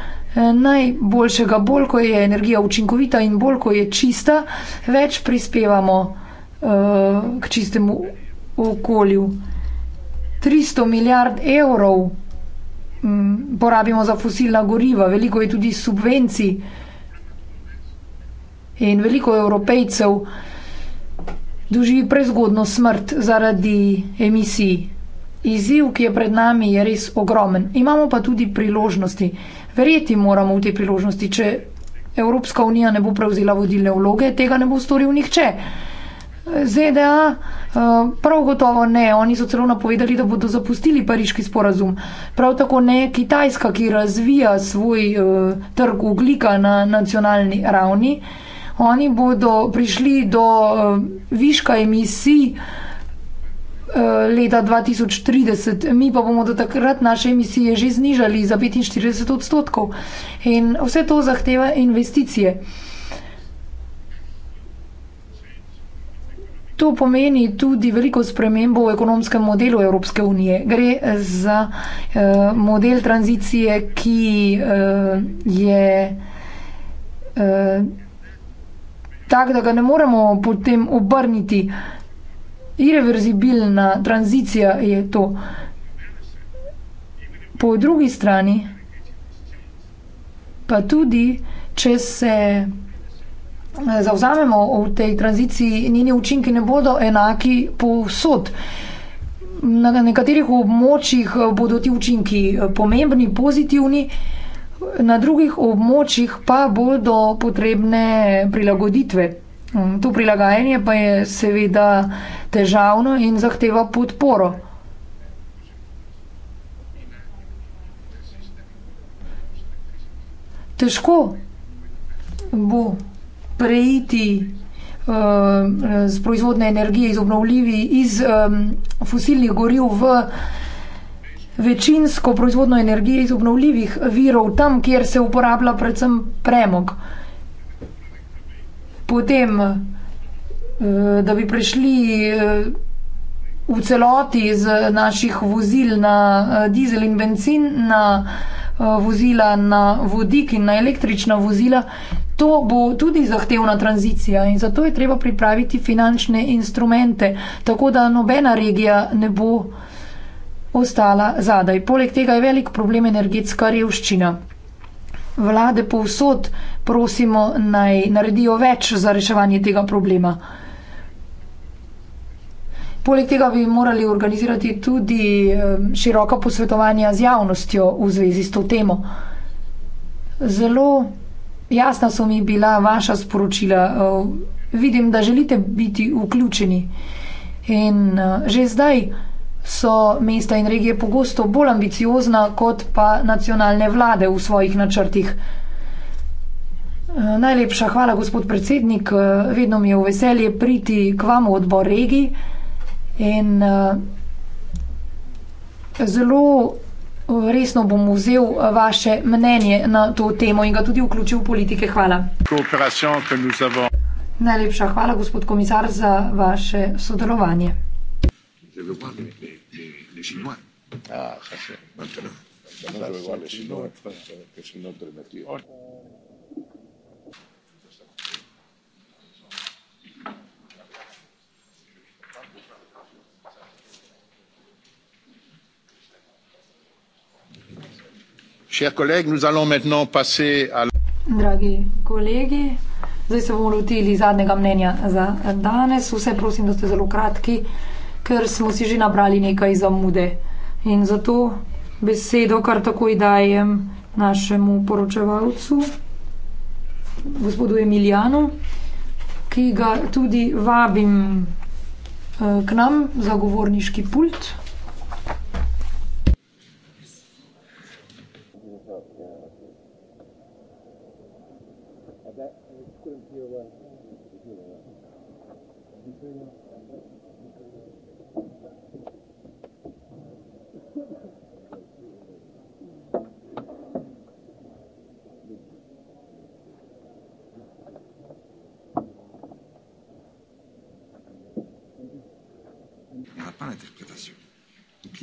B: najboljšega. Bolj, ko je energija učinkovita in bolj, ko je čista, več prispevamo uh, k čistemu učinkovitosti v okolju. 300 milijard evrov m, mm, porabimo za fosilna goriva, veliko je tudi subvencij in veliko evropejcev doživi prezgodno smrt zaradi emisij. Izziv, ki je pred nami, je res ogromen. Imamo pa tudi priložnosti. Verjeti moramo v te priložnosti, če Evropska unija ne bo prevzela vodilne vloge, tega ne bo storil nihče. ZDA. E Eh, prav gotovo ne. Oni so celo napovedali, da bodo zapustili pariški sporazum. Prav tako ne Kitajska, ki razvija svoj uh, trg oglika na nacionalni ravni. Oni bodo prišli do uh, viška emisij leta 2030, mi pa bomo do takrat naše emisije že znižali za 45 odstotkov. In vse to zahteva investicije. Uh, To pomeni tudi veliko spremembo v ekonomskem modelu Evropske unije. Gre eh, za eh, model tranzicije, ki eh, je eh, tak, da ga ne moremo potem obrniti. Irreverzibilna tranzicija je to. Po drugi strani pa tudi, če se zauzamemo v tej tranziciji, njeni učinki ne bodo enaki povsod. Na nekaterih območjih eh, bodo ti učinki eh, pomembni, pozitivni, na drugih območjih pa bodo potrebne prilagoditve. Mm, to prilagajanje pa je seveda težavno in zahteva podporo. Težko bo preiti z uh, eh, eh, proizvodne energije iz obnovljivi, iz um, fosilnih goril v večinsko proizvodno energijo iz obnovljivih virov, tam, kjer se uporablja predvsem premog. Potem, uh, da bi prešli
F: uh,
B: v celoti z naših vozil na uh, dizel in benzin, na uh, vozila na vodik in na električna vozila, To bo tudi zahtevna tranzicija in zato je treba pripraviti finančne instrumente, tako da nobena regija ne bo ostala zadaj. Poleg tega je velik problem energetska revščina. Vlade povsod prosimo naj naredijo več za reševanje tega problema. Poleg tega bi morali organizirati tudi široka posvetovanja z javnostjo v zvezi s to temo. Zelo Jasna so mi bila vaša sporočila. Vidim, da želite biti vključeni. In e, že zdaj so mesta in regije pogosto bolj ambiciozna kot pa nacionalne vlade v svojih načrtih. E, najlepša hvala, gospod predsednik. E, vedno mi je v veselje priti k vam v odbor regij. In zelo Resno bom vzel eh, vaše mnenje na to temo in ga tudi vključil v politike. Hvala. Najlepša hvala, gospod komisar, za vaše sodelovanje.
A: Ah, ça fait maintenant.
C: Ça fait maintenant. Ça fait maintenant.
B: Dragi kolegi, zdaj se bomo lotili zadnjega mnenja za danes. Vse prosim, da ste zelo kratki, ker smo si že nabrali nekaj zamude. In zato besedo kar takoj dajem našemu poročevalcu, gospodu Emiljanu, ki ga tudi vabim eh, k nam za govorniški pult.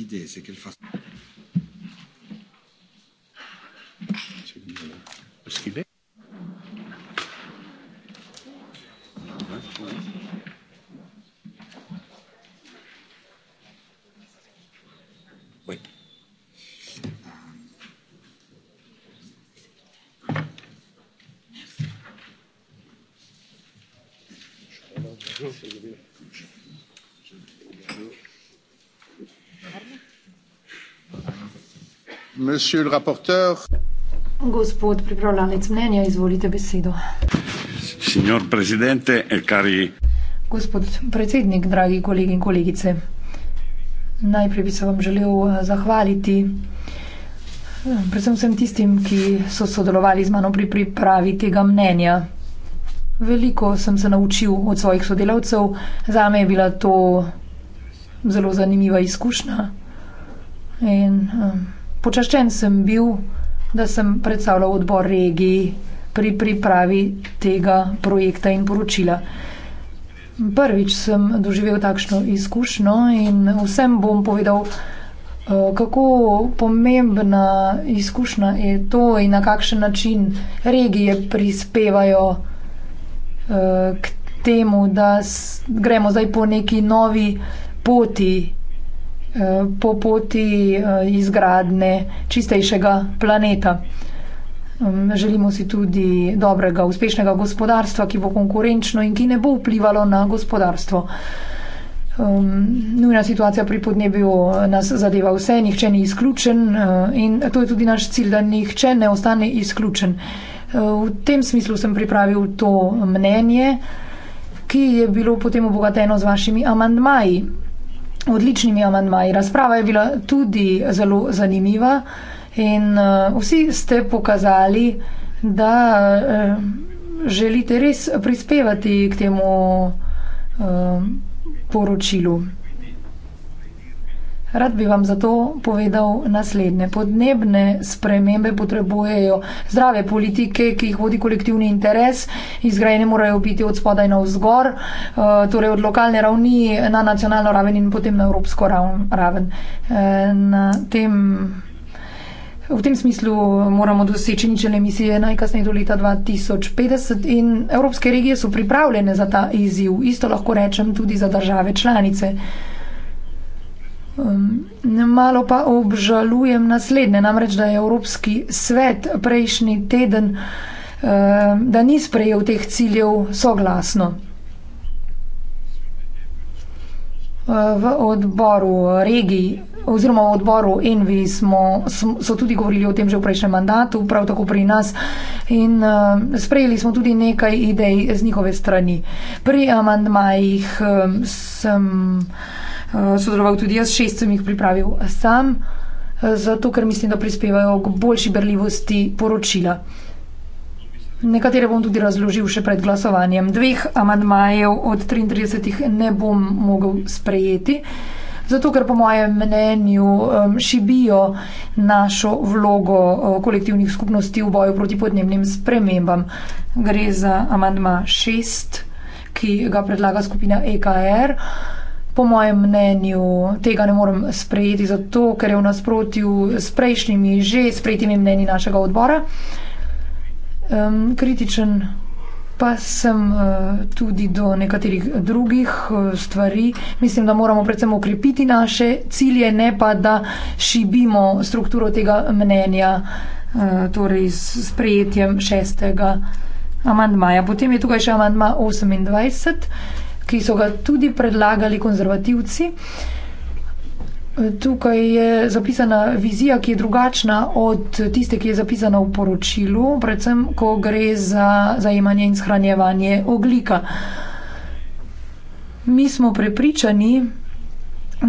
A: Fidese che il fa. Thank you.
B: Gospod pripravljalec mnenja, izvolite besedo.
C: Eh, cari...
B: Gospod predsednik, dragi kolegi in kolegice, najprej bi se vam želel eh, zahvaliti eh, predvsem vsem tistim, ki so sodelovali z mano pri pripravi tega mnenja. Veliko sem se naučil od svojih sodelavcev, zame je bila to zelo zanimiva izkušnja. In, um, počaščen sem bil, da sem predstavljal odbor regiji pri pripravi tega projekta in poročila. Prvič sem doživel takšno izkušnjo in vsem bom povedal, eh, kako pomembna izkušnja je to in na kakšen način regije prispevajo eh, k temu, da gremo zdaj po neki novi poti. Eh, po poti eh, izgradne čistejšega planeta. Želimo si tudi dobrega, uspešnega gospodarstva, ki bo konkurenčno in ki ne bo vplivalo na gospodarstvo. Um, nujna situacija pri podnebju eh, nas zadeva vse, nihče ni izključen uh, in to je tudi naš cilj, da nihče ne ostane izključen. Uh, v tem smislu sem pripravil to mnenje, ki je bilo potem obogateno z vašimi amandmaji odličnimi amantmaji. Razprava je bila tudi zelo zanimiva in uh, vsi ste pokazali, da uh, želite res prispevati k temu uh, poročilu. Rad bi vam zato povedal naslednje. Podnebne spremembe potrebujejo zdrave politike, ki jih vodi kolektivni interes, izgrajene morajo biti od spodaj na vzgor, eh, torej od lokalne ravni na nacionalno raven in potem na evropsko raven. Eh, na tem, v tem smislu moramo doseči ničelne emisije najkasneje do leta 2050 in evropske regije so pripravljene za ta izziv. Isto lahko rečem tudi za države članice. Um, malo pa obžalujem naslednje, namreč, da je Evropski svet prejšnji teden, um, da ni sprejel teh ciljev soglasno. Uh, v odboru regij oziroma v odboru Envi smo, so tudi govorili o tem že v prejšnjem mandatu, prav tako pri nas in um, sprejeli smo tudi nekaj idej z njihove strani. Pri amandmajih sem. Eh, sodeloval tudi jaz, šest sem jih pripravil sam, eh, zato ker mislim, da prispevajo k boljši berljivosti poročila. Nekatere bom tudi razložil še pred glasovanjem. Dveh amandmajev od 33 ne bom mogel sprejeti, zato ker po mojem mnenju šibijo našo vlogo eh, kolektivnih skupnosti v boju proti podnebnim spremembam. Gre za amandma 6, ki ga predlaga skupina EKR po mojem mnenju tega ne morem sprejeti, zato ker je v nasprotju s prejšnjimi že sprejetimi mnenji našega odbora. Um, kritičen pa sem uh, tudi do nekaterih drugih uh, stvari. Mislim, da moramo predvsem okrepiti naše cilje, ne pa da šibimo strukturo tega mnenja, uh, torej s sprejetjem šestega amandmaja. Potem je tukaj še amandma 28 ki so ga tudi predlagali konzervativci. Tukaj je zapisana vizija, ki je drugačna od tiste, ki je zapisana v poročilu, predvsem, ko gre za zajemanje in shranjevanje oglika. Mi smo prepričani,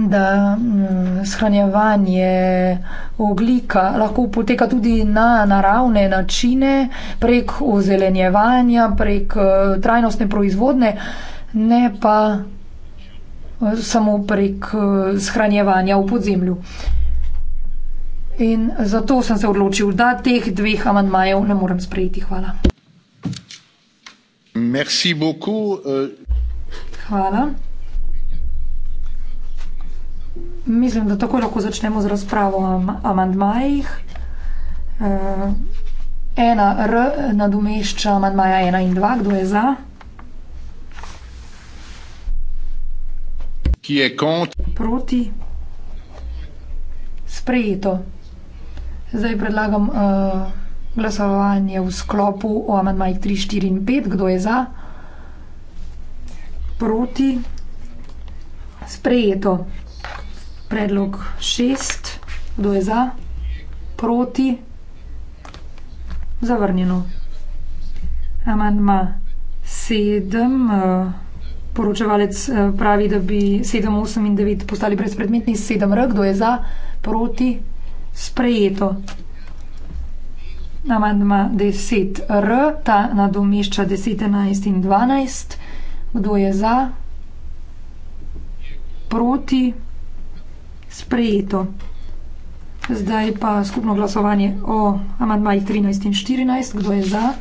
B: da mm, shranjevanje oglika lahko poteka tudi na naravne načine, prek ozelenjevanja, prek eh, trajnostne proizvodne ne pa eh, samo prek eh, shranjevanja v podzemlju. In zato sem se odločil, da teh dveh amantmajev ne morem sprejeti. Hvala.
A: Merci beaucoup. Eh.
B: Hvala. Mislim, da tako lahko začnemo z razpravo o amantmajih. Ena R nadomešča amantmaja ena in dva. Kdo je za? Hvala.
A: ki je kont.
B: Proti. Sprejeto. Zdaj predlagam uh, glasovanje v sklopu o amantmajih 3, 4 in 5. Kdo je za? Proti. Sprejeto. Predlog 6. Kdo je za? Proti. Zavrnjeno. Amandma sedem. Uh, poročevalec eh, pravi, da bi 7, 8 in 9 postali brezpredmetni, 7 rok, kdo je za, proti, sprejeto. Amandma 10R, ta nadomešča 10, 11 in 12. Kdo je za, proti, sprejeto. Zdaj pa skupno glasovanje o amandmajih 13 in 14. Kdo je za,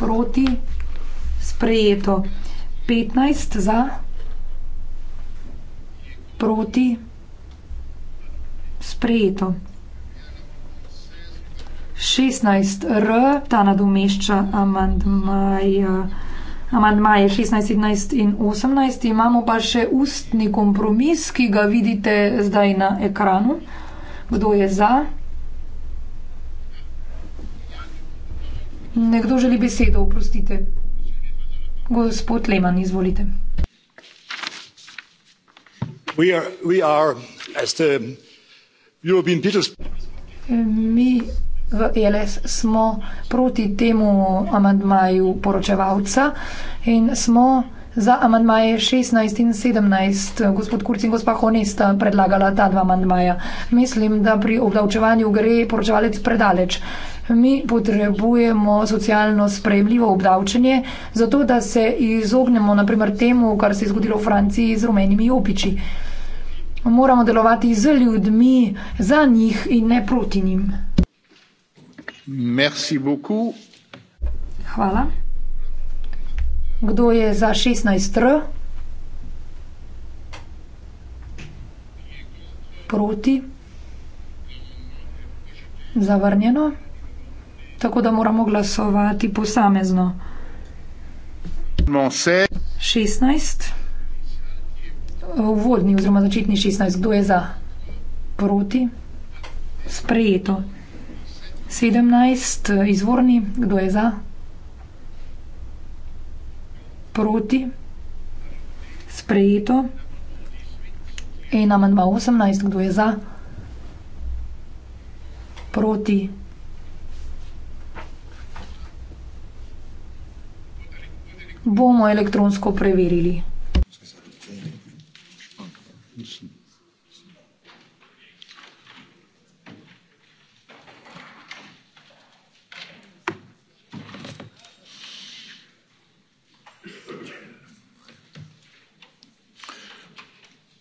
B: proti, sprejeto. 15 za, proti, sprejeto. 16 R, ta nadomešča amandmaja. Amandma je 16, 17 in 18. Imamo pa še ustni kompromis, ki ga vidite zdaj na ekranu. Kdo je za? Nekdo želi besedo, oprostite. Gospod Leman, izvolite.
A: We are, we are, Beatles...
B: Mi v ELS smo proti temu amandmaju poročevalca in smo za amandmaje 16 in 17, gospod Kurc in gospa Honesta, predlagala ta dva amandmaja. Mislim, da pri obdavčevanju gre poročevalec predaleč. Mi potrebujemo socialno sprejemljivo obdavčenje, zato da se izognemo naprimer temu, kar se je zgodilo v Franciji z rumenimi opiči. Moramo delovati z ljudmi, za njih in ne proti njim.
A: Merci beaucoup.
B: Hvala. Kdo je za 16R? Proti. Zavrnjeno tako da moramo glasovati posamezno. 16. Uvodni oziroma začetni 16. Kdo je za? Proti. Sprejeto. 17. Izvorni. Kdo je za? Proti. Sprejeto. En amandma 18. Kdo je za? Proti. bomo elektronsko preverili.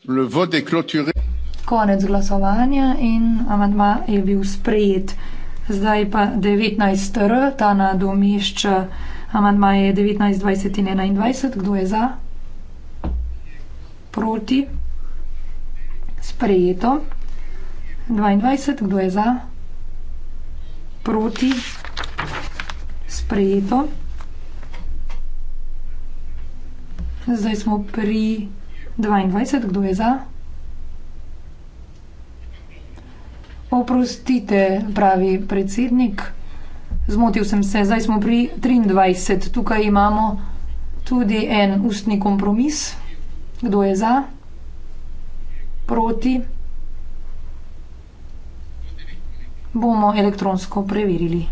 A: Le vote est clôturé.
B: Konec glasovanja in amandma je bil sprejet. Zdaj pa 19. r. ta nadomešča. Amandma je 19, 20 in 21. Kdo je za? Proti? Sprejeto. 22. Kdo je za? Proti? Sprejeto. Zdaj smo pri 22. Kdo je za? Oprostite, pravi predsednik zmotil sem se, zdaj smo pri 23. Tukaj imamo tudi en ustni kompromis. Kdo je za? Proti? Bomo elektronsko preverili.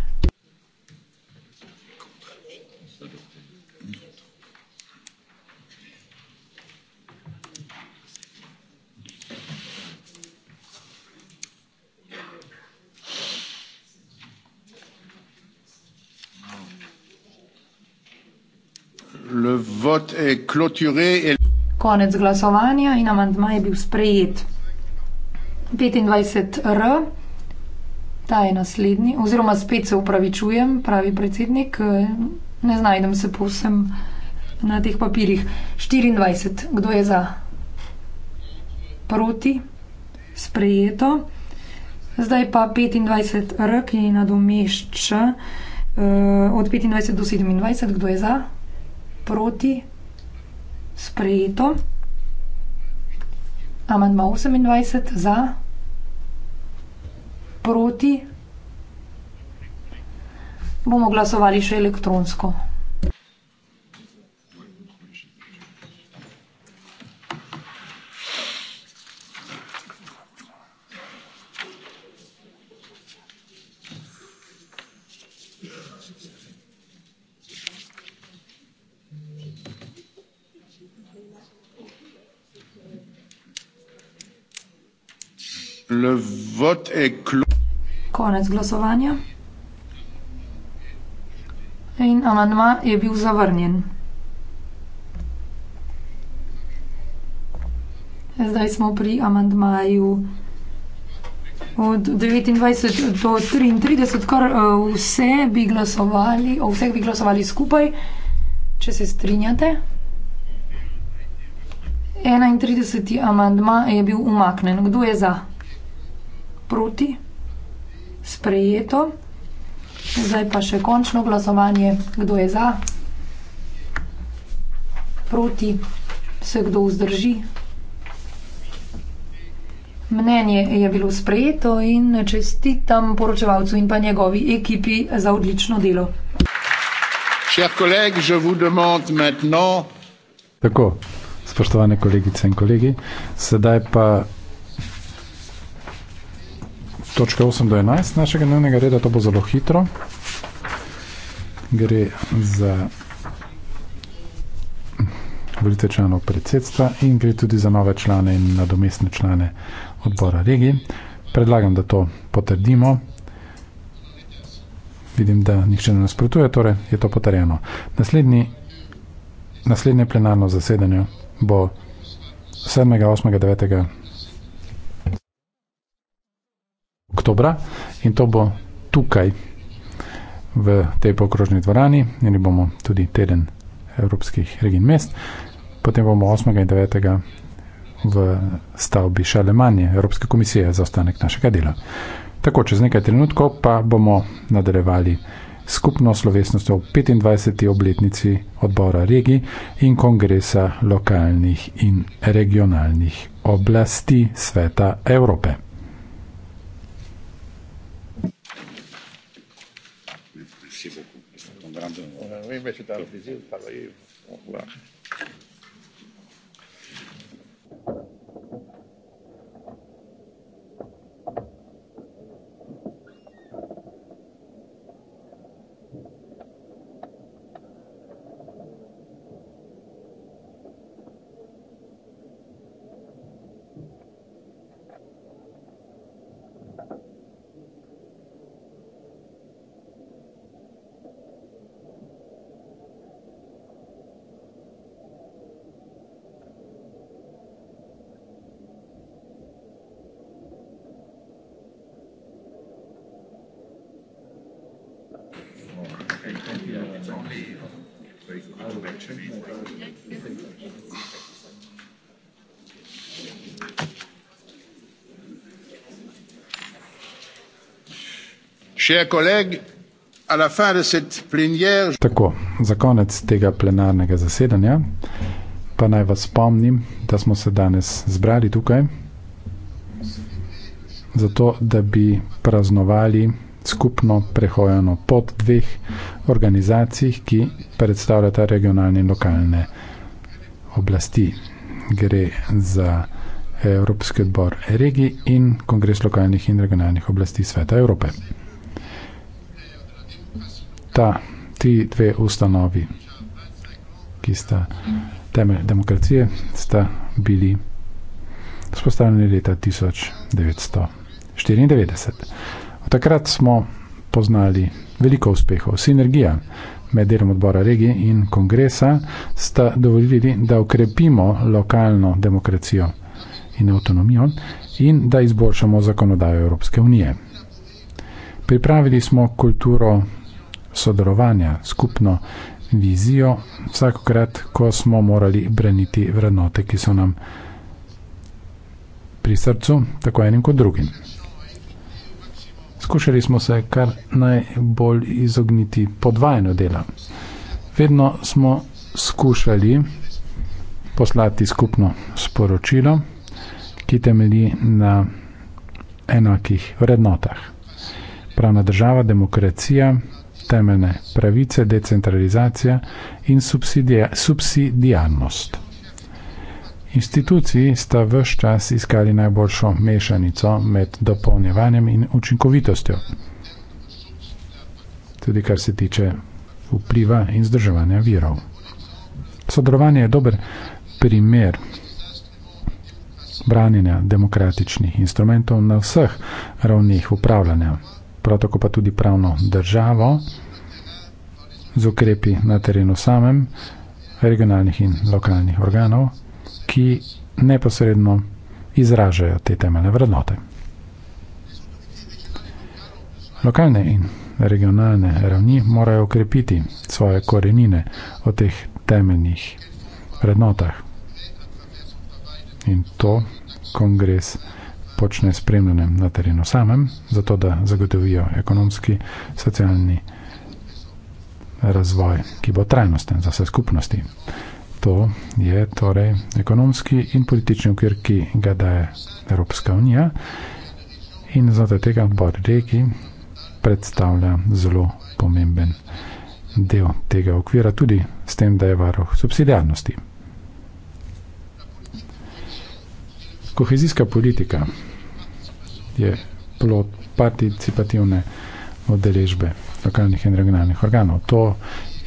A: Eh,
B: Konec glasovanja in amantma je bil sprejet. 25R, ta je naslednji, oziroma spet se upravičujem, pravi predsednik, eh, ne znajdem se povsem na teh papirjih. 24, kdo je za? Proti, sprejeto. Zdaj pa 25R, ki je nadomešča eh, od 25 do 27, kdo je za? Proti, sprejeto. Amandma 28 za, proti. Bomo glasovali še elektronsko.
A: Le vote est clos.
B: Konec glasovanja. In amandma je bil zavrnjen. Zdaj smo pri amandmaju od 29 do 33, kar eh, vse bi glasovali, o vseh bi glasovali skupaj, če se strinjate. 31. amandma je bil umaknen. Kdo je za? proti, sprejeto. Zdaj pa še končno glasovanje, kdo je za, proti, se kdo vzdrži. Mnenje je bilo sprejeto in čestitam poročevalcu in pa njegovi ekipi za odlično delo.
C: Tako, spoštovane kolegice in kolegi, sedaj pa točke 8 do 11 našega dnevnega reda, to bo zelo hitro. Gre za volite članov predsedstva in gre tudi za nove člane in nadomestne člane odbora regij. Predlagam, da to potrdimo. Vidim, da nihče ne nasprotuje, torej je to potrjeno. Naslednji, naslednje plenarno zasedanje bo 7. 8. 9 oktober in to bo tukaj v tej pokrožni dvorani, imeli bomo tudi teden evropskih regij mest, potem bomo 8. in 9. v stavbi Šalemanje Evropske komisije za ostanek našega dela. Tako, čez nekaj trenutkov pa bomo nadaljevali skupno slovesnostjo v 25. obletnici odbora regij in kongresa lokalnih in regionalnih oblasti sveta Evrope. vem, če je ta
A: odziv, pa je.
C: Tako, za konec tega plenarnega zasedanja, pa naj vas spomnim, da smo se danes zbrali tukaj, zato da bi praznovali skupno prehojeno pot dveh organizacij, ki predstavljata regionalne in lokalne oblasti. Gre za Evropski odbor regij in Kongres lokalnih in regionalnih oblasti Sveta Evrope ta ti dve ustanovi, ki sta temelj demokracije, sta bili spostavljeni leta 1994. Od takrat smo poznali veliko uspehov. Sinergija med delom odbora regije in kongresa sta dovolili, da ukrepimo lokalno demokracijo in avtonomijo in da izboljšamo zakonodajo Evropske unije. Pripravili smo kulturo sodelovanja, skupno vizijo, vsakokrat, ko smo morali braniti vrednote, ki so nam pri srcu, tako enim kot drugim. Skušali smo se kar najbolj izogniti podvajanju dela. Vedno smo skušali poslati skupno sporočilo, ki temelji na enakih vrednotah. Pravna država, demokracija, temeljne pravice, decentralizacija in subsidijarnost. Instituciji sta vse čas iskali najboljšo mešanico med dopolnjevanjem in učinkovitostjo, tudi kar se tiče vpliva in zdrževanja virov. Sodelovanje je dober primer branjenja demokratičnih instrumentov na vseh ravneh upravljanja prav tako pa tudi pravno državo z ukrepi na terenu samem regionalnih in lokalnih organov, ki neposredno izražajo te temeljne vrednote. Lokalne in regionalne ravni morajo ukrepiti svoje korenine o teh temeljnih vrednotah. In to kongres vrednotah počne spremljanje na terenu samem, zato da zagotovijo ekonomski, socialni razvoj, ki bo trajnosten za vse skupnosti. To je torej ekonomski in politični okvir, ki ga daje Evropska unija in zato tega odbor regi predstavlja zelo pomemben del tega okvira, tudi s tem, da je varoh subsidijarnosti. Kohezijska politika je plot participativne odeležbe lokalnih in regionalnih organov. To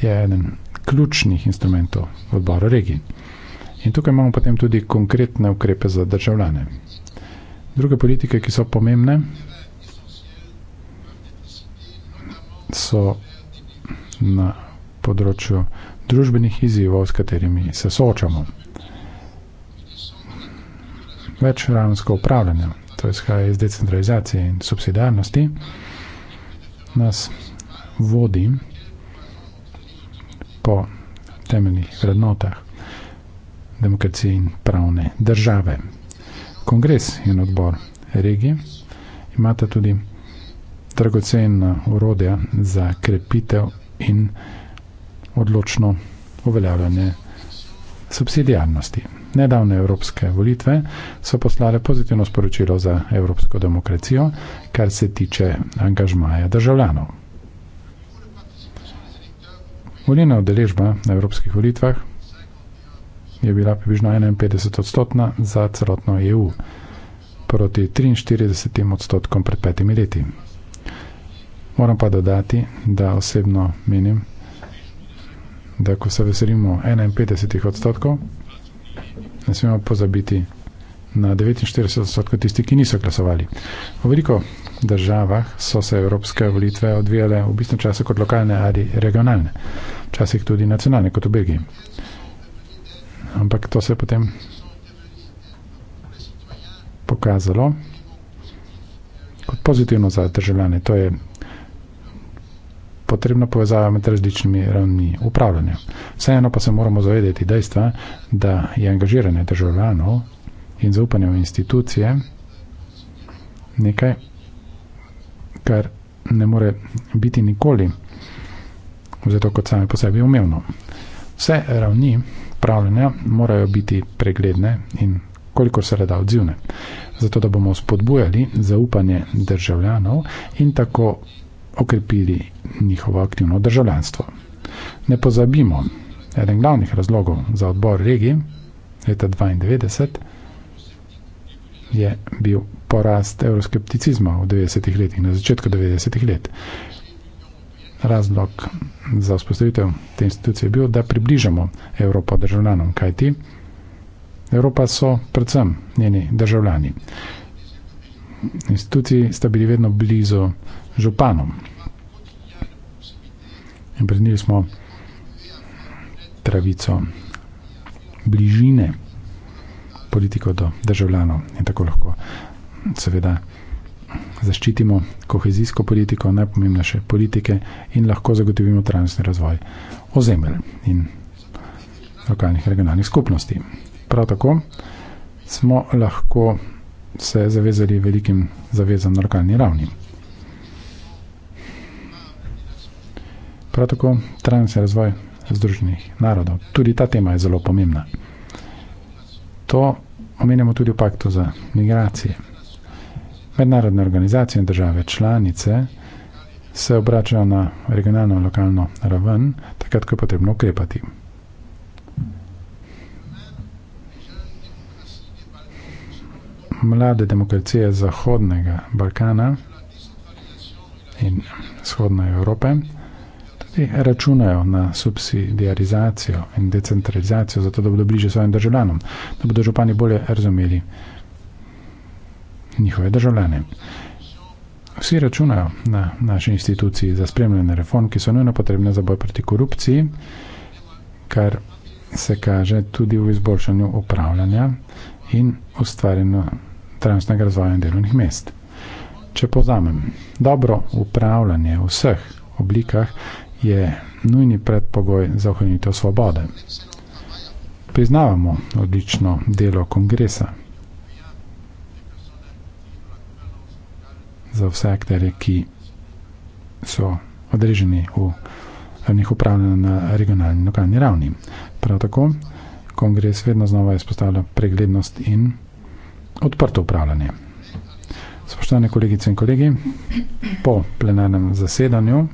C: je eden ključnih instrumentov odbora regij. In tukaj imamo potem tudi konkretne ukrepe za državljane. Druge politike, ki so pomembne, so na področju družbenih izzivov, s katerimi se soočamo. Več ravensko upravljanja to izhaja iz decentralizacije in subsidijarnosti, nas vodi po temeljnih vrednotah demokracije in pravne države. Kongres in odbor regije imata tudi dragocena urodja za krepitev in odločno uveljavljanje subsidijarnosti. Nedavne evropske volitve so poslale pozitivno sporočilo za evropsko demokracijo, kar se tiče angažmaja državljanov. Volilna udeležba na evropskih volitvah je bila približno 51 odstotna za celotno EU proti 43 odstotkom pred petimi leti. Moram pa dodati, da osebno menim, da ko se veselimo 51 odstotkov, ne smemo pozabiti na 49% tisti, ki niso glasovali. V veliko državah so se evropske volitve odvijale v bistvu času kot lokalne ali regionalne, včasih tudi nacionalne, kot v Belgiji. Ampak to se je potem pokazalo kot pozitivno za državljane. To je potrebna povezava med različnimi ravni upravljanja. Vseeno pa se moramo zavedeti dejstva, da je angažiranje državljanov in zaupanje v institucije nekaj, kar ne more biti nikoli zato kot same po sebi umevno. Vse ravni upravljanja morajo biti pregledne in kolikor se reda odzivne, zato da bomo spodbujali zaupanje državljanov in tako okrepili njihovo aktivno državljanstvo. Ne pozabimo, eden glavnih razlogov za odbor regij leta 92 je bil porast euroskepticizma v 90. letih, na začetku 90. let. Razlog za vzpostavitev te institucije je bil, da približamo Evropo državljanom, kajti Evropa so predvsem njeni državljani. Instituciji sta bili vedno blizu županom. In prednili smo pravico bližine politiko do državljanov in tako lahko seveda zaščitimo kohezijsko politiko, najpomembnejše politike in lahko zagotovimo trajnostni razvoj ozemelj in lokalnih regionalnih skupnosti. Prav tako smo lahko se zavezali velikim zavezam na lokalni ravni. Prav tako trajnostni razvoj združenih narodov. Tudi ta tema je zelo pomembna. To omenjamo tudi v paktu za migracije. Mednarodne organizacije in države članice se obračajo na regionalno in lokalno raven, takrat, ko je potrebno ukrepati. Mlade demokracije Zahodnega Balkana in Vzhodne Evrope, Sí, računajo na subsidiarizacijo in decentralizacijo, zato da bodo bliže svojim državljanom, da bodo župani bolje razumeli njihove državljane. Vsi računajo na naši instituciji za spremljanje reform, ki so nujno potrebne za boj proti korupciji, kar se kaže tudi v izboljšanju upravljanja in ustvarjanju trajnostnega razvoja in delovnih mest. Če povzamem, dobro upravljanje v vseh oblikah je nujni predpogoj za ohranitev svobode. Priznavamo odlično delo kongresa. za vse akterje, ki so odreženi v njih upravljanju na regionalni in lokalni ravni. Prav tako, kongres vedno znova izpostavlja preglednost in odprto upravljanje. Spoštovane kolegice in kolegi, po plenarnem zasedanju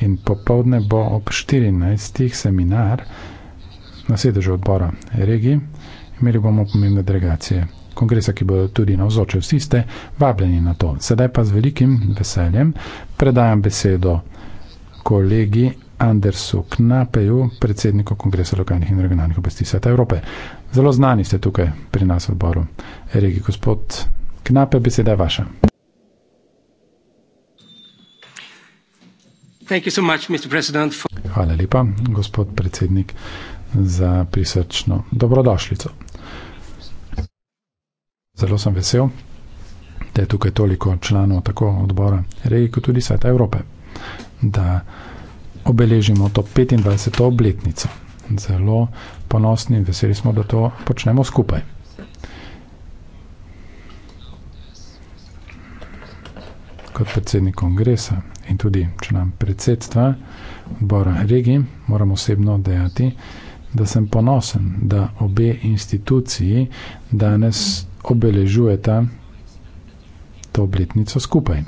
C: in popovdne bo ob 14. seminar na sedežu odbora regiji. Imeli bomo pomembne delegacije kongresa, ki bo tudi navzočil vsi ste vabljeni na to. Sedaj pa z velikim veseljem predajam besedo kolegi Andersu Knapeju, predsedniku Kongresa lokalnih in regionalnih oblasti Sveta Evrope. Zelo znani ste tukaj pri nas v odboru. Regi, gospod Knape, beseda je vaša. Hvala lepa, gospod predsednik, za prisrčno dobrodošljico. Zelo sem vesel, da je tukaj toliko članov tako odbora regije kot tudi sveta Evrope, da obeležimo to 25. obletnico. Zelo ponosni in veseli smo, da to počnemo skupaj. kot predsednik kongresa in tudi član predsedstva odbora Regi, moram osebno dejati, da sem ponosen, da obe instituciji danes obeležujeta to obletnico skupaj.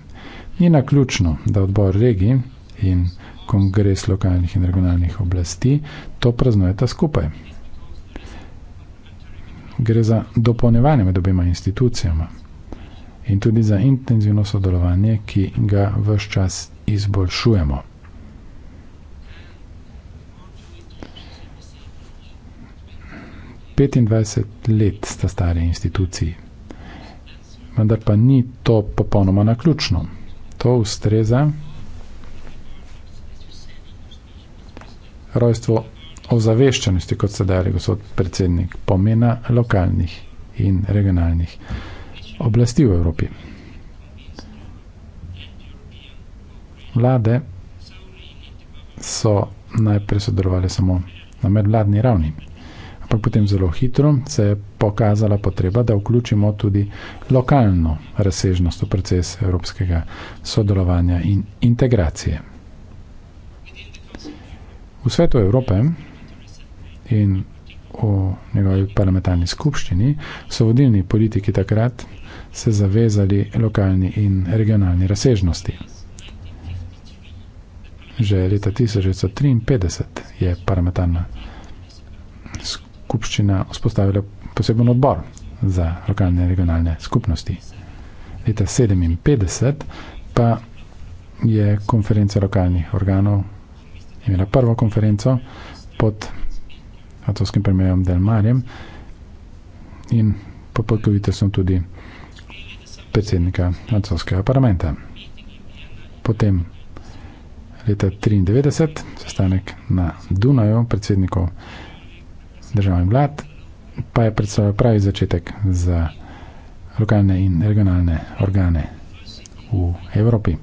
C: Ni naključno, da odbor Regi in kongres lokalnih in regionalnih oblasti to praznujeta skupaj. Gre za dopolnevanje med obema institucijama in tudi za intenzivno sodelovanje, ki ga v vse čas izboljšujemo. Petindvajset let sta stari instituciji, vendar pa ni to popolnoma na ključno. To ustreza rojstvo ozaveščenosti, kot ste dali, gospod predsednik, pomena lokalnih in regionalnih institucij oblasti v Evropi. Vlade so najprej sodelovali samo na medvladni ravni, ampak potem zelo hitro se je pokazala potreba, da vključimo tudi lokalno razsežnost v proces evropskega sodelovanja in integracije. V svetu Evrope in v njegovi parlamentarni skupščini so vodilni politiki takrat se zavezali lokalni in regionalni razsežnosti. Že leta 1953 je parametarna skupščina vzpostavila poseben odbor za lokalne in regionalne skupnosti. Leta 1957 pa je konferenca lokalnih organov imela prvo konferenco pod atovskim premijem Del Marjem in po podkovitev sem tudi predsednika francoskega parlamenta. Potem leta 1993, sestanek na Dunaju predsednikov državnih vlad, pa je predstavljal pravi začetek za lokalne in regionalne organe v Evropi.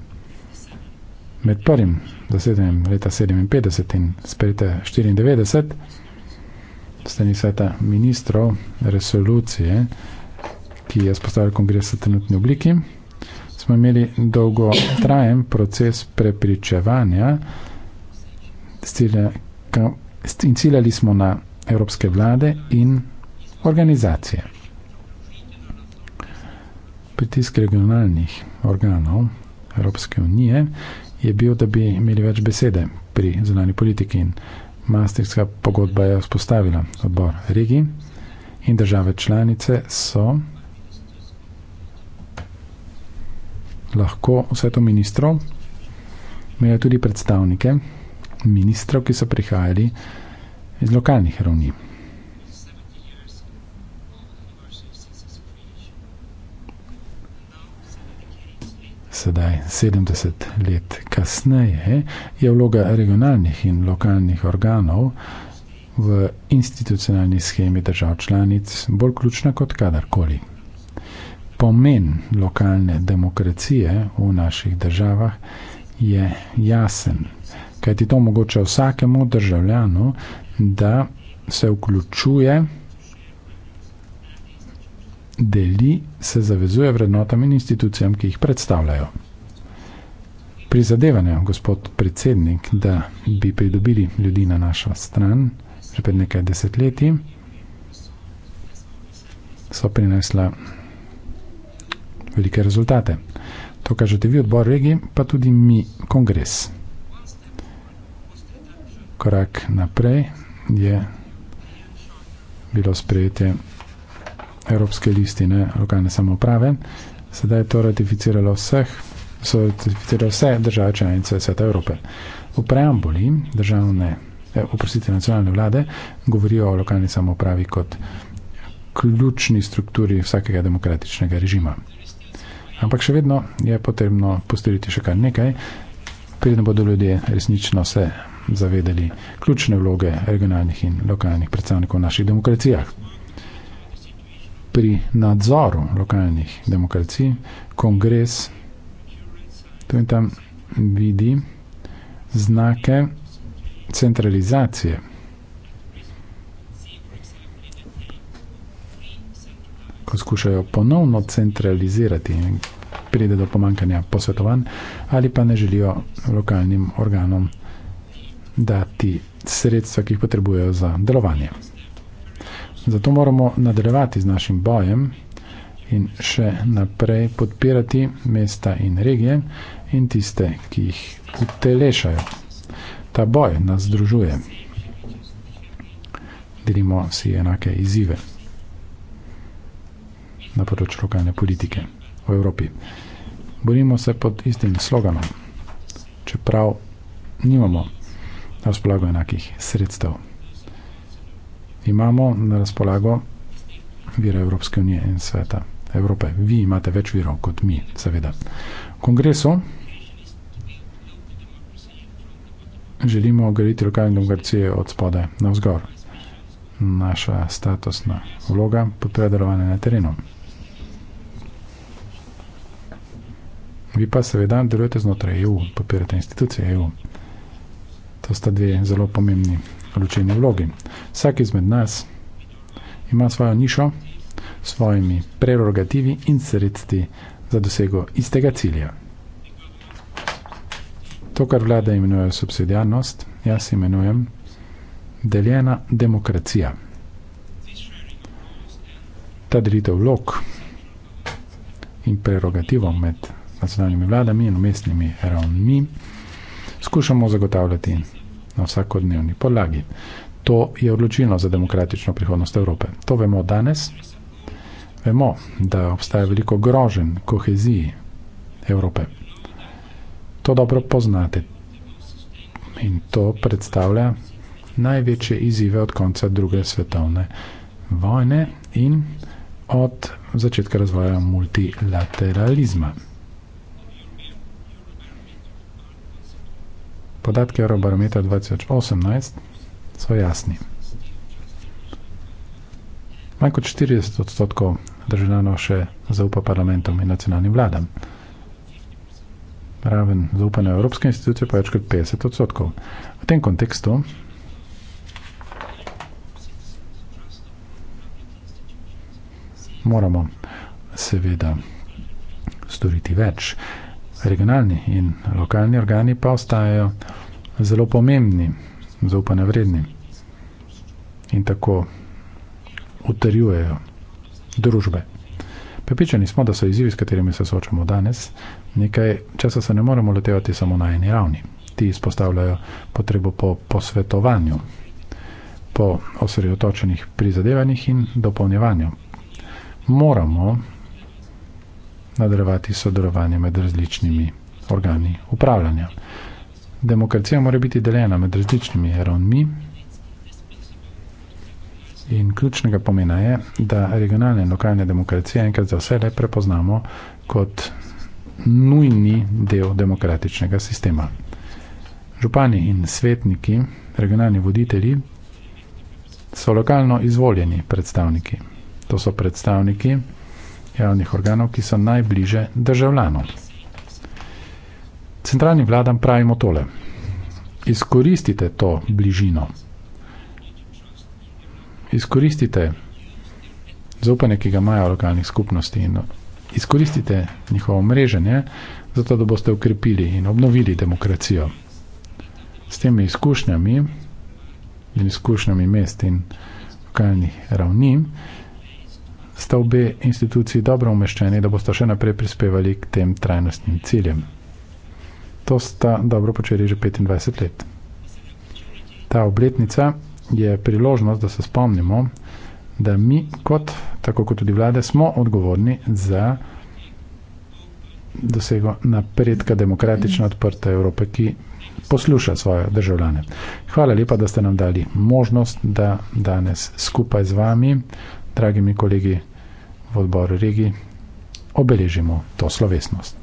C: Med prvim zasedanjem leta 57 in sprejeta 94 strani sveta ministrov resolucije ki je spostavil kongres v trenutni obliki, smo imeli dolgo trajen proces prepričevanja in ciljali smo na evropske vlade in organizacije. Pritisk regionalnih organov Evropske unije je bil, da bi imeli več besede pri zunanji politiki in Maastrichtska pogodba je vzpostavila odbor regij in države članice so lahko vse to ministrov, imel je tudi predstavnike ministrov, ki so prihajali iz lokalnih ravni. Sedaj, 70 let kasneje, je vloga regionalnih in lokalnih organov v institucionalni schemi držav članic bolj ključna kot kadarkoli pomen lokalne demokracije v naših državah je jasen. Kaj ti to omogoča vsakemu državljanu, da se vključuje, deli, se zavezuje vrednotam in institucijam, ki jih predstavljajo. Prizadevanja, gospod predsednik, da bi pridobili ljudi na našo stran, že pred nekaj desetletji, so prinesla velike rezultate. To kažete vi, odbor regij, pa tudi mi, kongres. Korak naprej je bilo sprejetje Evropske listine lokalne samoprave, sedaj je to ratificiralo vseh, so ratificiralo vse države članice Sveta Evrope. V preambuli državne, eh, oprostite, nacionalne vlade govorijo o lokalni samopravi kot ključni strukturi vsakega demokratičnega režima. Ampak še vedno je potrebno postoriti še kar nekaj, preden bodo ljudje resnično se zavedali ključne vloge regionalnih in lokalnih predstavnikov v naših demokracijah. Pri nadzoru lokalnih demokracij kongres tu in tam vidi znake centralizacije ko skušajo ponovno centralizirati in pride do pomankanja posvetovanj, ali pa ne želijo lokalnim organom dati sredstva, ki jih potrebujejo za delovanje. Zato moramo nadaljevati z našim bojem in še naprej podpirati mesta in regije in tiste, ki jih utelešajo. Ta boj nas združuje. Delimo si enake izzive na področju lokalne politike v Evropi. Borimo se pod istim sloganom, čeprav nimamo na razpolago enakih sredstev. Imamo na razpolago vire Evropske unije in sveta Evrope. Vi imate več virov kot mi, seveda. V kongresu želimo graditi lokalne demokracije od spode na vzgor. Naša statusna vloga podpira delovanje na terenu. Vi pa seveda delujete znotraj EU, podpirate institucije EU. To sta dve zelo pomembni ločeni vlogi. Vsak izmed nas ima svojo nišo, svojimi prerogativi in sredstvi za dosego istega cilja. To, kar vlada imenuje subsidijarnost, jaz imenujem deljena demokracija. Ta delitev vlog in prerogativom med nacionalnimi vladami in umestnimi ravnmi, skušamo zagotavljati na vsakodnevni podlagi. To je odločilno za demokratično prihodnost Evrope. To vemo danes. Vemo, da obstaja veliko grožen koheziji Evrope. To dobro poznate in to predstavlja največje izzive od konca druge svetovne vojne in od začetka razvoja multilateralizma. Podatki Eurobarometra 2018 so jasni. Manj kot 40 odstotkov državljanov še zaupa parlamentom in nacionalnim vladam. Raven zaupanja Evropske institucije pa več kot 50 odstotkov. V tem kontekstu moramo seveda storiti več regionalni in lokalni organi pa ostajajo zelo pomembni, zaupanja vredni in tako utrjujejo družbe. Pripričani smo, da so izzivi, s katerimi se soočamo danes, nekaj časa se ne moremo letevati samo na eni ravni. Ti izpostavljajo potrebo po posvetovanju, po osredotočenih prizadevanjih in dopolnjevanju. Moramo nadaljevati sodelovanje med različnimi organi upravljanja. Demokracija mora biti deljena med različnimi ravnmi in ključnega pomena je, da regionalne in lokalne demokracije enkrat za vse le prepoznamo kot nujni del demokratičnega sistema. Župani in svetniki, regionalni voditelji, so lokalno izvoljeni predstavniki. To so predstavniki javnih organov, ki so najbliže državljanom. Centralnim vladam pravimo tole. Izkoristite to bližino. Izkoristite zaupanje, ki ga imajo lokalnih skupnosti in izkoristite njihovo mreženje, zato da boste ukrepili in obnovili demokracijo. S temi izkušnjami in izkušnjami mest in lokalnih ravnin, sta obe instituciji dobro umeščeni, da boste še naprej prispevali k tem trajnostnim ciljem. To sta dobro počeli že 25 let. Ta obletnica je priložnost, da se spomnimo, da mi kot, tako kot tudi vlade, smo odgovorni za dosego napredka demokratično odprte Evrope, ki posluša svoje državljane. Hvala lepa, da ste nam dali možnost, da danes skupaj z vami dragimi kolegi v odboru Rigi, obeležimo to slovesnost.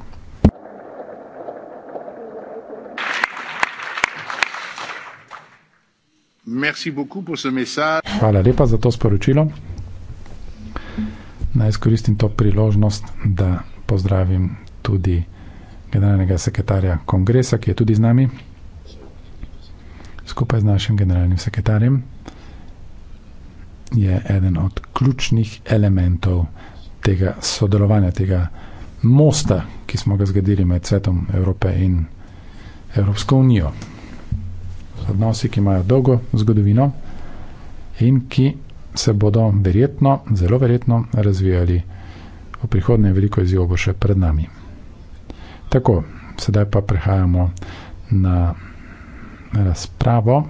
C: Hvala lepa za to sporočilo. Naj izkoristim to priložnost, da pozdravim tudi generalnega sekretarja kongresa, ki je tudi z nami, skupaj z našim generalnim sekretarjem je eden od ključnih elementov tega sodelovanja, tega mosta, ki smo ga zgradili med svetom Evrope in Evropsko unijo. Odnosi, ki imajo dolgo zgodovino in ki se bodo verjetno, zelo verjetno razvijali v prihodnje veliko izjivo bo še pred nami. Tako, sedaj pa prehajamo na razpravo,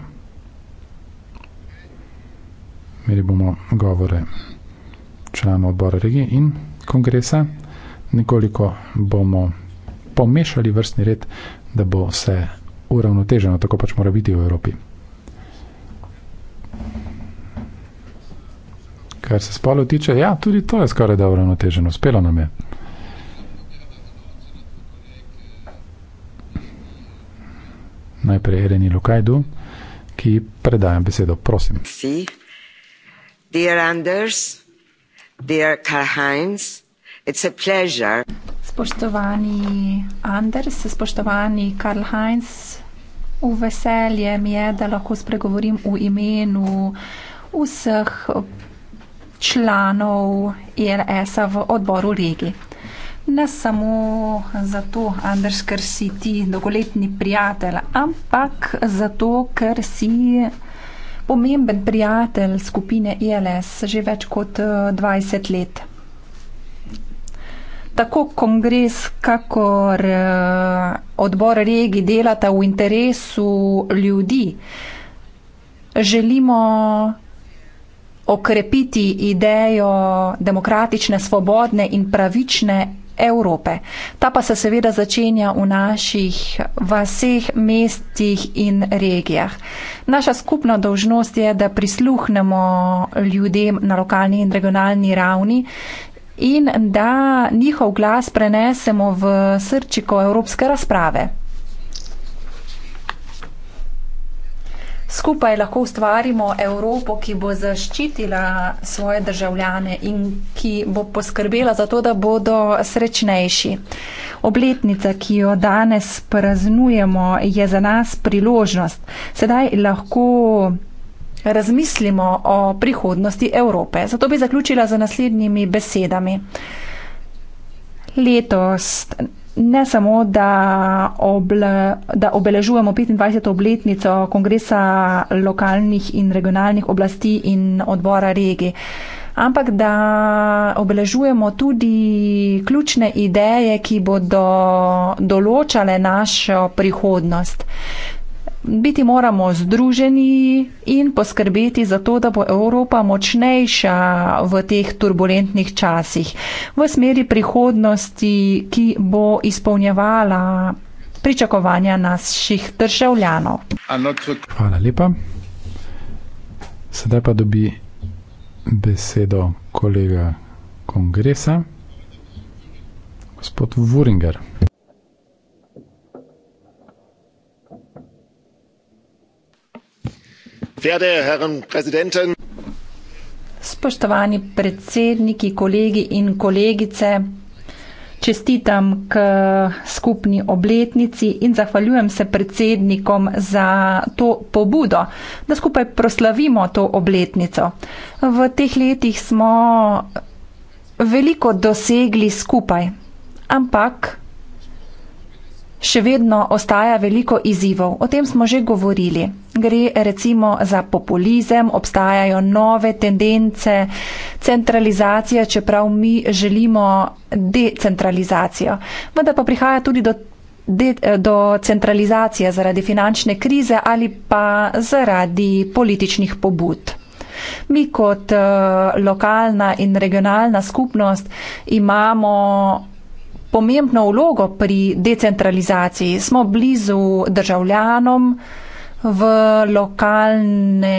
C: imeli bomo govore članov odbora regije in kongresa. Nekoliko bomo pomešali vrstni red, da bo vse uravnoteženo, tako pač mora biti v Evropi. Kar se spolu tiče, ja, tudi to je skoraj da uravnoteženo, spelo nam je. Najprej Ereni Lukajdu, ki predajam besedo, prosim. Si
D: dear anders dear karl heinz it's a pleasure
E: spoštovani anders spoštovani karl heinz v veselje mi je da lahko spregovorim v imenu vseh članov ILS-a v odboru regi. Ne samo zato, Anders, ker si ti dolgoletni prijatelj, ampak zato, ker si pomemben prijatelj skupine ILS e že več kot 20 eh, let. Tako kongres, kakor eh, odbor regij delata v interesu ljudi. Želimo okrepiti idejo demokratične, svobodne in pravične Evrope. Ta pa se seveda začenja v naših vaseh, mestih in regijah. Naša skupna dožnost je, da prisluhnemo ljudem na lokalni in regionalni ravni in da njihov glas prenesemo v srčiko evropske razprave. skupaj lahko ustvarimo Evropo, ki bo zaščitila svoje državljane in ki bo poskrbela za to, da bodo srečnejši. Obletnica, ki jo danes praznujemo, je za nas priložnost. Sedaj lahko razmislimo o prihodnosti Evrope. Zato bi zaključila z naslednjimi besedami. Letos ne samo, da, oble, da obeležujemo 25. obletnico Kongresa lokalnih in regionalnih oblasti in odbora regi, ampak da obeležujemo tudi ključne ideje, ki bodo določale našo prihodnost biti moramo združeni in poskrbeti za to, da bo Evropa močnejša v teh turbulentnih časih, v smeri prihodnosti, ki bo izpolnjevala pričakovanja naših državljanov.
C: Hvala lepa. Sedaj pa dobi besedo kolega kongresa, gospod Wuringer.
E: Spoštovani predsedniki, kolegi in kolegice, čestitam k skupni obletnici in zahvaljujem se predsednikom za to pobudo, da skupaj proslavimo to obletnico. V teh letih smo veliko dosegli skupaj, ampak Še vedno ostaja veliko izzivov, o tem smo že govorili. Gre recimo za populizem, obstajajo nove tendence, centralizacija, čeprav mi želimo decentralizacijo. Vendar pa prihaja tudi do, de, do centralizacije zaradi finančne krize ali pa zaradi političnih pobud. Mi kot uh, lokalna in regionalna skupnost imamo pomembno vlogo pri decentralizaciji. Smo blizu državljanom, v lokalne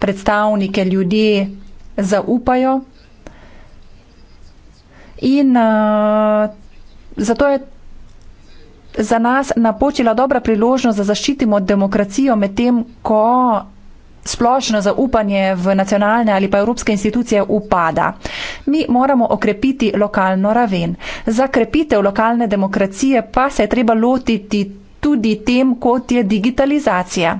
E: predstavnike ljudje zaupajo. In uh, zato je za nas napočila dobra priložnost, da zaščitimo demokracijo med tem, ko splošno zaupanje v nacionalne ali pa evropske institucije upada. Mi moramo okrepiti lokalno raven. Za krepitev lokalne demokracije pa se je treba lotiti tudi tem, kot je digitalizacija.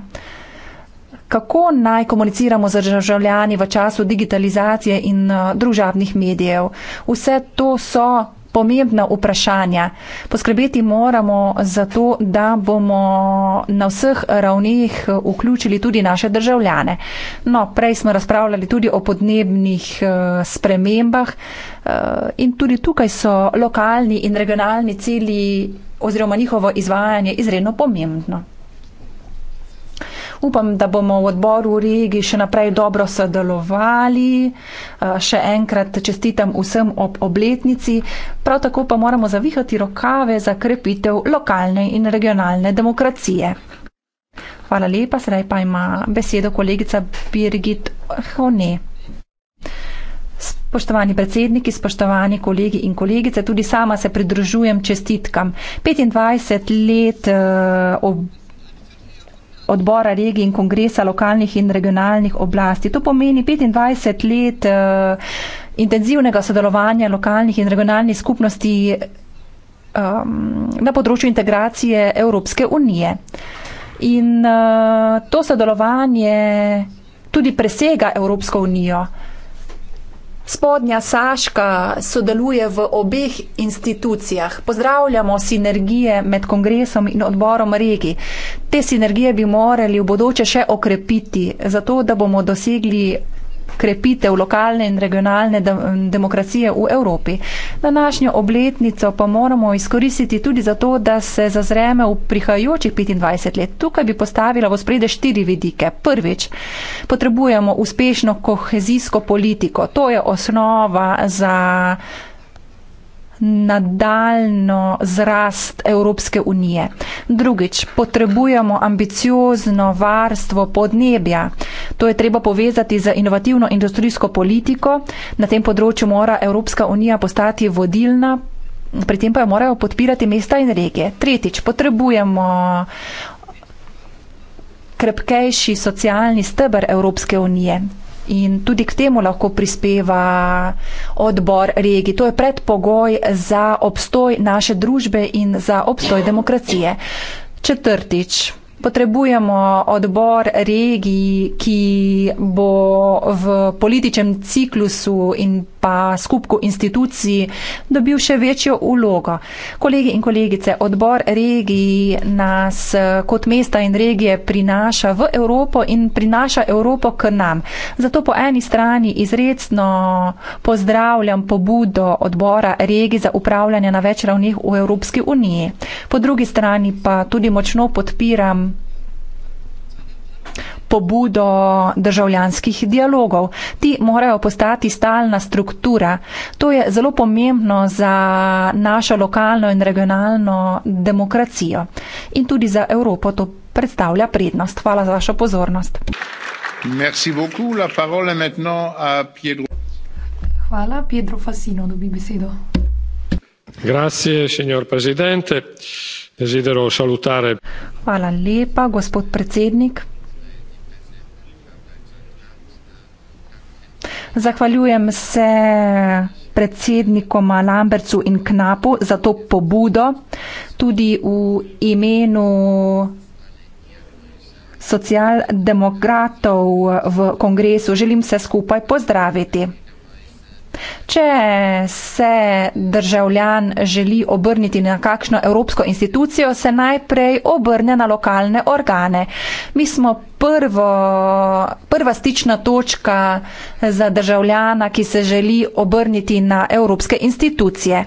E: Kako naj komuniciramo z državljani v času digitalizacije in eh, družabnih medijev? Vse to so pomembna vprašanja. Poskrbeti moramo za to, da bomo na vseh ravneh vključili tudi naše državljane. No, prej smo razpravljali tudi o podnebnih eh, spremembah eh, in tudi tukaj so lokalni in regionalni cilji oziroma njihovo izvajanje izredno pomembno. Upam, da bomo v odboru regi še naprej dobro sodelovali. Eh, še enkrat čestitam vsem ob obletnici. Prav tako pa moramo zavihati rokave za krepitev lokalne in regionalne demokracije. Hvala lepa, sedaj pa ima besedo kolegica Birgit Hone. Spoštovani predsedniki, spoštovani kolegi in kolegice, tudi sama se pridružujem čestitkam. 25 let uh, odbora regij in kongresa lokalnih in regionalnih oblasti. To pomeni 25 let uh, intenzivnega sodelovanja lokalnih in regionalnih skupnosti um, na področju integracije Evropske unije. In uh, to sodelovanje tudi presega Evropsko unijo. Uh, Spodnja Saška sodeluje v obeh institucijah. Pozdravljamo sinergije med kongresom in odborom regi. Te sinergije bi morali v bodoče še okrepiti, zato da bomo dosegli krepitev lokalne in regionalne demokracije v Evropi. Današnjo obletnico pa moramo izkoristiti tudi zato, da se zazreme v prihajajočih 25 let. Tukaj bi postavila v sprede štiri vidike. Prvič, potrebujemo uspešno kohezijsko politiko. To je osnova za nadaljno zrast Evropske unije. Drugič, potrebujemo ambiciozno varstvo podnebja. To je treba povezati z inovativno industrijsko politiko. Na tem področju mora Evropska unija postati vodilna. Pri tem pa jo morajo podpirati mesta in regije. Tretjič, potrebujemo krepkejši socialni stebr Evropske unije. In tudi k temu lahko prispeva odbor regij. To je predpogoj za obstoj naše družbe in za obstoj demokracije. Četrtič. Potrebujemo odbor regij, ki bo v političnem ciklusu in pa skupku institucij dobil še večjo ulogo. Kolegi in kolegice, odbor regiji nas eh, kot mesta in regije prinaša v Evropo in prinaša Evropo k nam. Zato po eni strani izredno pozdravljam pobudo odbora regij za upravljanje na več ravnih v Evropski uniji. Po drugi strani pa tudi močno podpiram pobudo državljanskih dialogov. Ti morajo postati stalna struktura. To je zelo pomembno za našo lokalno in regionalno demokracijo in tudi za Evropo to predstavlja prednost. Hvala za vašo pozornost.
B: Hvala. Pietro Fassino dobi besedo.
C: Grazie, signor presidente. Desidero salutare.
E: Hvala lepa, gospod predsednik. Zahvaljujem se predsednikoma Lambercu in Knapu za to pobudo, tudi v imenu socialdemokratov v kongresu. Želim se skupaj pozdraviti. Če se državljan želi obrniti na kakšno evropsko institucijo, se najprej obrne na lokalne organe. Mi smo prvo, prva stična točka za državljana, ki se želi obrniti na evropske institucije.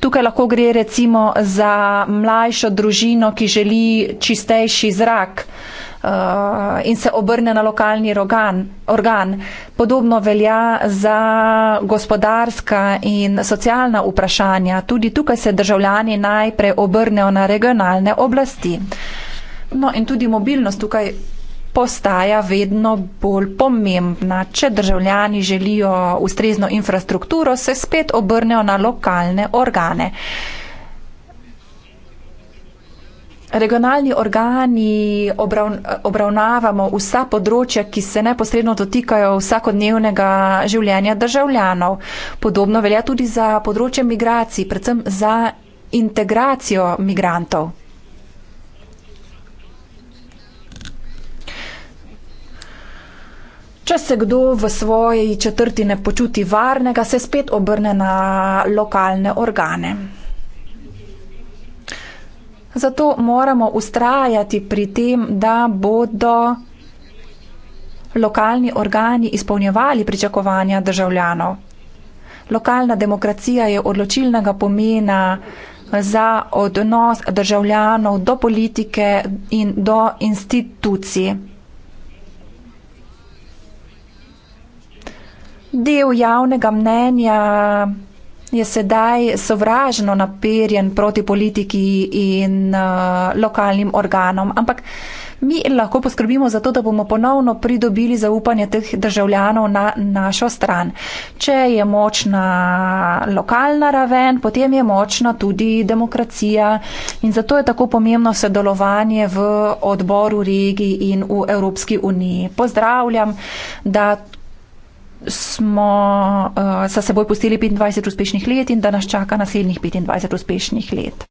E: Tukaj lahko gre recimo za mlajšo družino, ki želi čistejši zrak. Eh, in se obrne na lokalni organ, organ. Podobno velja za gospodarska in socialna vprašanja. Tudi tukaj se državljani najprej obrnejo na regionalne oblasti. No in tudi mobilnost tukaj postaja vedno bolj pomembna. Če državljani želijo ustrezno infrastrukturo, se spet obrnejo na lokalne organe regionalni organi obravn obravnavamo vsa področja, ki se neposredno dotikajo vsakodnevnega življenja državljanov. Podobno velja tudi za področje migracij, predvsem za integracijo migrantov. Če se kdo v svoji četrti ne počuti varnega, se spet obrne na lokalne organe zato moramo ustrajati pri tem, da bodo lokalni organi izpolnjevali pričakovanja državljanov. Lokalna demokracija je odločilnega pomena za odnos državljanov do politike in do institucij. Del javnega mnenja je sedaj sovražno naperjen proti politiki in uh, lokalnim organom. Ampak mi lahko poskrbimo za to, da bomo ponovno pridobili zaupanje teh državljanov na našo stran. Če je močna lokalna raven, potem je močna tudi demokracija in zato je tako pomembno sodelovanje v odboru regij in v Evropski uniji. Pozdravljam, da smo uh, sa seboj pustili 25 uspešnih let in da nas čaka naslednjih 25 uspešnih let.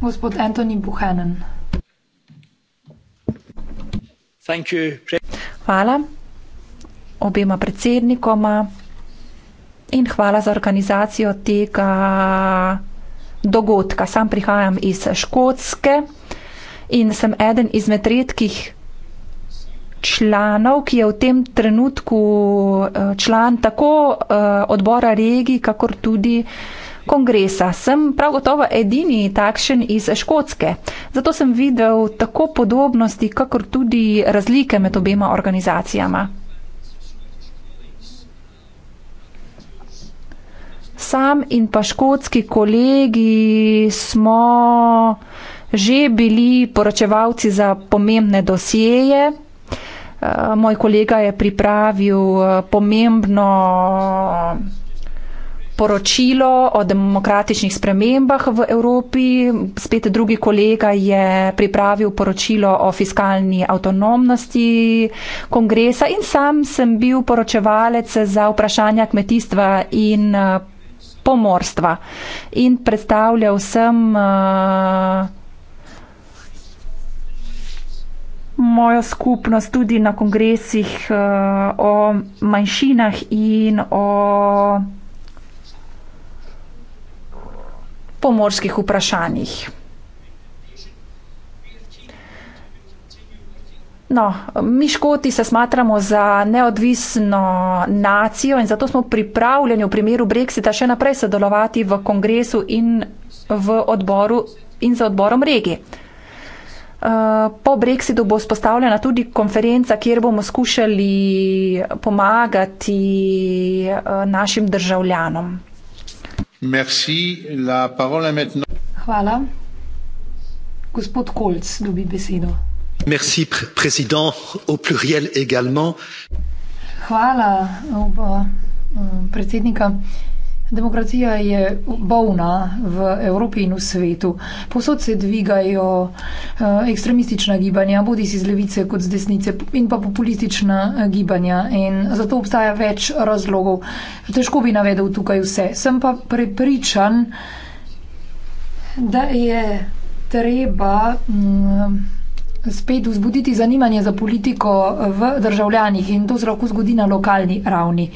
E: Gospod Antoni Buchanan. Hvala obema predsednikoma in hvala za organizacijo tega dogodka. Sam prihajam iz Škotske in sem eden izmed redkih članov, ki je v tem trenutku eh, član tako eh, odbora regij, kakor tudi kongresa. Sem prav gotovo edini takšen iz Škotske. Zato sem videl tako podobnosti, kakor tudi razlike med obema organizacijama. Sam in pa škotski kolegi smo že bili poročevalci za pomembne dosjeje. Eh, moj kolega je pripravil eh, pomembno poročilo o demokratičnih spremembah v Evropi, spet drugi kolega je pripravil poročilo o fiskalni avtonomnosti kongresa in sam sem bil poročevalec za vprašanja kmetijstva in eh, pomorstva in predstavljal sem uh, mojo skupnost tudi na kongresih eh, o manjšinah in o pomorskih vprašanjih. No, mi Škoti se smatramo za neodvisno nacijo in zato smo pripravljeni v primeru Brexita še naprej sodelovati v kongresu in, v odboru, in za odborom regije. Po Brexitu bo spostavljena tudi konferenca, kjer bomo skušali pomagati eh, našim državljanom.
A: Merci,
E: Hvala. Gospod Kolc
B: dobi besedo. Merci, Hvala, oba eh, predsednika. Demokracija je bolna v Evropi in v svetu. Posod se dvigajo eh, ekstremistična gibanja, bodi si z levice kot z desnice in pa populistična eh, gibanja. In zato obstaja več razlogov. Težko bi navedel tukaj vse. Sem pa prepričan, da je treba mm, spet vzbuditi zanimanje za politiko v državljanih in to se lahko zgodi na lokalni ravni.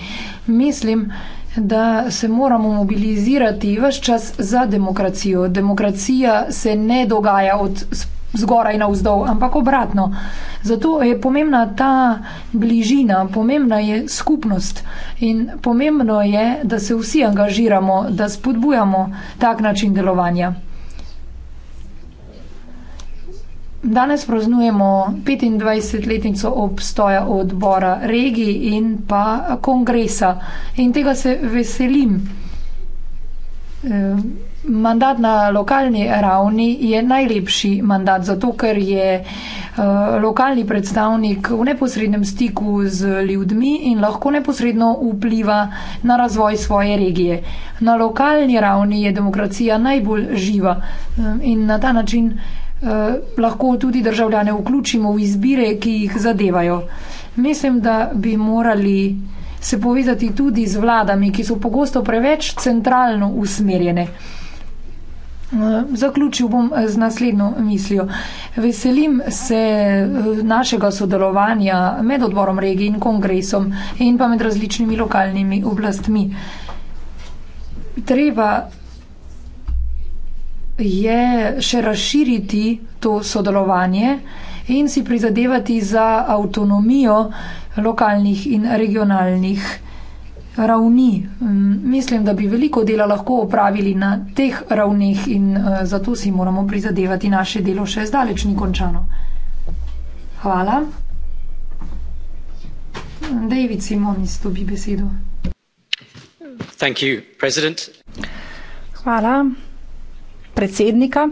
B: Mislim, da da se moramo mobilizirati vse čas za demokracijo. Demokracija se ne dogaja od zgoraj na vzdolj, ampak obratno. Zato je pomembna ta bližina, pomembna je skupnost in pomembno je, da se vsi angažiramo, da spodbujamo tak način delovanja. Danes praznujemo 25-letnico obstoja odbora regij in pa kongresa in tega se veselim. Ehm, mandat na lokalni ravni je najlepši mandat, zato ker je eh, lokalni predstavnik v neposrednem stiku z ljudmi in lahko neposredno vpliva na razvoj svoje regije. Na lokalni ravni je demokracija najbolj živa ehm, in na ta način Eh, lahko tudi državljane vključimo v izbire, ki jih zadevajo. Mislim, da bi morali se povezati tudi z vladami, ki so pogosto preveč centralno usmerjene. Eh, zaključil bom eh, z naslednjo mislijo. Veselim se našega sodelovanja med odborom regij in kongresom in pa med različnimi lokalnimi oblastmi. Treba je še razširiti to sodelovanje in si prizadevati za avtonomijo lokalnih in regionalnih ravni. Mm, mislim, da bi veliko dela lahko opravili na teh ravneh in eh, zato si moramo prizadevati naše delo še zdaleč ni končano. Hvala. David Simonis dobi besedo.
C: Thank you, President.
E: Hvala, predsednika.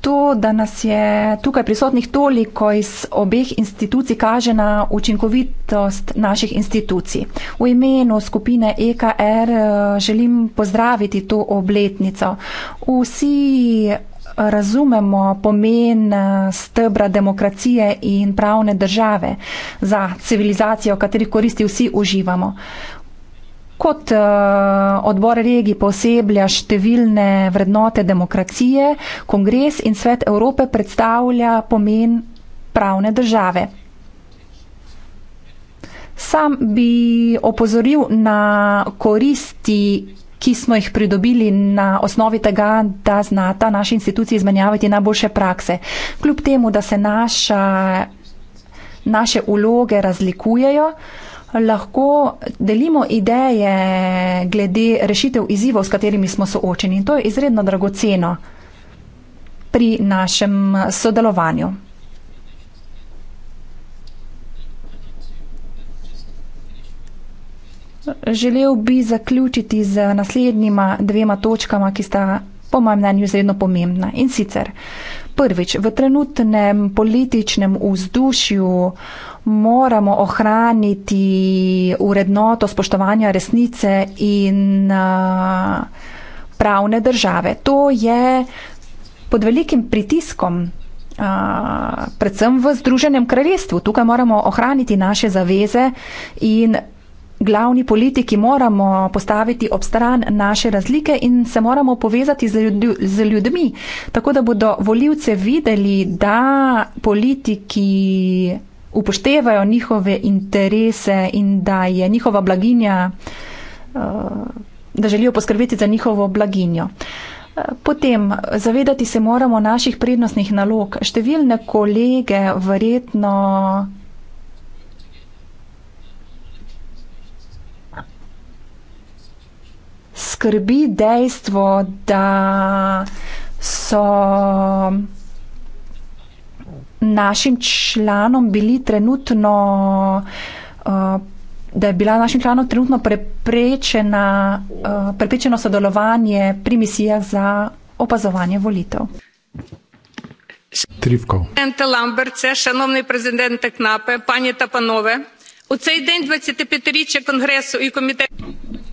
E: To, da nas je tukaj prisotnih toliko iz obeh institucij, kaže na učinkovitost naših institucij. V imenu skupine EKR eh, želim pozdraviti to obletnico. Vsi razumemo pomen eh, stebra demokracije in pravne države za civilizacijo, v kateri koristi vsi uživamo kot eh, odbor regij posebja številne vrednote demokracije, kongres in svet Evrope predstavlja pomen pravne države. Sam bi opozoril na koristi, ki smo jih pridobili na osnovi tega, da znata naši instituciji izmenjavati najboljše prakse. Kljub temu, da se naša, naše uloge razlikujejo, uh, lahko delimo ideje glede rešitev izzivov, s katerimi smo soočeni. In to je izredno dragoceno pri našem sodelovanju. Želel bi zaključiti z naslednjima dvema točkama, ki sta po mojem mnenju izredno pomembna. In sicer, prvič v trenutnem političnem vzdušju moramo ohraniti urednoto spoštovanja resnice in uh, pravne države. To je pod velikim pritiskom, uh, predvsem v Združenem kraljestvu. Tukaj moramo ohraniti naše zaveze in glavni politiki moramo postaviti ob stran naše razlike in se moramo povezati z, ljud, z ljudmi, tako da bodo voljivce videli, da politiki upoštevajo njihove interese in da je njihova blaginja, eh, da želijo poskrbeti za njihovo blaginjo. Eh, potem zavedati se moramo naših prednostnih nalog. Številne kolege verjetno skrbi dejstvo, da so našim članom bili trenutno, uh, da je bila našim članom trenutno preprečena, uh, preprečeno sodelovanje pri misijah za opazovanje volitev.
C: Trivkov.
D: Ente Lamberce, šanovni prezidente Knape, panje Tapanove, v cej den 25-ti kongresu in komitetu.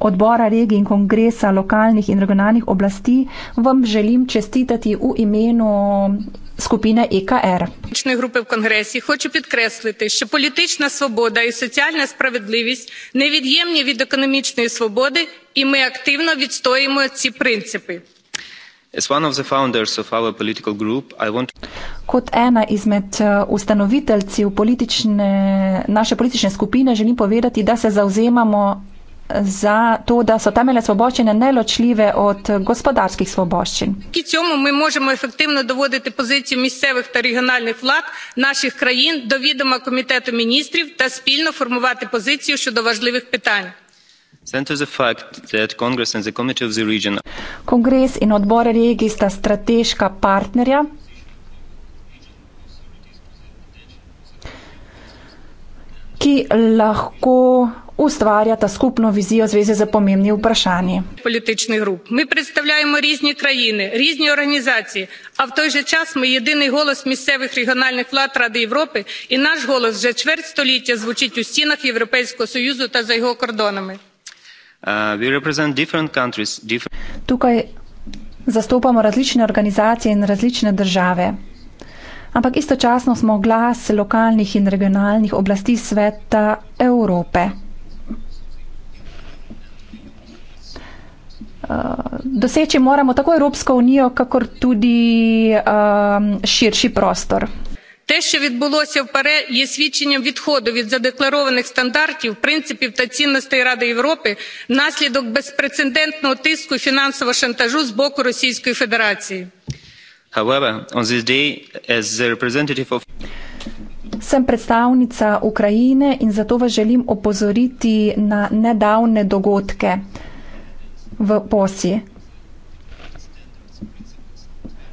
E: odbora regij in kongresa lokalnih in regionalnih oblasti vam želim čestitati v imenu
D: skupine EKR. Politične grupe v kongresi hoče podkresliti, da politična svoboda in socialna spravedljivost ne vidjemni od ekonomične svobode in mi aktivno odstojimo ti principi. As one of the founders of our political group, I want
E: Kot ena izmed eh, ustanoviteljci politične, naše politične skupine želim povedati, da se zauzemamo za to, da so temeljne svoboščine neločljive od gospodarskih svoboščin.
D: Ki čemu mi lahko efektivno dovoditi pozicijo mestnih in regionalnih vlad naših krajin do vidoma komitetu ministrov in spolno formovati pozicijo glede važljivih vprašanj.
E: Kongres in odbor regij sta strateška partnerja. ki lahko ustvarjata skupno vizijo zveze za pomembni vprašanji.
D: Politični grup. Mi predstavljamo različne krajine, različne organizacije, a v toj že čas smo edini glas mestnih regionalnih vlad Rade Evrope in naš glas že četrt stoletja zvuči v stinah Evropskega zveza ter za njegovimi kordonami.
F: Uh,
E: Tukaj zastopamo različne organizacije in različne države. Ampak istočasno smo glas lokalnih in regionalnih oblasti sveta Evrope. doseči moramo tako Evropsko unijo, kakor tudi uh, širši prostor.
D: Те, що відбулося в ПАРЕ, є свідченням відходу від задекларованих стандартів, принципів та цінностей Ради Європи внаслідок безпрецедентного тиску і фінансового шантажу з боку Російської Федерації.
F: However, on this day, as the representative of...
E: Sem predstavnica України in zato vas želim opozoriti na nedavne dogodke v posi.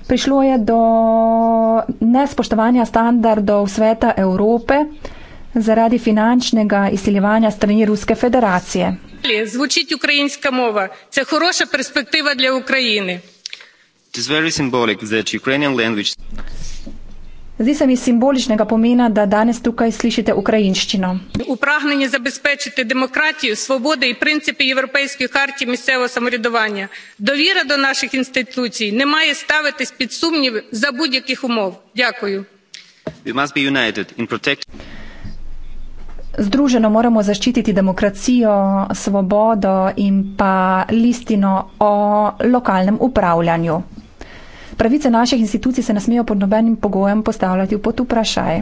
E: Prišlo je do nespoštovanja standardov Sveta Evrope zaradi finančnega izsiljevanja strani Ruske federacije.
D: Zvučiti ukrajinska mova, to je dobra perspektiva za Ukrajino.
E: Zdi se mi simboličnega pomena, da danes tukaj slišite ukrajinščino.
D: V pragnjenju zabezpečiti demokracijo, svobodo in principe Evropske karti mestnega samoredovanja. Dovira do naših institucij ne more staviti pod sumnjiv za budjakih umov. Dakuju.
E: Združeno moramo zaščititi demokracijo, svobodo in pa listino o lokalnem upravljanju. Pravice naših institucij se ne smejo pod nobenim pogojem postavljati v pot vprašaj.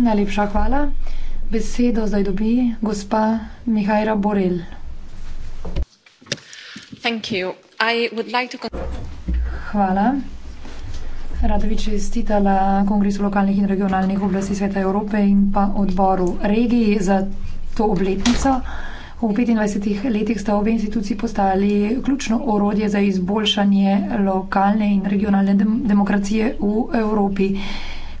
E: Najlepša
B: hvala. Besedo zdaj dobi gospa Mihajra Borel. Hvala. Rada bi čestitala Kongresu lokalnih in regionalnih oblasti Sveta Evrope in pa odboru regiji za to obletnico. Uh, V 25 letih sta obe instituciji postali ključno orodje za izboljšanje lokalne in regionalne dem demokracije v Evropi.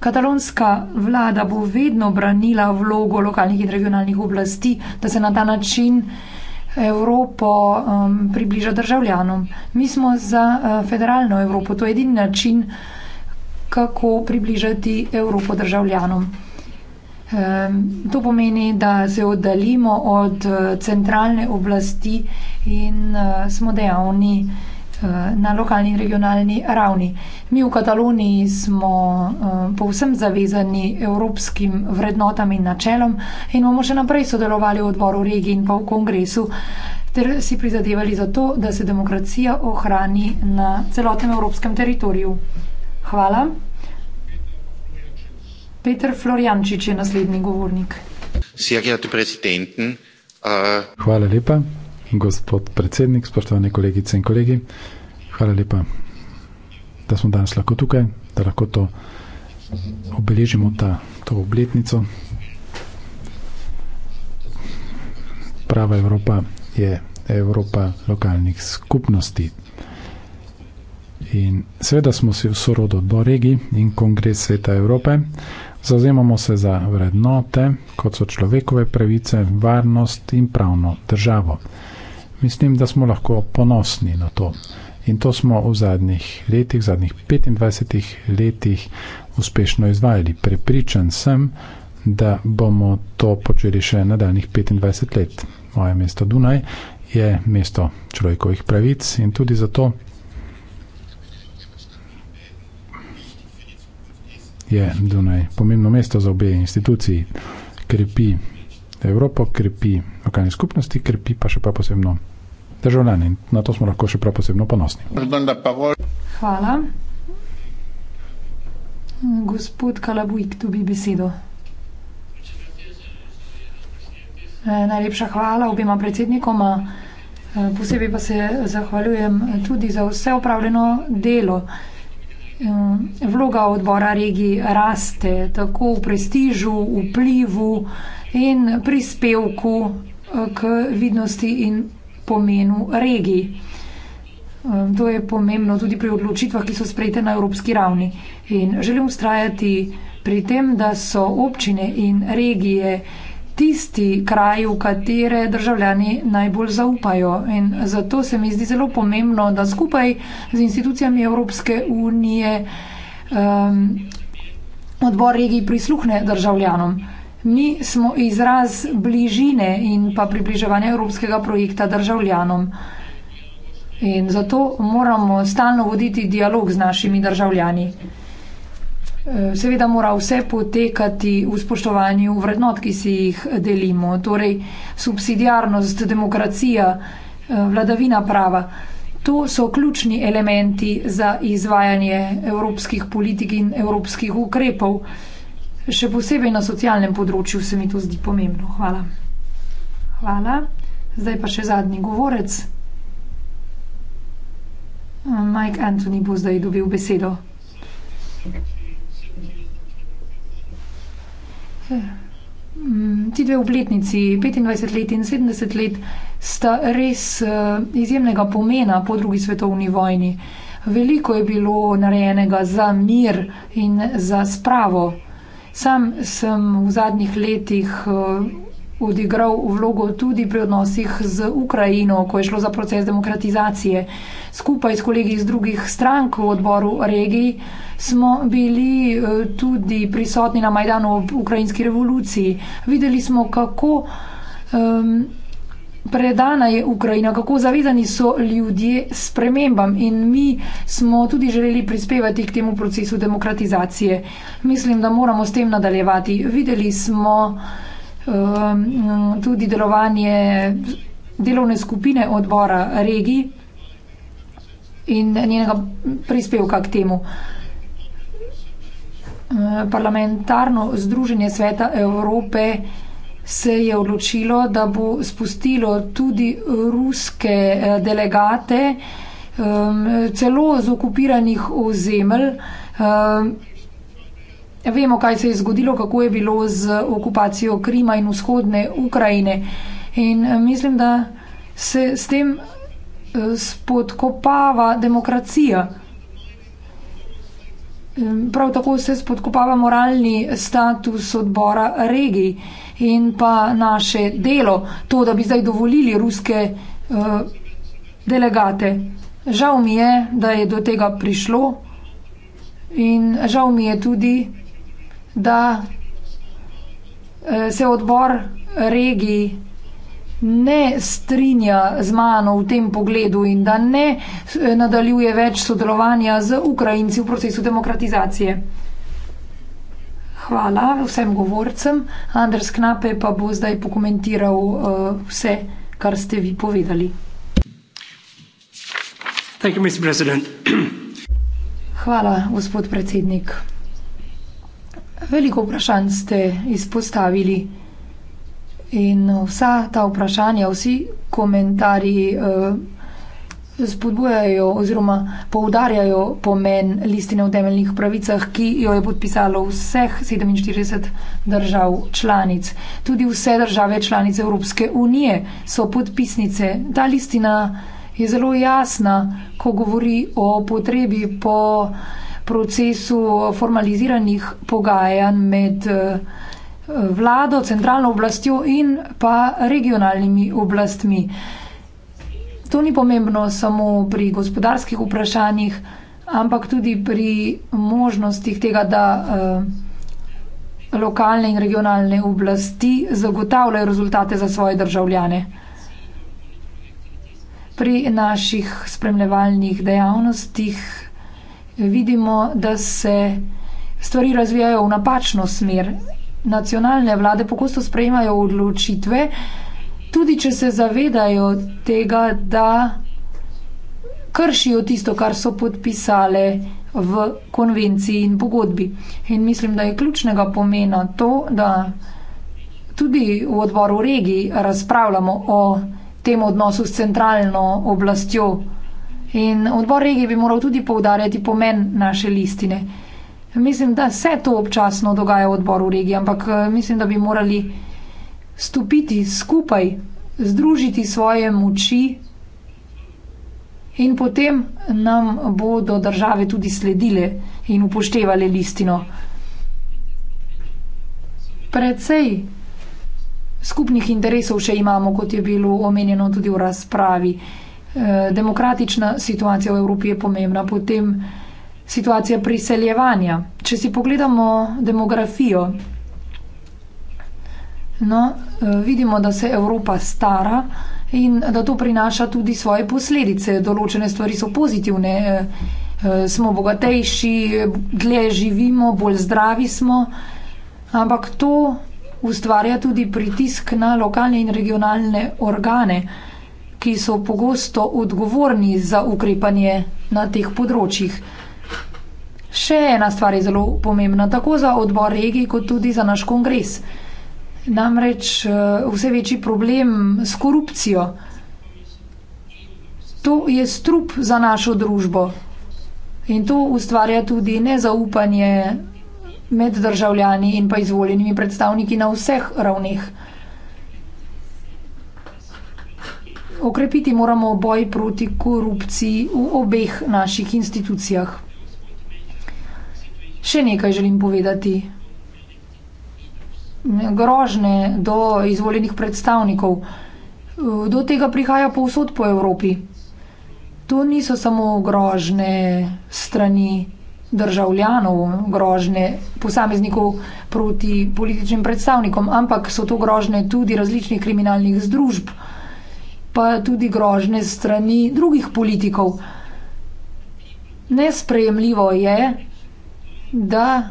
B: Katalonska vlada bo vedno branila vlogo lokalnih in regionalnih oblasti, da se na ta način Evropo um, približa državljanom. Mi smo za uh, federalno Evropo, to je edini način, kako približati Evropo državljanom. Ehm, to pomeni, da se oddaljimo od eh, centralne oblasti in eh, smo dejavni eh, na lokalni in regionalni ravni. Mi v Kataloniji smo povsem zavezani evropskim vrednotam in načelom in bomo še naprej sodelovali v odboru regij in pa v kongresu ter si prizadevali za to, da se demokracija ohrani na celotnem evropskem teritoriju. Hvala. Peter Floriančič je naslednji govornik.
A: Äh,
C: Hvala lepa, gospod predsednik, spoštovane kolegice in kolegi. Hvala lepa, da smo danes lahko tukaj, da lahko to obeležimo, ta, to obletnico. Prava Evropa je Evropa lokalnih skupnosti. In seveda smo si v sorodu do regij in kongres sveta Evrope, Zauzemamo se za vrednote, kot so človekove pravice, varnost in pravno državo. Mislim, da smo lahko ponosni na to. In to smo v zadnjih letih, zadnjih 25 letih uspešno izvajali. Prepričan sem, da bomo to počeli še nadaljnih 25 let. Moje mesto Dunaj je mesto človekovih pravic in tudi zato je Dunaj pomembno mesto za obe instituciji. Krepi Evropo, krepi lokalne skupnosti, krepi pa še pa posebno državljane. Na to smo lahko še prav posebno ponosni.
A: Hvala.
B: Gospod Kalabujk, dobi besedo. E, najlepša hvala obima predsednikoma. E, posebej pa se zahvaljujem tudi za vse opravljeno delo. Eh, vloga odbora regij raste, tako v prestižu, vplivu in prispevku eh, k vidnosti in pomenu regij. Eh, to je pomembno tudi pri odločitvah, ki so sprejete na evropski ravni. In želim ustrajati pri tem, da so občine in regije tisti kraj, v katere državljani najbolj zaupajo. In zato se mi zdi zelo pomembno, da skupaj z institucijami Evropske unije um, odbor regij prisluhne državljanom. Mi smo izraz bližine in pa približevanja evropskega projekta državljanom. In zato moramo stalno voditi dialog z našimi državljani. Seveda mora vse potekati v spoštovanju vrednot, ki si jih delimo, torej subsidijarnost, demokracija, eh, vladavina prava. To so ključni elementi za izvajanje evropskih politik in evropskih ukrepov, še posebej na socialnem področju se mi to zdi pomembno. Hvala. Hvala. Zdaj pa še zadnji govorec. Mike Anthony bo zdaj dobil besedo. Thank you. Mm, ti dve obletnici, 25 let in 70 let, sta res eh, izjemnega pomena po drugi svetovni vojni. Veliko je bilo narejenega za mir in za spravo. Sam sem v zadnjih letih eh, odigral vlogo tudi pri odnosih z Ukrajino, ko je šlo za proces demokratizacije. Skupaj s kolegi iz drugih strank v odboru regij smo bili eh, tudi prisotni na Majdanu ob ukrajinski revoluciji. Videli smo, kako um, predana je Ukrajina, kako zavedani so ljudje s premembam in mi smo tudi želeli prispevati k temu procesu demokratizacije. Mislim, da moramo s tem nadaljevati. Videli smo, Um, tudi delovanje delovne skupine odbora regij in njenega prispevka k temu. Uh, parlamentarno združenje sveta Evrope se je odločilo, da bo spustilo tudi ruske eh, delegate um, celo z okupiranih ozemelj um, Vemo, kaj se je zgodilo, kako je bilo z okupacijo Krima in vzhodne Ukrajine. In eh, mislim, da se s tem eh, spodkopava demokracija. Prav tako se spodkopava moralni status odbora regij in pa naše delo, to, da bi zdaj dovolili ruske uh, delegate. Žal mi je, da je do tega prišlo in žal mi je tudi, da eh, se odbor regij ne strinja z mano v tem pogledu in da ne eh, nadaljuje več sodelovanja z Ukrajinci v procesu demokratizacije. Hvala vsem govorcem. Anders Knape pa bo zdaj pokomentiral uh, vse, kar ste vi povedali. Thank you, Hvala, gospod predsednik. Veliko vprašanj ste izpostavili in vsa ta vprašanja, vsi komentarji eh, spodbujajo oziroma poudarjajo pomen listine o temeljnih pravicah, ki jo je podpisalo vseh 47 držav članic. Tudi vse države članice Evropske unije so podpisnice. Ta listina je zelo jasna, ko govori o potrebi po procesu formaliziranih pogajanj med eh, vlado, centralno oblastjo in pa regionalnimi oblastmi. To ni pomembno samo pri gospodarskih vprašanjih, ampak tudi pri možnostih tega, da eh, lokalne in regionalne oblasti zagotavljajo rezultate za svoje državljane. Pri naših spremljevalnih dejavnostih vidimo, da se stvari razvijajo v napačno smer. Nacionalne vlade pogosto sprejemajo odločitve, tudi če se zavedajo tega, da kršijo tisto, kar so podpisale v konvenciji in pogodbi. In mislim, da je ključnega pomena to, da tudi v odboru regij razpravljamo o tem odnosu s centralno oblastjo. In odbor regije bi moral tudi povdarjati pomen naše listine. Mislim, da se to občasno dogaja v odboru regije, ampak eh, mislim, da bi morali stopiti skupaj, združiti svoje moči in potem nam bodo države tudi sledile in upoštevale listino. Predvsej skupnih interesov še imamo, kot je bilo omenjeno tudi v razpravi. Eh, demokratična situacija v Evropi je pomembna, potem situacija priseljevanja. Če si pogledamo demografijo, no, eh, vidimo, da se Evropa stara in da to prinaša tudi svoje posledice. Določene stvari so pozitivne, eh, smo bogatejši, dlje živimo, bolj zdravi smo, ampak to ustvarja tudi pritisk na lokalne in regionalne organe ki so pogosto odgovorni za ukrepanje na teh področjih. Še ena stvar je zelo pomembna, tako za odbor regij, kot tudi za naš kongres. Namreč eh, vse večji problem s korupcijo. To je strup za našo družbo in to ustvarja tudi nezaupanje med državljani in pa izvoljenimi predstavniki na vseh ravneh. Okrepiti moramo boj proti korupciji v obeh naših institucijah. Še nekaj želim povedati. Grožne do izvoljenih predstavnikov. Do tega prihaja povsod po Evropi. To niso samo grožne strani državljanov, grožne posameznikov proti političnim predstavnikom, ampak so to grožne tudi različnih kriminalnih združb pa tudi grožne strani drugih politikov. Nesprejemljivo je, da eh,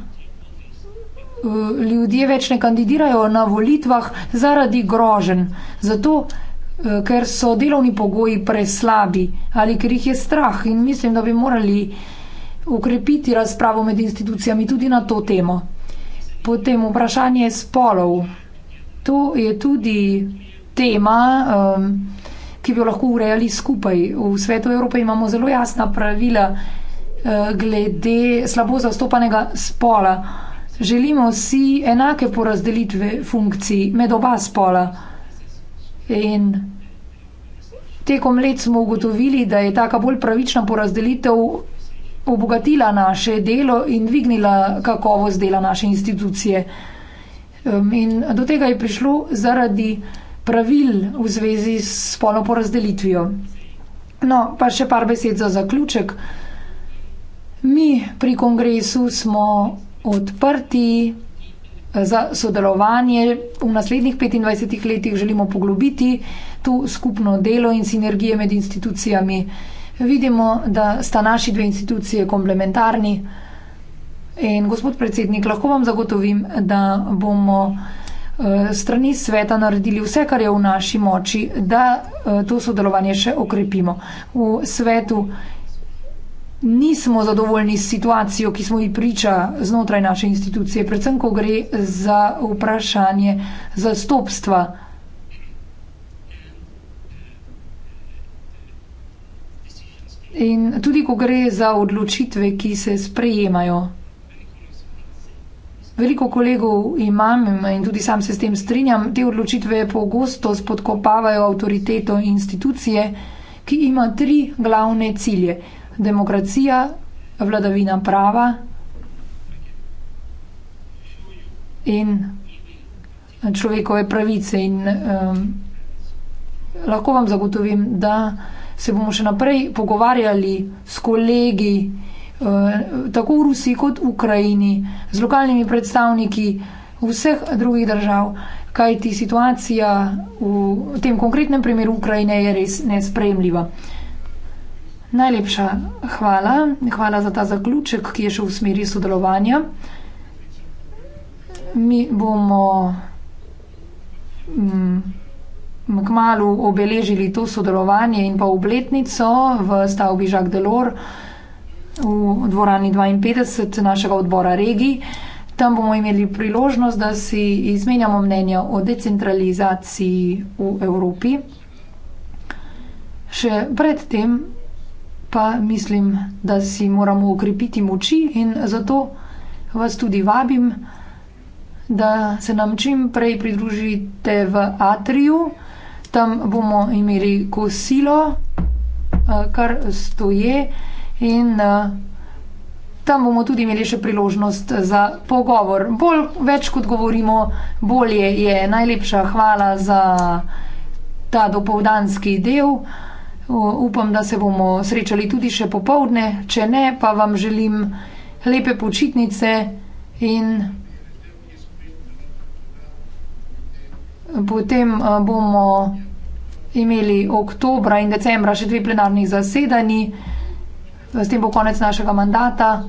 B: ljudje več ne kandidirajo na volitvah zaradi grožen, zato eh, ker so delovni pogoji preslabi ali ker jih je strah in mislim, da bi morali ukrepiti razpravo med institucijami tudi na to temo. Potem vprašanje spolov. To je tudi tema. Um, ki bi jo lahko urejali skupaj. V svetu Evrope imamo zelo jasna pravila eh, glede slabo zastopanega spola. Želimo si enake porazdelitve funkcij med oba spola. In tekom let smo ugotovili, da je taka bolj pravična porazdelitev obogatila naše delo in dvignila kakovost dela naše institucije. Ehm, in do tega je prišlo zaradi pravil v zvezi s spolno porazdelitvijo. No, pa še par besed za zaključek. Mi pri kongresu smo odprti eh, za sodelovanje. V naslednjih 25 letih želimo poglobiti to skupno delo in sinergije med institucijami. Vidimo, da sta naši dve institucije komplementarni. In gospod predsednik, lahko vam zagotovim, da bomo Eh, strani sveta naredili vse, kar je v naši moči, da eh, to sodelovanje še okrepimo. V svetu nismo zadovoljni s situacijo, ki smo ji priča znotraj naše institucije, predvsem, ko gre za vprašanje zastopstva. In tudi, ko gre za odločitve, ki se sprejemajo. Veliko kolegov imam in tudi sam se s tem strinjam, te odločitve pogosto spodkopavajo avtoriteto institucije, ki ima tri glavne cilje. Demokracija, vladavina prava in eh, človekove pravice. In, um, lahko vam zagotovim, da se bomo še naprej pogovarjali s kolegi, Eh, tako v Rusiji kot v Ukrajini, z lokalnimi predstavniki vseh drugih držav, kajti situacija v tem konkretnem primeru Ukrajine je res nespremljiva. Najlepša hvala, hvala za ta zaključek, ki je šel v smeri sodelovanja. Mi bomo m, mm, kmalu obeležili to sodelovanje in pa obletnico v stavbi Žak Delor v dvorani 52 našega odbora Regi. Tam bomo imeli priložnost, da si izmenjamo mnenja o decentralizaciji v Evropi. Še predtem pa mislim, da si moramo ukrepiti moči in zato vas tudi vabim, da se nam čim prej pridružite v Atriju. Tam bomo imeli kosilo, eh, kar stoje in eh, tam bomo tudi imeli še priložnost za pogovor. Bolj, več kot govorimo, bolje je. Najlepša hvala za ta dopoldanski del. Upam, da se bomo srečali tudi še popovdne, če ne, pa vam želim lepe počitnice in potem eh, bomo imeli oktobra in decembra še dve plenarnih zasedanji. S tem bo konec našega mandata.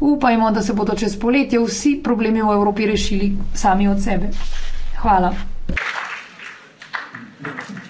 B: Upajmo, da se bodo čez poletje vsi problemi v Evropi rešili sami od sebe. Hvala. Thank you.